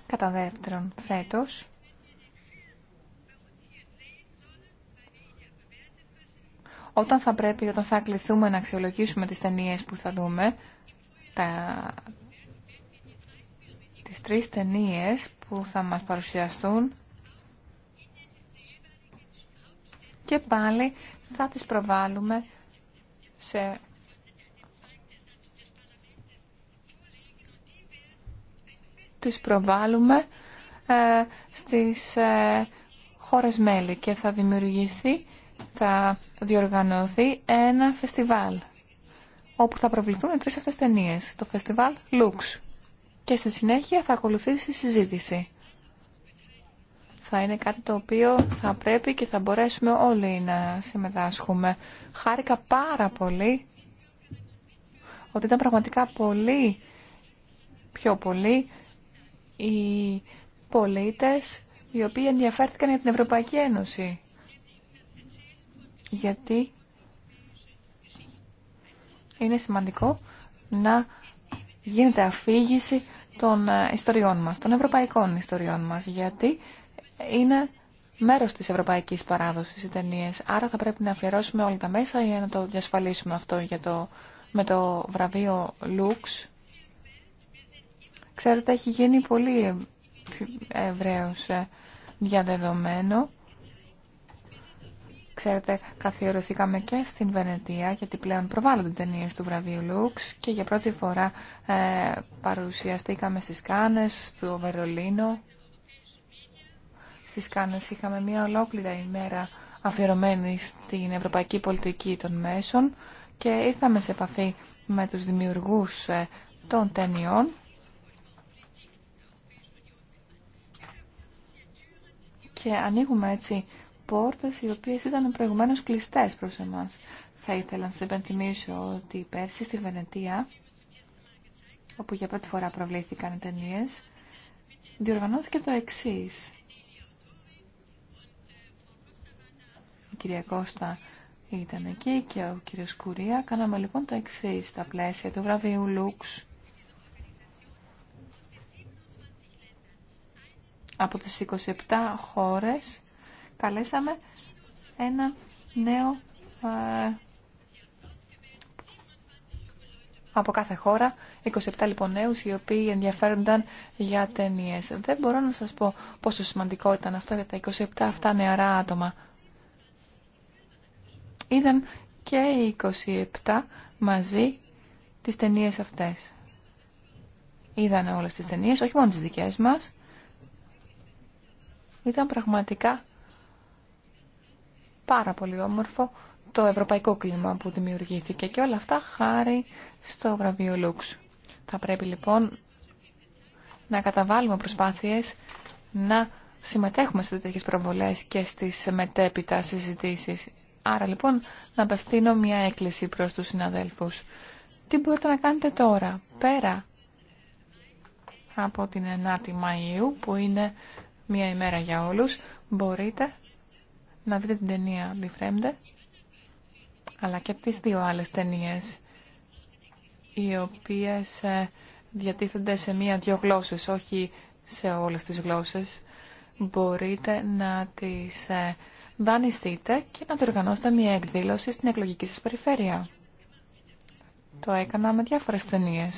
Κατά δεύτερον, φέτος, όταν θα πρέπει, όταν θα κληθούμε να αξιολογήσουμε τις ταινίε που θα δούμε, τα... τις τρεις ταινίε που θα μας παρουσιαστούν, και πάλι θα τις προβάλλουμε σε τις προβάλλουμε ε, στις ε, χώρες μέλη και θα δημιουργηθεί, θα διοργανωθεί ένα φεστιβάλ όπου θα προβληθούν τρεις αυτές ταινίες, το φεστιβάλ Lux. Και στη συνέχεια θα ακολουθήσει η συζήτηση. Θα είναι κάτι το οποίο θα πρέπει και θα μπορέσουμε όλοι να συμμετάσχουμε. Χάρηκα πάρα πολύ ότι ήταν πραγματικά πολύ, πιο πολύ, οι πολίτες οι οποίοι ενδιαφέρθηκαν για την Ευρωπαϊκή Ένωση. Γιατί είναι σημαντικό να γίνεται αφήγηση των ε, ιστοριών μας, των ευρωπαϊκών ιστοριών μας, γιατί είναι μέρος της ευρωπαϊκής παράδοσης οι ταινίε. Άρα θα πρέπει να αφιερώσουμε όλα τα μέσα για να το διασφαλίσουμε αυτό για το, με το βραβείο Λουξ ξέρετε, έχει γίνει πολύ ευρέως ε, διαδεδομένο. Ξέρετε, καθιερωθήκαμε και στην Βενετία, γιατί πλέον προβάλλονται ταινίε του βραβείου Λουξ και για πρώτη φορά ε, παρουσιαστήκαμε στις Κάνες, στο Βερολίνο. Στις Κάνες είχαμε μια ολόκληρη ημέρα αφιερωμένη στην ευρωπαϊκή πολιτική των μέσων και ήρθαμε σε επαφή με τους δημιουργούς ε, των ταινιών και ανοίγουμε έτσι πόρτες οι οποίες ήταν προηγουμένως κλειστές προς εμάς. Θα ήθελα να σας επενθυμίσω ότι πέρσι στη Βενετία, όπου για πρώτη φορά προβλήθηκαν οι ταινίε, διοργανώθηκε το εξή. Η κυρία Κώστα ήταν εκεί και ο κύριος Κουρία. Κάναμε λοιπόν το εξή στα πλαίσια του βραβείου Λουξ από τις 27 χώρες καλέσαμε ένα νέο ε, από κάθε χώρα, 27 λοιπόν νέους οι οποίοι ενδιαφέρονταν για ταινίε. Δεν μπορώ να σας πω πόσο σημαντικό ήταν αυτό για τα 27 αυτά νεαρά άτομα. Είδαν και οι 27 μαζί τις ταινίε αυτές. Είδανε όλες τις ταινίε, όχι μόνο τις δικές μας, ήταν πραγματικά πάρα πολύ όμορφο το ευρωπαϊκό κλίμα που δημιουργήθηκε και όλα αυτά χάρη στο βραβείο Λουξ. Θα πρέπει λοιπόν να καταβάλουμε προσπάθειες να συμμετέχουμε σε τέτοιες προβολές και στις μετέπειτα συζητήσεις. Άρα λοιπόν να απευθύνω μια έκκληση προς τους συναδέλφους. Τι μπορείτε να κάνετε τώρα, πέρα από την 9η Μαΐου, που είναι μία ημέρα για όλους, μπορείτε να δείτε την ταινία Fremde αλλά και τις δύο άλλες ταινίες, οι οποίες ε, διατίθενται σε μία-δυο γλώσσες, όχι σε όλες τις γλώσσες. Μπορείτε να τις ε, δανειστείτε και να διοργανώσετε μία εκδήλωση στην εκλογική σας περιφέρεια. Το έκανα με διάφορες ταινίε.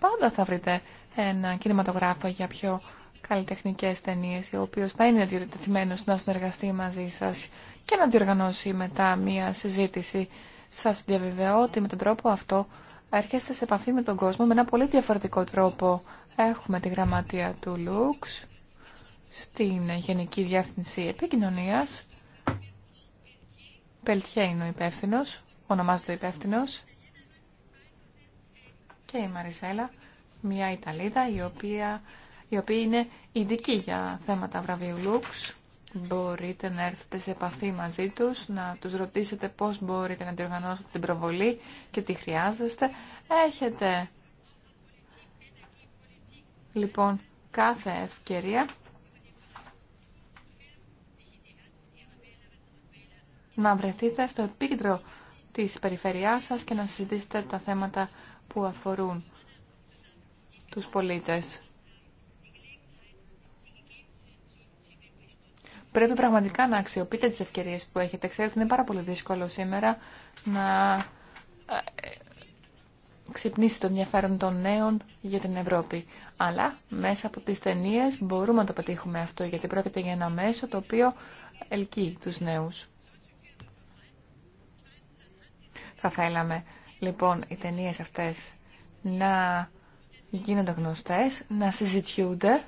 Πάντα θα βρείτε ένα κινηματογράφο για πιο Καλλιτεχνικέ ταινίε, ο οποίο θα είναι διατεθειμένο να συνεργαστεί μαζί σας και να διοργανώσει μετά μία συζήτηση. Σας διαβεβαιώ ότι με τον τρόπο αυτό έρχεστε σε επαφή με τον κόσμο με ένα πολύ διαφορετικό τρόπο. Έχουμε τη γραμματεία του Λουξ στην Γενική Διεύθυνση επικοινωνία. Πελτιέ είναι ο υπεύθυνο, ονομάζεται ο υπεύθυνο. Και η Μαριζέλα, μια Ιταλίδα η οποία οι οποίοι είναι ειδικοί για θέματα βραβείου Λουξ. Μπορείτε να έρθετε σε επαφή μαζί τους, να τους ρωτήσετε πώς μπορείτε να διοργανώσετε την προβολή και τι χρειάζεστε. Έχετε λοιπόν κάθε ευκαιρία να βρεθείτε στο επίκεντρο της περιφερειάς σας και να συζητήσετε τα θέματα που αφορούν τους πολίτες. πρέπει πραγματικά να αξιοποιείτε τις ευκαιρίες που έχετε. Ξέρετε ότι είναι πάρα πολύ δύσκολο σήμερα να ε, ξυπνήσει το ενδιαφέρον των νέων για την Ευρώπη. Αλλά μέσα από τις ταινίε μπορούμε να το πετύχουμε αυτό, γιατί πρόκειται για ένα μέσο το οποίο ελκύει τους νέους. Θα θέλαμε λοιπόν οι ταινίε αυτές να γίνονται γνωστές, να συζητιούνται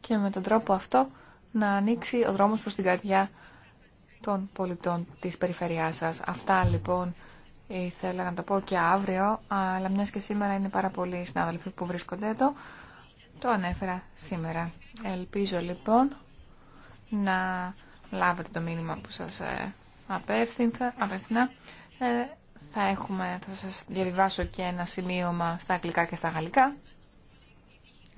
και με τον τρόπο αυτό να ανοίξει ο δρόμος προς την καρδιά των πολιτών της περιφερειάς σας. Αυτά λοιπόν ήθελα να τα πω και αύριο, αλλά μιας και σήμερα είναι πάρα πολλοί συνάδελφοι που βρίσκονται εδώ, το ανέφερα σήμερα. Ελπίζω λοιπόν να λάβετε το μήνυμα που σας ε, απεύθυνθα, απεύθυνα. Ε, θα, έχουμε, θα σας διαβιβάσω και ένα σημείωμα στα αγγλικά και στα γαλλικά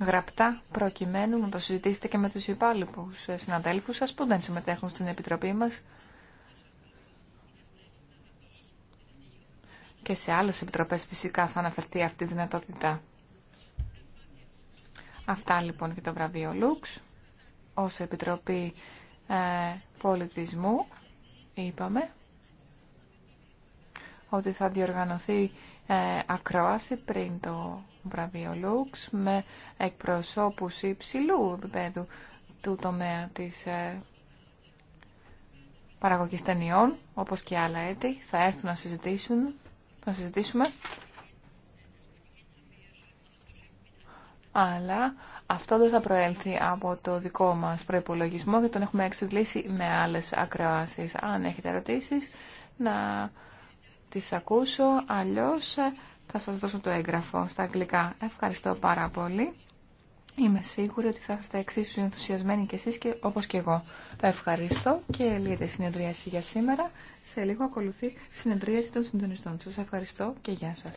γραπτά προκειμένου να το συζητήσετε και με τους υπάλληλους συναδέλφους σας που δεν συμμετέχουν στην Επιτροπή μας και σε άλλες επιτροπές φυσικά θα αναφερθεί αυτή η δυνατότητα. Αυτά λοιπόν και το βραβείο Λουξ ως Επιτροπή ε, Πολιτισμού είπαμε ότι θα διοργανωθεί ε, ακρόαση πριν το βραβείο Λουξ με εκπροσώπους υψηλού επίπεδου του τομέα της ε, παραγωγής ταινιών, όπως και άλλα έτη, θα έρθουν να συζητήσουν, να συζητήσουμε. Αλλά αυτό δεν θα προέλθει από το δικό μας προϋπολογισμό, γιατί τον έχουμε εξετλήσει με άλλες ακροάσεις. Αν έχετε ερωτήσεις, να τις ακούσω, αλλιώς ε, θα σας δώσω το έγγραφο στα αγγλικά. Ευχαριστώ πάρα πολύ. Είμαι σίγουρη ότι θα είστε εξίσου ενθουσιασμένοι κι εσείς και όπως και εγώ. Τα ευχαριστώ και λύεται η συνεδρίαση για σήμερα. Σε λίγο ακολουθεί συνεδρίαση των συντονιστών. Σας ευχαριστώ και γεια σας.